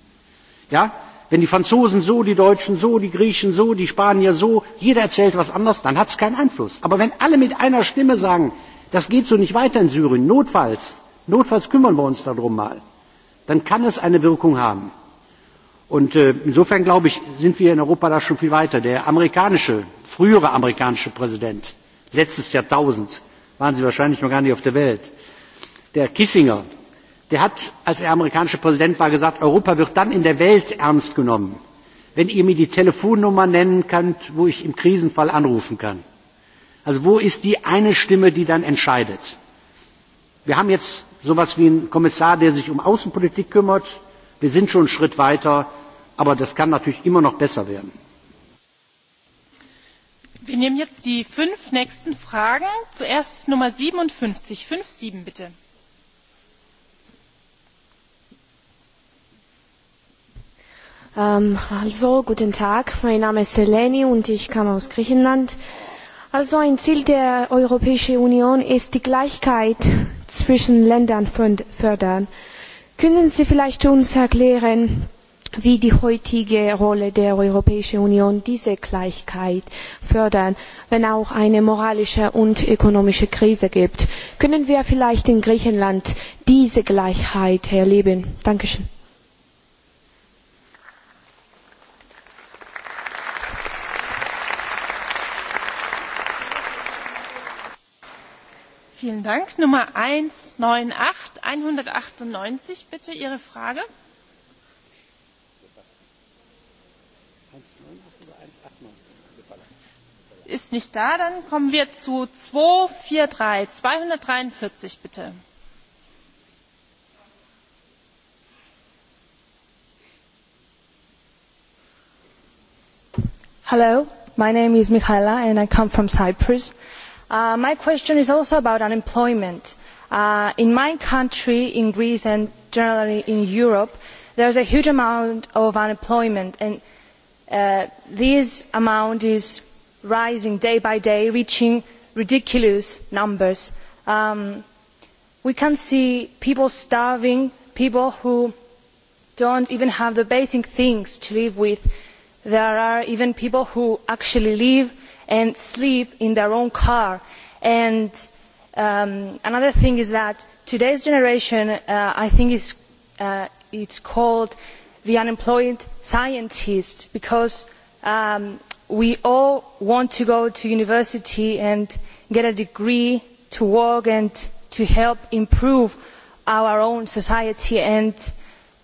Ja? Wenn die Franzosen so, die Deutschen so, die Griechen so, die Spanier so, jeder erzählt was anderes, dann hat es keinen Einfluss. Aber wenn alle mit einer Stimme sagen, das geht so nicht weiter in Syrien, notfalls, notfalls kümmern wir uns darum mal, dann kann es eine Wirkung haben. Und insofern glaube ich, sind wir in Europa da schon viel weiter. Der amerikanische, frühere amerikanische Präsident, letztes Jahrtausend, waren Sie wahrscheinlich noch gar nicht auf der Welt, der Kissinger, der hat, als er amerikanischer Präsident war, gesagt, Europa wird dann in der Welt ernst genommen, wenn ihr mir die Telefonnummer nennen könnt, wo ich im Krisenfall anrufen kann. Also wo ist die eine Stimme, die dann entscheidet? Wir haben jetzt so etwas wie einen Kommissar, der sich um Außenpolitik kümmert. Wir sind schon einen Schritt weiter, aber das kann natürlich immer noch besser werden. Wir nehmen jetzt die fünf nächsten Fragen. Zuerst Nummer 57. 57 bitte also, guten Tag. Mein Name ist Eleni und ich komme aus Griechenland. Also, ein Ziel der Europäischen Union ist die Gleichheit zwischen Ländern fördern. Können Sie vielleicht uns erklären, wie die heutige Rolle der Europäischen Union diese Gleichheit fördern, wenn auch eine moralische und ökonomische Krise gibt. Können wir vielleicht in Griechenland diese Gleichheit erleben? Dankeschön. Vielen Dank. Nummer 198, 198, bitte Ihre Frage. Ist nicht da, dann kommen wir zu 243, 243, bitte. Hello, my name is Michaela and I come from Cyprus my question is also about unemployment. in my country, in Greece, and generally in Europe, there is a huge amount of unemployment, and this amount is rising day by day, reaching ridiculous numbers. we can see people starving, people who do not even have the basic things to live with. There are even people who actually live and sleep in their own car. another thing is that today's generation, I think, is called the unemployed scientist because we all want to go to university and get a degree to work and to help improve our own society and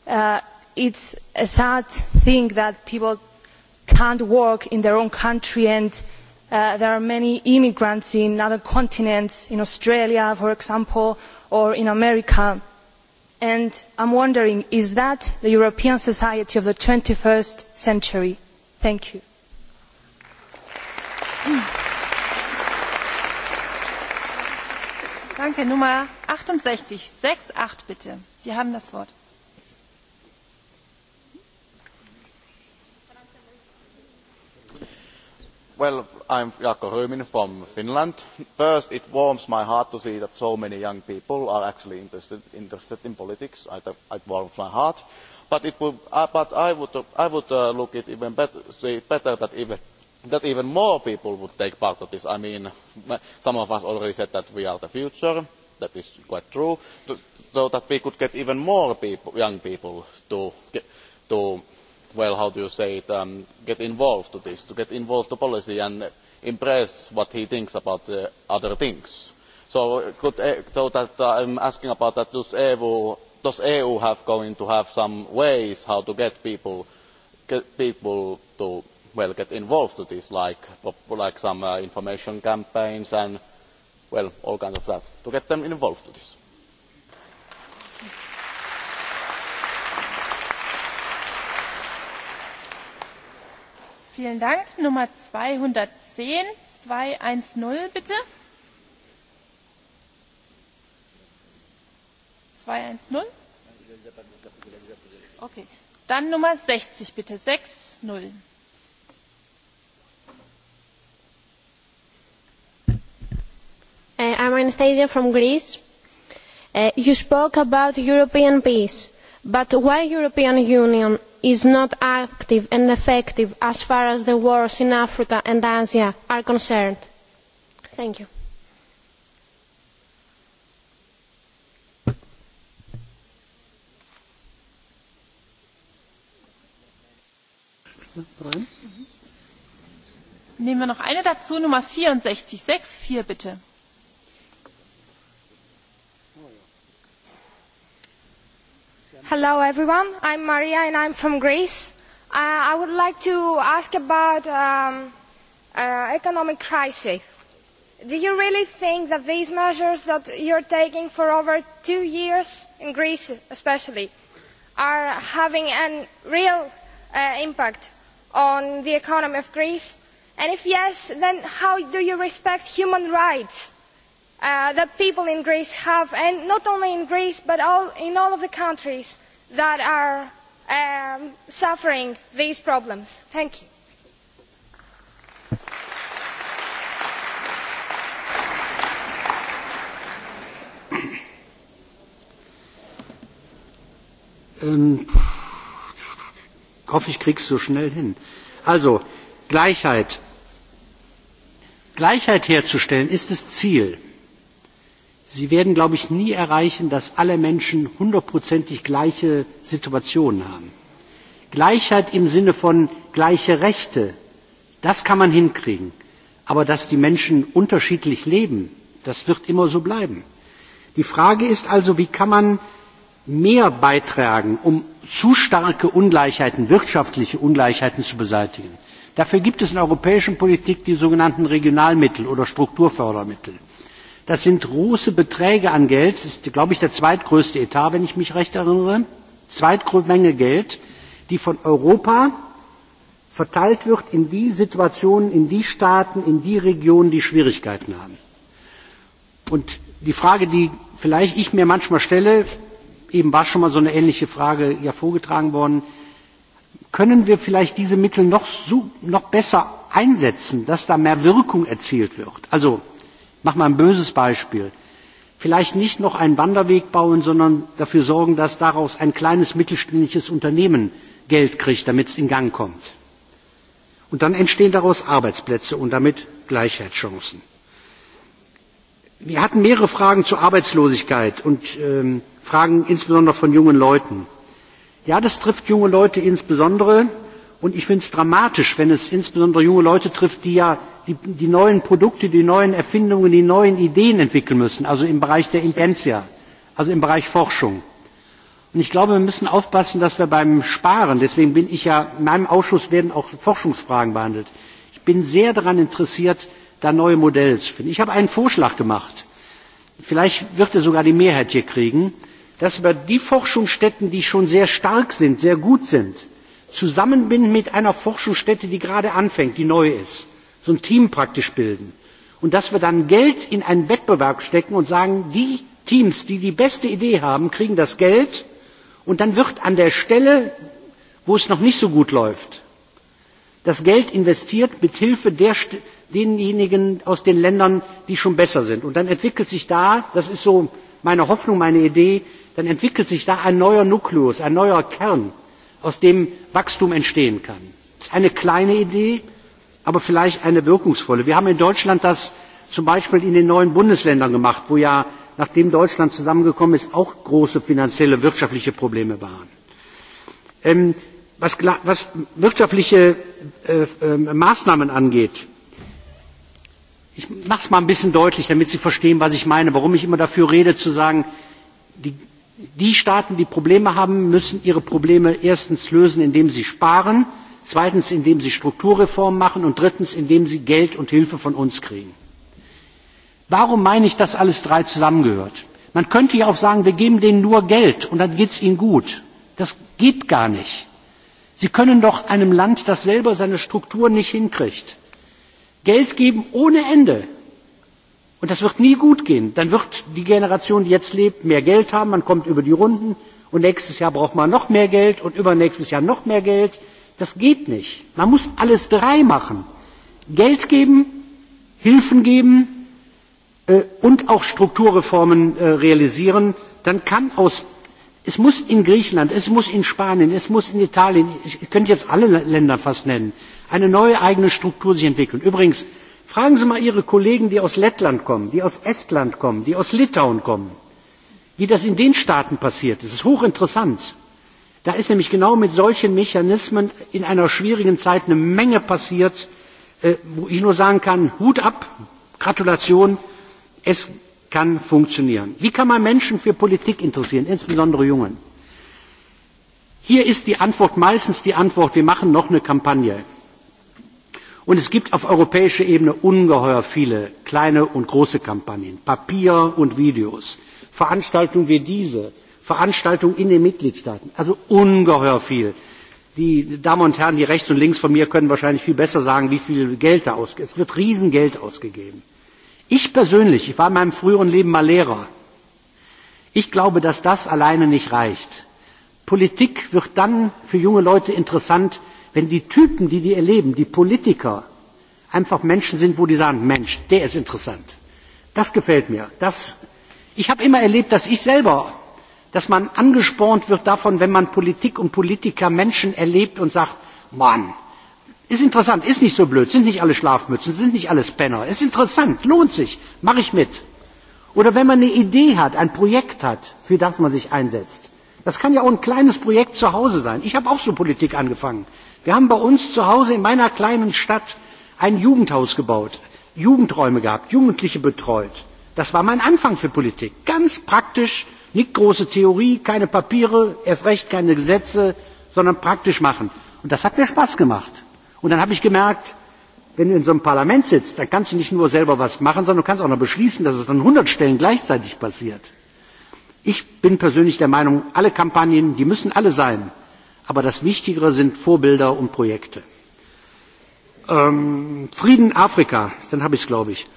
it it's a sad thing that people can't work in their own country and there are many immigrants in other continents, in Australia, for example, or in America. And I'm wondering, is that the European society of the twenty first century? Thank you. Well, I'm Jaakko Hömin from Finland. First, it warms my heart to see that so many young people are actually interested, interested in politics. I, it warms my heart. But, it would, uh, but I would, uh, I would uh, look it even better, see better that even, that even more people would take part of this. I mean, some of us already said that we are the future. That is quite true. So that we could get even more people, young people to, to well how do you say it um, get involved in this to get involved in policy and impress what he thinks about other things so could so that i'm asking about that does eu does eu have going to have some ways how to get people get people to well get involved in this like like some information campaigns and well all kinds of that to get them involved in this Vielen Dank. Nummer 210, 210 bitte. 210? Okay. Dann Nummer 60 bitte, 60. I'm Anastasia from Greece. Uh, you spoke about European peace, but why European Union? is not active and effective as far as the wars in Africa and Asia are concerned. Thank you. Nehmen wir noch eine dazu, Nummer 64, 6, 4 bitte. Hello everyone, I'm Maria and I'm from Greece. Uh, I would like to ask about um, uh, economic crisis. Do you really think that these measures that you're taking for over two years, in Greece especially, are having a real uh, impact on the economy of Greece? And if yes, then how do you respect human rights? that people in Greece have, and not only in Greece but in all of the countries that are suffering these problems. Thank you. Ähm, hoffe, ich krieg's so schnell hin. Also, Gleichheit. Gleichheit herzustellen ist das Ziel. Sie werden, glaube ich, nie erreichen, dass alle Menschen hundertprozentig gleiche Situationen haben. Gleichheit im Sinne von gleiche Rechte, das kann man hinkriegen. Aber dass die Menschen unterschiedlich leben, das wird immer so bleiben. Die Frage ist also, wie kann man mehr beitragen, um zu starke Ungleichheiten, wirtschaftliche Ungleichheiten zu beseitigen. Dafür gibt es in der europäischen Politik die sogenannten Regionalmittel oder Strukturfördermittel. Das sind große Beträge an Geld. Das ist, glaube ich, der zweitgrößte Etat, wenn ich mich recht erinnere. Zweitgrößte Menge Geld, die von Europa verteilt wird in die Situationen, in die Staaten, in die Regionen, die Schwierigkeiten haben. Und die Frage, die vielleicht ich mir manchmal stelle, eben war schon mal so eine ähnliche Frage ja vorgetragen worden, können wir vielleicht diese Mittel noch, besser einsetzen, dass da mehr Wirkung erzielt wird? Also mache mal ein böses Beispiel. Vielleicht nicht noch einen Wanderweg bauen, sondern dafür sorgen, dass daraus ein kleines mittelständisches Unternehmen Geld kriegt, damit es in Gang kommt. Und dann entstehen daraus Arbeitsplätze und damit Gleichheitschancen. Wir hatten mehrere Fragen zur Arbeitslosigkeit und Fragen insbesondere von jungen Leuten. Ja, das trifft junge Leute insbesondere, Und ich finde es dramatisch, wenn es insbesondere junge Leute trifft, die ja die, neuen Produkte, die neuen Erfindungen, die neuen Ideen entwickeln müssen, also im Bereich der Intensia, also im Bereich Forschung. Und ich glaube, wir müssen aufpassen, dass wir beim Sparen, deswegen bin ich ja, in meinem Ausschuss werden auch Forschungsfragen behandelt. Ich bin sehr daran interessiert, da neue Modelle zu finden. Ich habe einen Vorschlag gemacht. Vielleicht wird er sogar die Mehrheit hier kriegen, dass wir die Forschungsstätten, die schon sehr stark sind, sehr gut sind, zusammenbinden mit einer forschungsstätte die gerade anfängt die neu ist so ein team praktisch bilden und dass wir dann geld in einen wettbewerb stecken und sagen die teams die die beste idee haben kriegen das geld und dann wird an der stelle wo es noch nicht so gut läuft das geld investiert mit hilfe derjenigen aus den ländern die schon besser sind und dann entwickelt sich da das ist so meine hoffnung meine idee dann entwickelt sich da ein neuer nukleus ein neuer kern aus dem Wachstum entstehen kann. Das ist eine kleine Idee, aber vielleicht eine wirkungsvolle. Wir haben in Deutschland das zum Beispiel in den neuen Bundesländern gemacht, wo ja, nachdem Deutschland zusammengekommen ist, auch große finanzielle, wirtschaftliche Probleme waren. was, wirtschaftliche Maßnahmen angeht, ich mache es mal ein bisschen deutlich, damit Sie verstehen, was ich meine, warum ich immer dafür rede, zu sagen, die die Staaten, die Probleme haben, müssen ihre Probleme erstens lösen, indem sie sparen, zweitens, indem sie Strukturreformen machen und drittens, indem sie Geld und Hilfe von uns kriegen. Warum meine ich, dass alles drei zusammengehört? Man könnte ja auch sagen, wir geben denen nur Geld und dann geht es ihnen gut. Das geht gar nicht. Sie können doch einem Land, das selber seine Struktur nicht hinkriegt, Geld geben ohne Ende Und das wird nie gut gehen. Dann wird die Generation, die jetzt lebt, mehr Geld haben, man kommt über die Runden und nächstes Jahr braucht man noch mehr Geld und übernächstes Jahr noch mehr Geld. Das geht nicht. Man muss alles drei machen. Geld geben, Hilfen geben und auch Strukturreformen realisieren. Dann kann aus, es muss in Griechenland, es muss in Spanien, es muss in Italien, ich könnte jetzt alle Länder fast nennen, eine neue eigene Struktur sich entwickeln. Übrigens, fragen sie mal ihre kollegen die aus lettland kommen die aus estland kommen die aus litauen kommen wie das in den staaten passiert ist. das ist hochinteressant. da ist nämlich genau mit solchen mechanismen in einer schwierigen zeit eine menge passiert wo ich nur sagen kann hut ab gratulation es kann funktionieren. wie kann man menschen für politik interessieren insbesondere jungen? hier ist die antwort meistens die antwort wir machen noch eine kampagne. Und es gibt auf europäischer Ebene ungeheuer viele kleine und große Kampagnen, Papier und Videos, Veranstaltungen wie diese, Veranstaltungen in den Mitgliedstaaten, also ungeheuer viel. Die Damen und Herren, die rechts und links von mir können wahrscheinlich viel besser sagen, wie viel Geld da ausgegeben wird. Es wird Riesengeld ausgegeben. Ich persönlich, ich war in meinem früheren Leben mal Lehrer. Ich glaube, dass das alleine nicht reicht. Politik wird dann für junge Leute interessant, Wenn die Typen, die die erleben, die Politiker, einfach Menschen sind, wo die sagen, Mensch, der ist interessant. Das gefällt mir. ich habe immer erlebt, dass ich selber, dass man angespornt wird davon, wenn man Politik und Politiker Menschen erlebt und sagt, Mann, ist interessant, ist nicht so blöd, sind nicht alle Schlafmützen, sind nicht alles Penner, ist interessant, lohnt sich, mache ich mit. Oder wenn man eine Idee hat, ein Projekt hat, für das man sich einsetzt. Das kann ja auch ein kleines Projekt zu Hause sein. Ich habe auch so Politik angefangen. Wir haben bei uns zu Hause in meiner kleinen Stadt ein Jugendhaus gebaut, Jugendräume gehabt, Jugendliche betreut. Das war mein Anfang für Politik. Ganz praktisch, nicht große Theorie, keine Papiere, erst recht keine Gesetze, sondern praktisch machen. Und das hat mir Spaß gemacht. Und dann habe ich gemerkt, wenn du in so einem Parlament sitzt, dann kannst du nicht nur selber was machen, sondern du kannst auch noch beschließen, dass es an 100 Stellen gleichzeitig passiert. Ich bin persönlich der Meinung, alle Kampagnen, die müssen alle sein aber das Wichtigere sind Vorbilder und Projekte. Ähm, Frieden Afrika, dann habe ich es, glaube ich.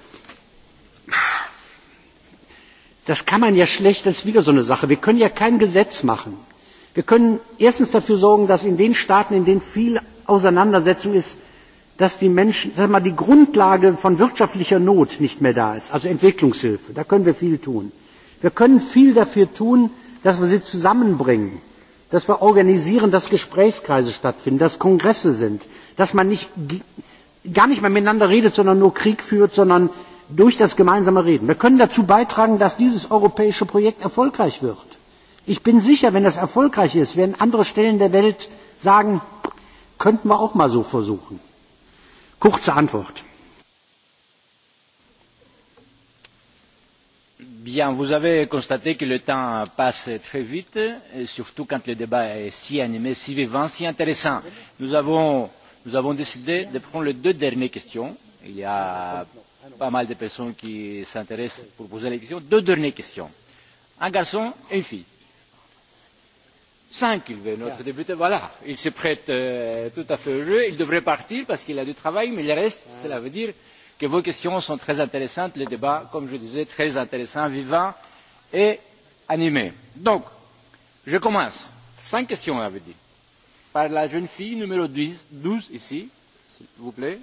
Das kann man ja schlecht, das ist wieder so eine Sache. Wir können ja kein Gesetz machen. Wir können erstens dafür sorgen, dass in den Staaten, in denen viel Auseinandersetzung ist, dass die Menschen, sag mal, die Grundlage von wirtschaftlicher Not nicht mehr da ist, also Entwicklungshilfe. Da können wir viel tun. Wir können viel dafür tun, dass wir sie zusammenbringen dass wir organisieren, dass Gesprächskreise stattfinden, dass Kongresse sind, dass man nicht, gar nicht mehr miteinander redet, sondern nur Krieg führt, sondern durch das gemeinsame Reden. Wir können dazu beitragen, dass dieses europäische Projekt erfolgreich wird. Ich bin sicher, wenn das erfolgreich ist, werden andere Stellen der Welt sagen, könnten wir auch mal so versuchen. Kurze Antwort. Bien, vous avez constaté que le temps passe très vite, et surtout quand le débat est si animé, si vivant, si intéressant. Nous avons, nous avons décidé de prendre les deux dernières questions. Il y a pas mal de personnes qui s'intéressent pour poser les questions. Deux dernières questions. Un garçon et une fille. Cinq, il veut, notre député, voilà. Il se prête euh, tout à fait au jeu. Il devrait partir parce qu'il a du travail, mais le reste, cela veut dire que vos questions sont très intéressantes, le débat, comme je disais, très intéressant, vivant et animé. Donc, je commence. Cinq questions, on avait dit. Par la jeune fille numéro 10, 12 ici, s'il vous plaît.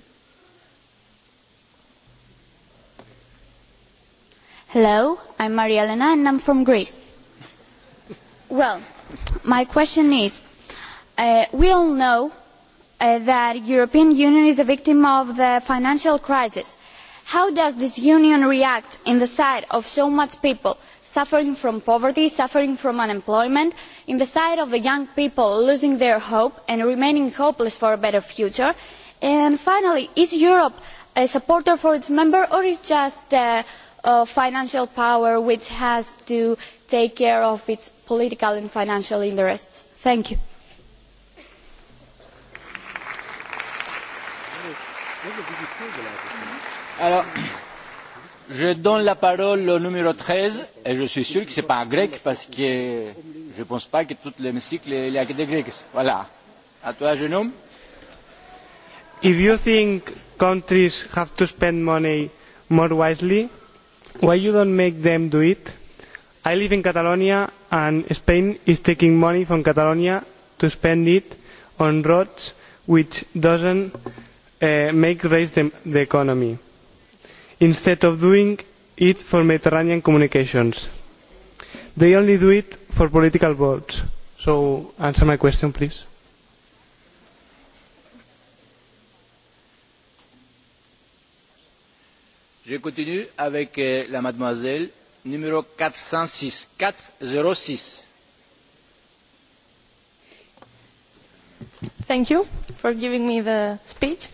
Hello, I'm Maria Elena and I'm from Greece. Well, my question is, uh, we all know that the European Union is a victim of the financial crisis. How does this union react in the sight of so many people suffering from poverty, suffering from unemployment, in the sight of young people losing their hope and remaining hopeless for a better future? And finally, is Europe a supporter for its members or is it just a, financial power which has to take care of its political and financial interests? Thank you. Alors, je donne la parole au numéro 13, et je suis sûr que ce n'est pas un grec, parce que je ne pense pas que tout l'hémicycle est a des grecs. Voilà. À toi, jeune homme. If you think countries have to spend money more wisely, why you don't make them do it? I live in Catalonia, and Spain is taking money from Catalonia to spend it on roads which doesn't make raise the, the economy instead of doing it for Mediterranean communications. They only do it for political votes. So answer my question, please. Je continue avec la mademoiselle numéro 406. 406. Thank you for giving me the speech.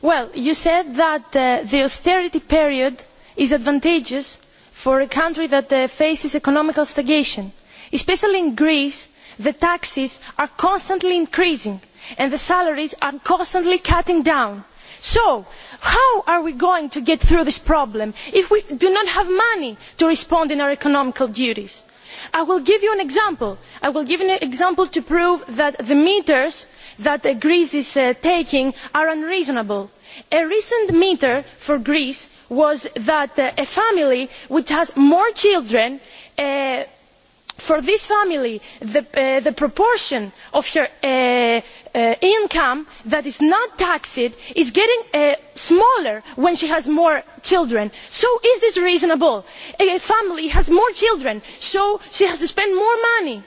Well, you said that the austerity period is advantageous for a country that faces economic stagnation. Especially in Greece, the taxes are constantly increasing and the salaries are constantly cutting down. So, how are we going to get through this problem if we do not have money to respond in our economic duties? i will give you an example i will give an example to prove that the meters that greece is taking are unreasonable. a recent meter for greece was that a family which has more children for this family the proportion of her income that is not taxed is getting smaller when she has more children. so is this reasonable? a family has more children so she has to spend more money.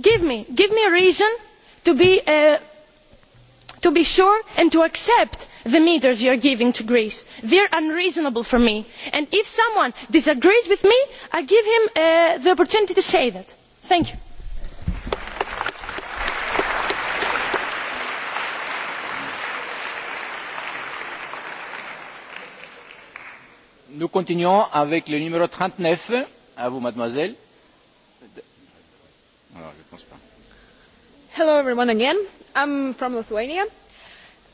give me a reason to be sure and to accept the meters you are giving to Greece. They are unreasonable for me. And if someone disagrees with me, I give him the opportunity to say that. Thank you. Nous continuons avec le numéro 39. À vous, mademoiselle. Hello, everyone, again. I'm from Lithuania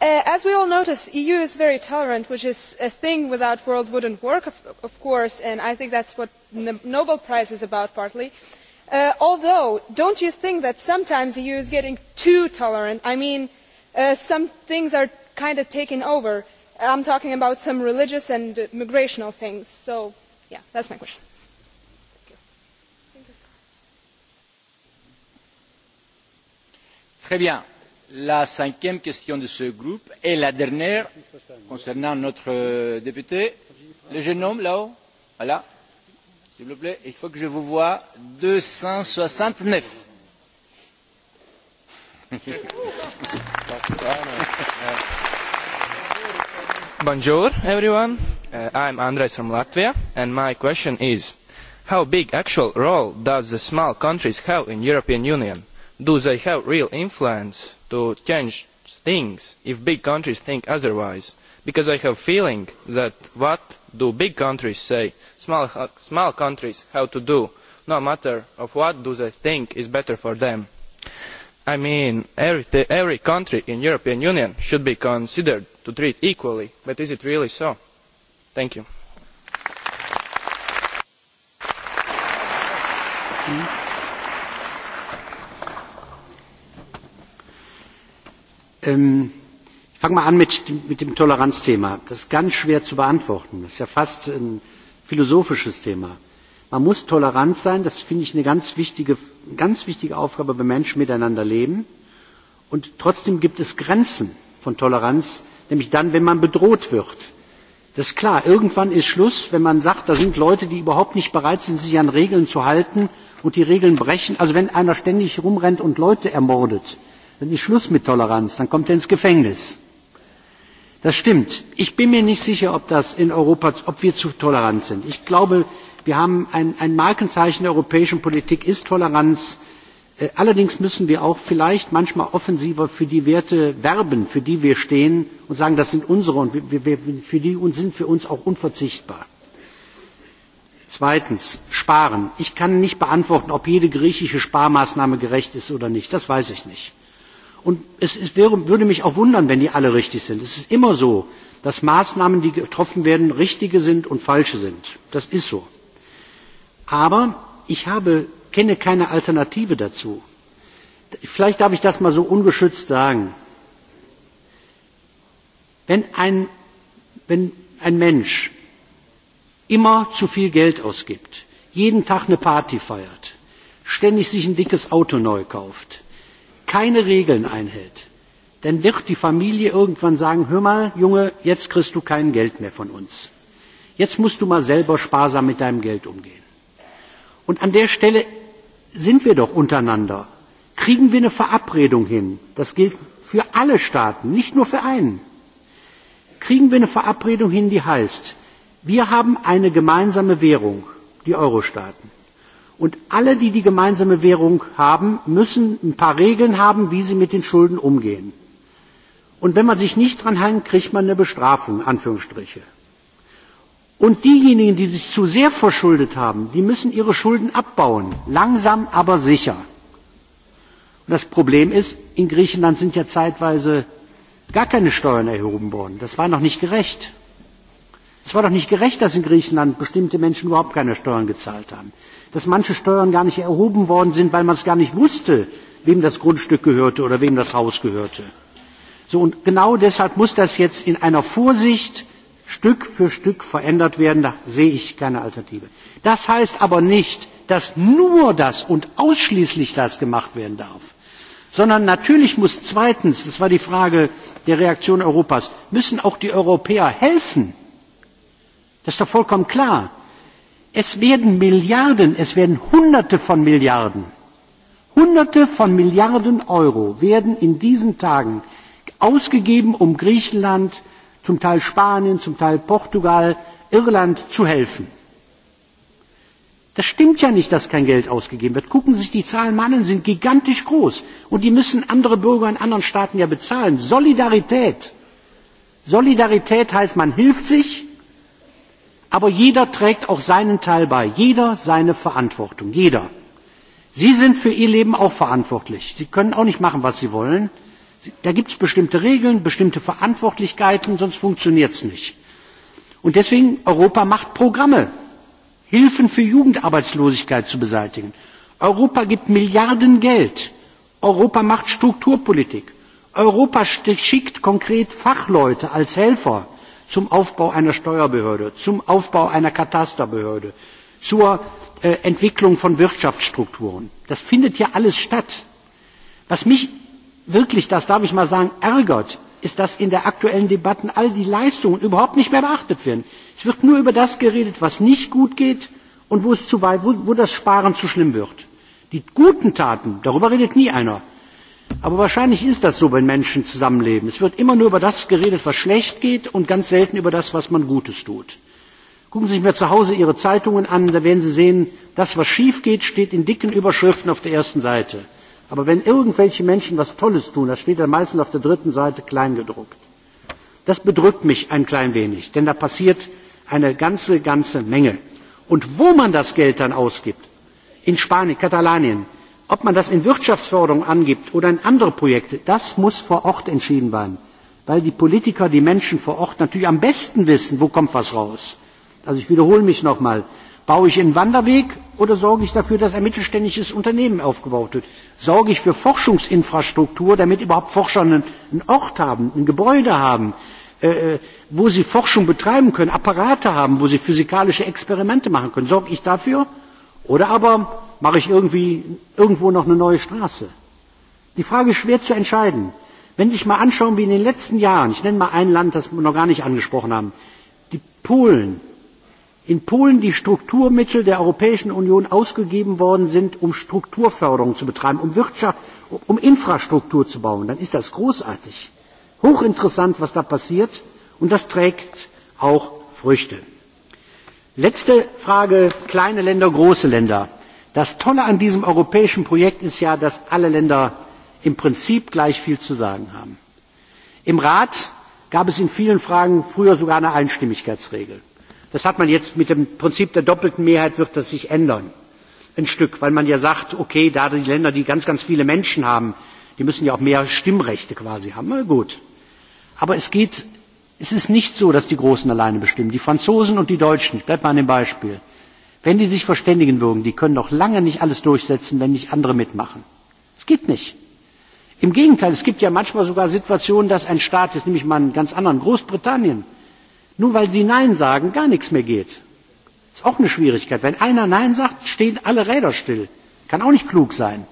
as we all notice the eu is very tolerant which is a thing without which the world would not work of course and i think that is what the nobel prize is about partly although do you not think that sometimes the eu is getting too tolerant? i mean some things are kind of taking over i am talking about some religious and migrational things so yeah that is my question la cinquième question de ce groupe et la dernière concernant notre député. Le jeune homme là-haut, voilà, s'il vous plaît, il faut que je vous voie 269. Bonjour everyone, uh, I'm Andres from Latvia and my question is how big actual role does the small countries have in European Union? do they have real influence to change things if big countries think otherwise? Because I have a feeling that what do big countries say, small, small countries have to do, no matter of what do they think is better for them. I mean, every, every country in the European Union should be considered to treat equally, but is it really so? Thank you. ich fange mal an mit dem Toleranzthema. Das ist ganz schwer zu beantworten. Das ist ja fast ein philosophisches Thema. Man muss tolerant sein. Das finde ich eine ganz wichtige, ganz wichtige Aufgabe, wenn Menschen miteinander leben. Und trotzdem gibt es Grenzen von Toleranz, nämlich dann, wenn man bedroht wird. Das ist klar. Irgendwann ist Schluss, wenn man sagt, da sind Leute, die überhaupt nicht bereit sind, sich an Regeln zu halten und die Regeln brechen. Also wenn einer ständig rumrennt und Leute ermordet, Dann ist Schluss mit Toleranz, dann kommt er ins Gefängnis. Das stimmt. Ich bin mir nicht sicher, ob das in Europa, ob wir zu tolerant sind. Ich glaube, wir haben ein, ein Markenzeichen der europäischen Politik ist Toleranz. Allerdings müssen wir auch vielleicht manchmal offensiver für die Werte werben, für die wir stehen und sagen, das sind unsere und für die sind für uns auch unverzichtbar. Zweitens, sparen. Ich kann nicht beantworten, ob jede griechische Sparmaßnahme gerecht ist oder nicht. Das weiß ich nicht. Und es würde mich auch wundern, wenn die alle richtig sind. Es ist immer so, dass Maßnahmen, die getroffen werden, richtige sind und falsche sind. Das ist so. Aber ich kenne keine Alternative dazu. Vielleicht darf ich das mal so ungeschützt sagen. Wenn ein, wenn ein Mensch immer zu viel Geld ausgibt, jeden Tag eine Party feiert, ständig sich ein dickes Auto neu kauft, keine Regeln einhält, dann wird die Familie irgendwann sagen, hör mal, Junge, jetzt kriegst du kein Geld mehr von uns. Jetzt musst du mal selber sparsam mit deinem Geld umgehen. Und an der Stelle sind wir doch untereinander. Kriegen wir eine Verabredung hin, das gilt für alle Staaten, nicht nur für einen, kriegen wir eine Verabredung hin, die heißt, wir haben eine gemeinsame Währung, die Eurostaaten. Und alle, die die gemeinsame Währung haben, müssen ein paar Regeln haben, wie sie mit den Schulden umgehen. Und wenn man sich nicht dran hält, kriegt man eine Bestrafung, Anführungsstriche. Und diejenigen, die sich zu sehr verschuldet haben, die müssen ihre Schulden abbauen. Langsam, aber sicher. Und das Problem ist, in Griechenland sind ja zeitweise gar keine Steuern erhoben worden. Das war noch nicht gerecht. Es war doch nicht gerecht, dass in Griechenland bestimmte Menschen überhaupt keine Steuern gezahlt haben. Dass manche Steuern gar nicht erhoben worden sind, weil man es gar nicht wusste, wem das Grundstück gehörte oder wem das Haus gehörte. So, und genau deshalb muss das jetzt in einer Vorsicht Stück für Stück verändert werden. Da sehe ich keine Alternative. Das heißt aber nicht, dass nur das und ausschließlich das gemacht werden darf sondern natürlich muss zweitens das war die frage der reaktion europas müssen auch die europäer helfen Das ist doch vollkommen klar. Es werden Milliarden, es werden Hunderte von Milliarden, Hunderte von Milliarden Euro werden in diesen Tagen ausgegeben, um Griechenland, zum Teil Spanien, zum Teil Portugal, Irland zu helfen. Das stimmt ja nicht, dass kein Geld ausgegeben wird. Gucken Sie sich die Zahlen mal an, sind gigantisch groß. Und die müssen andere Bürger in anderen Staaten ja bezahlen. Solidarität. Solidarität heißt, man hilft sich, Aber jeder trägt auch seinen Teil bei, jeder seine Verantwortung, jeder. Sie sind für Ihr Leben auch verantwortlich. Sie können auch nicht machen, was Sie wollen. Da gibt es bestimmte Regeln, bestimmte Verantwortlichkeiten, sonst funktioniert es nicht. Und deswegen, Europa macht Programme, Hilfen für Jugendarbeitslosigkeit zu beseitigen. Europa gibt Milliarden Geld. Europa macht Strukturpolitik. Europa schickt konkret Fachleute als Helfer zum Aufbau einer Steuerbehörde, zum Aufbau einer Katasterbehörde, zur Entwicklung von Wirtschaftsstrukturen. Das findet ja alles statt. Was mich wirklich, das darf ich mal sagen, ärgert, ist, dass in der aktuellen Debatte all die Leistungen überhaupt nicht mehr beachtet werden. Es wird nur über das geredet, was nicht gut geht und wo, es zu weit, wo, wo das Sparen zu schlimm wird. Die guten Taten, darüber redet nie einer. Aber wahrscheinlich ist das so, wenn Menschen zusammenleben. Es wird immer nur über das geredet, was schlecht geht und ganz selten über das, was man Gutes tut. Gucken Sie sich mal zu Hause Ihre Zeitungen an, da werden Sie sehen, das, was schief geht, steht in dicken Überschriften auf der ersten Seite. Aber wenn irgendwelche Menschen was Tolles tun, das steht dann meistens auf der dritten Seite kleingedruckt. Das bedrückt mich ein klein wenig, denn da passiert eine ganze, ganze Menge. Und wo man das Geld dann ausgibt, in Spanien, Katalanien, Ob man das in Wirtschaftsförderung angibt oder in andere Projekte, das muss vor Ort entschieden werden, weil die Politiker, die Menschen vor Ort natürlich am besten wissen, wo kommt was raus. Also ich wiederhole mich nochmal. Baue ich einen Wanderweg oder sorge ich dafür, dass ein mittelständisches Unternehmen aufgebaut wird? Sorge ich für Forschungsinfrastruktur, damit überhaupt Forscher einen Ort haben, ein Gebäude haben, wo sie Forschung betreiben können, Apparate haben, wo sie physikalische Experimente machen können? Sorge ich dafür? Oder aber mache ich irgendwie irgendwo noch eine neue Straße? Die Frage ist schwer zu entscheiden. Wenn Sie sich mal anschauen, wie in den letzten Jahren, ich nenne mal ein Land, das wir noch gar nicht angesprochen haben, die Polen, in Polen die Strukturmittel der Europäischen Union ausgegeben worden sind, um Strukturförderung zu betreiben, um Wirtschaft, um Infrastruktur zu bauen, dann ist das großartig. Hochinteressant, was da passiert, und das trägt auch Früchte. Letzte Frage, kleine Länder, große Länder. Das Tolle an diesem europäischen Projekt ist ja, dass alle Länder im Prinzip gleich viel zu sagen haben. Im Rat gab es in vielen Fragen früher sogar eine Einstimmigkeitsregel. Das hat man jetzt mit dem Prinzip der doppelten Mehrheit wird das sich ändern. Ein Stück, weil man ja sagt, okay, da die Länder, die ganz, ganz viele Menschen haben, die müssen ja auch mehr Stimmrechte quasi haben. Na gut. Aber es geht Es ist nicht so, dass die Großen alleine bestimmen. Die Franzosen und die Deutschen, ich bleibe mal an dem Beispiel, wenn die sich verständigen würden, die können noch lange nicht alles durchsetzen, wenn nicht andere mitmachen. Das geht nicht. Im Gegenteil, es gibt ja manchmal sogar Situationen, dass ein Staat, jetzt nehme ich mal einen ganz anderen, Großbritannien, nur weil sie Nein sagen, gar nichts mehr geht. Das Ist auch eine Schwierigkeit. Wenn einer Nein sagt, stehen alle Räder still. Kann auch nicht klug sein.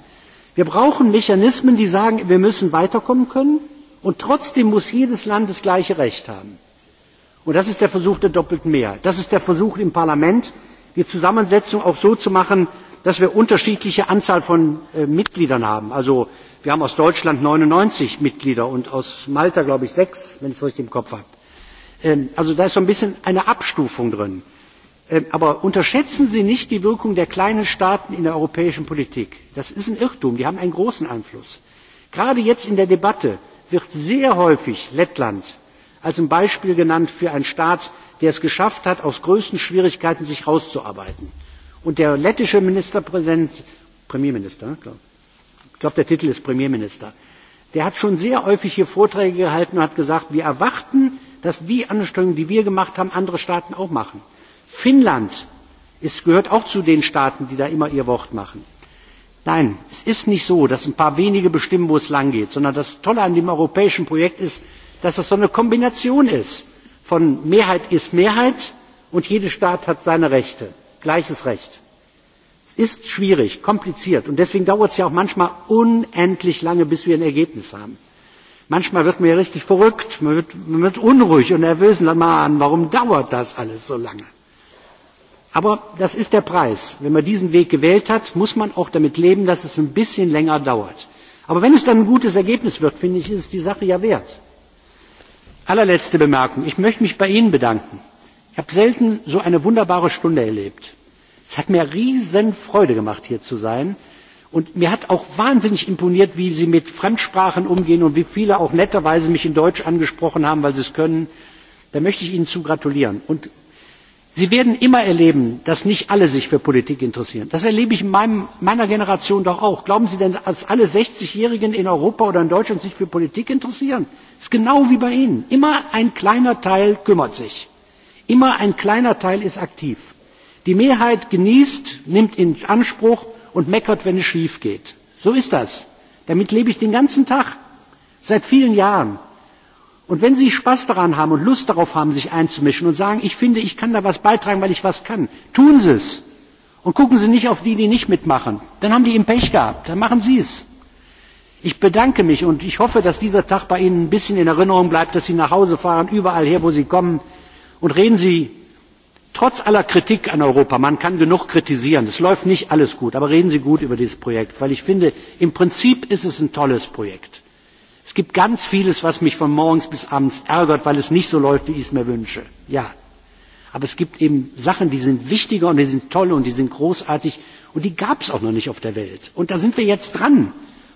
Wir brauchen Mechanismen, die sagen, wir müssen weiterkommen können, Und trotzdem muss jedes Land das gleiche Recht haben. Und das ist der Versuch der doppelten Mehrheit. Das ist der Versuch im Parlament, die Zusammensetzung auch so zu machen, dass wir unterschiedliche Anzahl von Mitgliedern haben. Also wir haben aus Deutschland 99 Mitglieder und aus Malta, glaube ich, sechs, wenn ich es richtig im Kopf habe. also da ist so ein bisschen eine Abstufung drin. aber unterschätzen Sie nicht die Wirkung der kleinen Staaten in der europäischen Politik. Das ist ein Irrtum. Die haben einen großen Einfluss. Gerade jetzt in der Debatte wird sehr häufig lettland als ein beispiel genannt für einen staat der es geschafft hat sich aus größten schwierigkeiten herauszuarbeiten. und der lettische ministerpräsident premierminister ich glaube der titel ist premierminister hat schon sehr häufig hier vorträge gehalten und hat gesagt wir erwarten dass die anstrengungen die wir gemacht haben andere staaten auch machen. finnland gehört auch zu den staaten die da immer ihr wort machen. Nein, es ist nicht so, dass ein paar wenige bestimmen, wo es lang geht, sondern das Tolle an dem europäischen Projekt ist, dass es so eine Kombination ist von Mehrheit ist Mehrheit und jeder Staat hat seine Rechte, gleiches Recht. Es ist schwierig, kompliziert und deswegen dauert es ja auch manchmal unendlich lange, bis wir ein Ergebnis haben. Manchmal wird man ja richtig verrückt, man wird, man wird unruhig und nervös und sagt, Mann, warum dauert das alles so lange? Aber das ist der Preis. Wenn man diesen Weg gewählt hat, muss man auch damit leben, dass es ein bisschen länger dauert. Aber wenn es dann ein gutes Ergebnis wird, finde ich, ist es die Sache ja wert. Allerletzte Bemerkung. Ich möchte mich bei Ihnen bedanken. Ich habe selten so eine wunderbare Stunde erlebt. Es hat mir riesen Freude gemacht, hier zu sein. Und mir hat auch wahnsinnig imponiert, wie Sie mit Fremdsprachen umgehen und wie viele auch netterweise mich in Deutsch angesprochen haben, weil sie es können. Da möchte ich Ihnen zu gratulieren. Und sie werden immer erleben dass nicht alle sich für politik interessieren. das erlebe ich in meiner generation doch auch. glauben sie denn dass alle sechzig jährigen in europa oder in deutschland sich für politik interessieren? es ist genau wie bei ihnen immer ein kleiner teil kümmert sich immer ein kleiner teil ist aktiv. die mehrheit genießt nimmt in anspruch und meckert wenn es schief geht. so ist das. damit lebe ich den ganzen tag seit vielen jahren. Und wenn Sie Spaß daran haben und Lust darauf haben, sich einzumischen und sagen, ich finde, ich kann da was beitragen, weil ich was kann, tun Sie es. Und gucken Sie nicht auf die, die nicht mitmachen. Dann haben die im Pech gehabt. Dann machen Sie es. Ich bedanke mich und ich hoffe, dass dieser Tag bei Ihnen ein bisschen in Erinnerung bleibt, dass Sie nach Hause fahren, überall her, wo Sie kommen. Und reden Sie trotz aller Kritik an Europa, man kann genug kritisieren, es läuft nicht alles gut, aber reden Sie gut über dieses Projekt, weil ich finde, im Prinzip ist es ein tolles Projekt gibt ganz vieles, was mich von morgens bis abends ärgert, weil es nicht so läuft, wie ich es mir wünsche. Ja. Aber es gibt eben Sachen, die sind wichtiger und die sind toll und die sind großartig und die gab es auch noch nicht auf der Welt. Und da sind wir jetzt dran.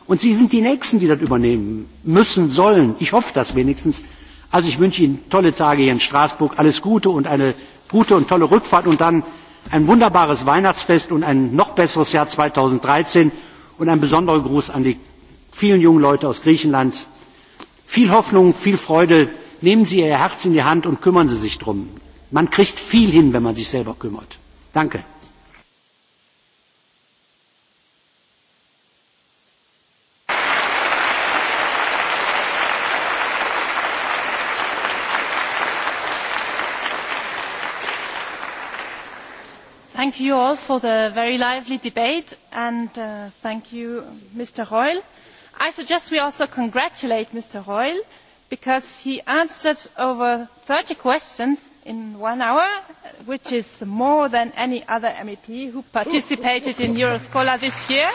Und Sie sind die Nächsten, die das übernehmen müssen, sollen. Ich hoffe das wenigstens. Also ich wünsche Ihnen tolle Tage hier in Straßburg, alles Gute und eine gute und tolle Rückfahrt und dann ein wunderbares Weihnachtsfest und ein noch besseres Jahr 2013 und ein besonderer Gruß an die vielen jungen Leute aus Griechenland. Viel Hoffnung, viel Freude. Nehmen Sie Ihr Herz in die Hand und kümmern Sie sich drum. Man kriegt viel hin, wenn man sich selber kümmert. Danke. Thank you all for the very lively debate and uh, thank you, Mr. Reul. I suggest we also congratulate Mr. Reul because he answered over thirty questions in one hour, which is more than any other MEP who participated in Euroscola this year.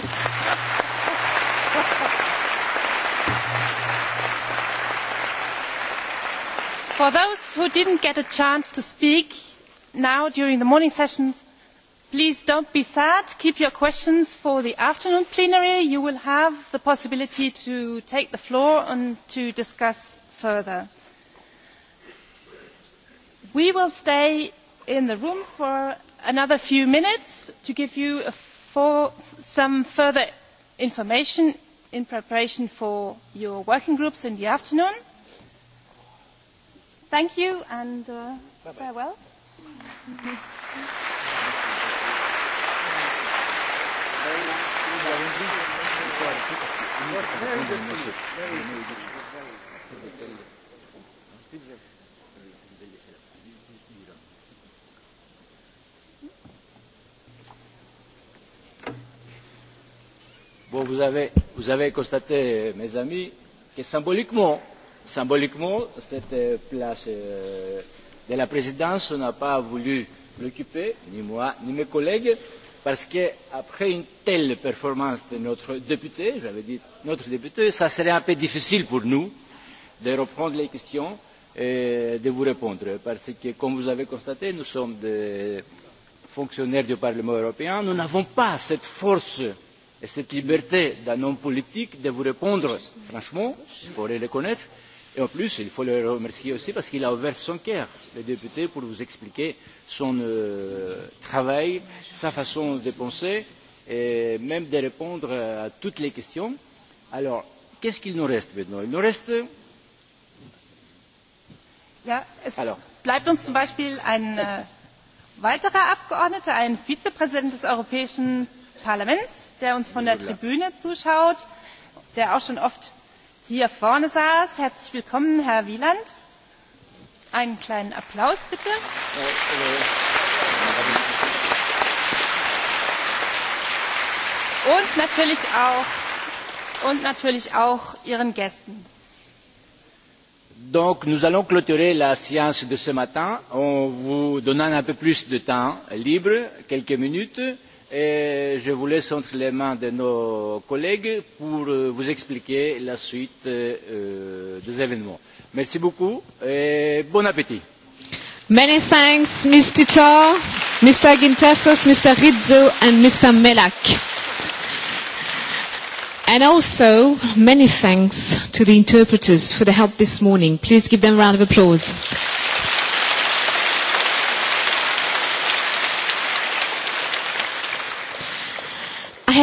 For those who did not get a chance to speak now during the morning sessions, please do not be sad keep your questions for the afternoon plenary you will have the possibility to take the floor and to discuss further. we will stay in the room for another few minutes to give you some further information in preparation for your working groups in the afternoon. thank you and farewell. Bon, vous avez, vous avez constaté, mes amis, que symboliquement, symboliquement, cette place de la présidence, on n'a pas voulu l'occuper, ni moi, ni mes collègues, Parce qu'après une telle performance de notre député, j'avais dit notre député, ça serait un peu difficile pour nous de reprendre les questions et de vous répondre. Parce que, comme vous avez constaté, nous sommes des fonctionnaires du Parlement européen. Nous n'avons pas cette force et cette liberté d'un homme politique de vous répondre, franchement, il faut le reconnaître, Et en plus, il faut le remercier aussi parce qu'il a ouvert son cœur, le député, pour vous expliquer son travail, sa façon de penser et même de répondre à toutes les questions. Alors, qu'est-ce qu'il nous reste maintenant Il nous reste. Ja, es Alors. bleibt uns zum Beispiel ein äh, weiterer Abgeordneter, ein Vizepräsident des Europäischen Parlaments, der uns von der Tribüne zuschaut, der auch schon oft hier vorne saß. Herzlich willkommen, Herr Wieland. Einen kleinen Applaus bitte. Und natürlich auch, und natürlich auch Ihren Gästen. Donc nous allons clôturer la séance de ce matin en vous donnant un peu plus de temps libre, quelques minutes et je vous laisse entre les mains de nos collègues pour vous expliquer la suite des événements. Merci beaucoup et bon appétit. Many thanks, Mr. Tar, Mr. Gintessos, Mr. Rizzo, and Mr. Melak. And also, many thanks to the interpreters for the help this morning. Please give them a round of applause.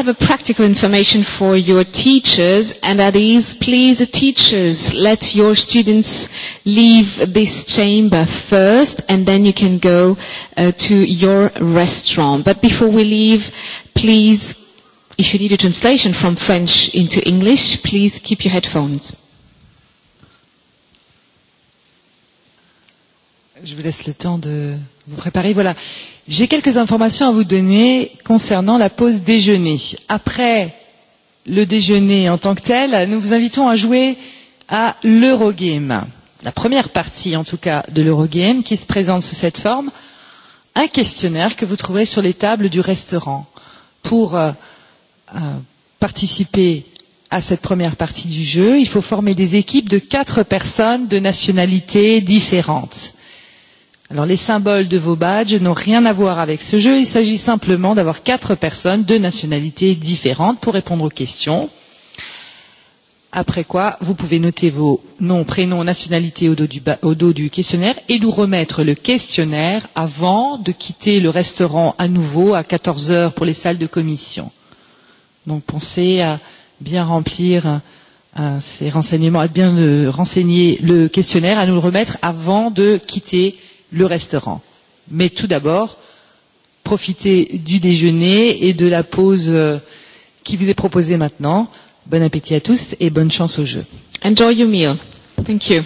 have a practical information for your teachers, and that is, please, teachers, let your students leave this chamber first, and then you can go uh, to your restaurant. But before we leave, please, if you need a translation from French into English, please keep your headphones. Je vous laisse le temps de vous préparer. Voilà. J'ai quelques informations à vous donner concernant la pause déjeuner. Après le déjeuner en tant que tel, nous vous invitons à jouer à l'Eurogame. La première partie, en tout cas, de l'Eurogame qui se présente sous cette forme. Un questionnaire que vous trouverez sur les tables du restaurant pour euh, participer à cette première partie du jeu, il faut former des équipes de quatre personnes de nationalités différentes. Alors les symboles de vos badges n'ont rien à voir avec ce jeu. Il s'agit simplement d'avoir quatre personnes de nationalités différentes pour répondre aux questions. Après quoi, vous pouvez noter vos noms, prénoms, nationalités au dos du, au dos du questionnaire et nous remettre le questionnaire avant de quitter le restaurant à nouveau à 14 heures pour les salles de commission. Donc pensez à bien remplir à ces renseignements, à bien renseigner le questionnaire, à nous le remettre avant de quitter euh, le restaurant. Mais tout d'abord, profitez du déjeuner et de la pause qui vous est proposée maintenant. Bon appétit à tous et bonne chance au jeu. Enjoy your meal. Thank you.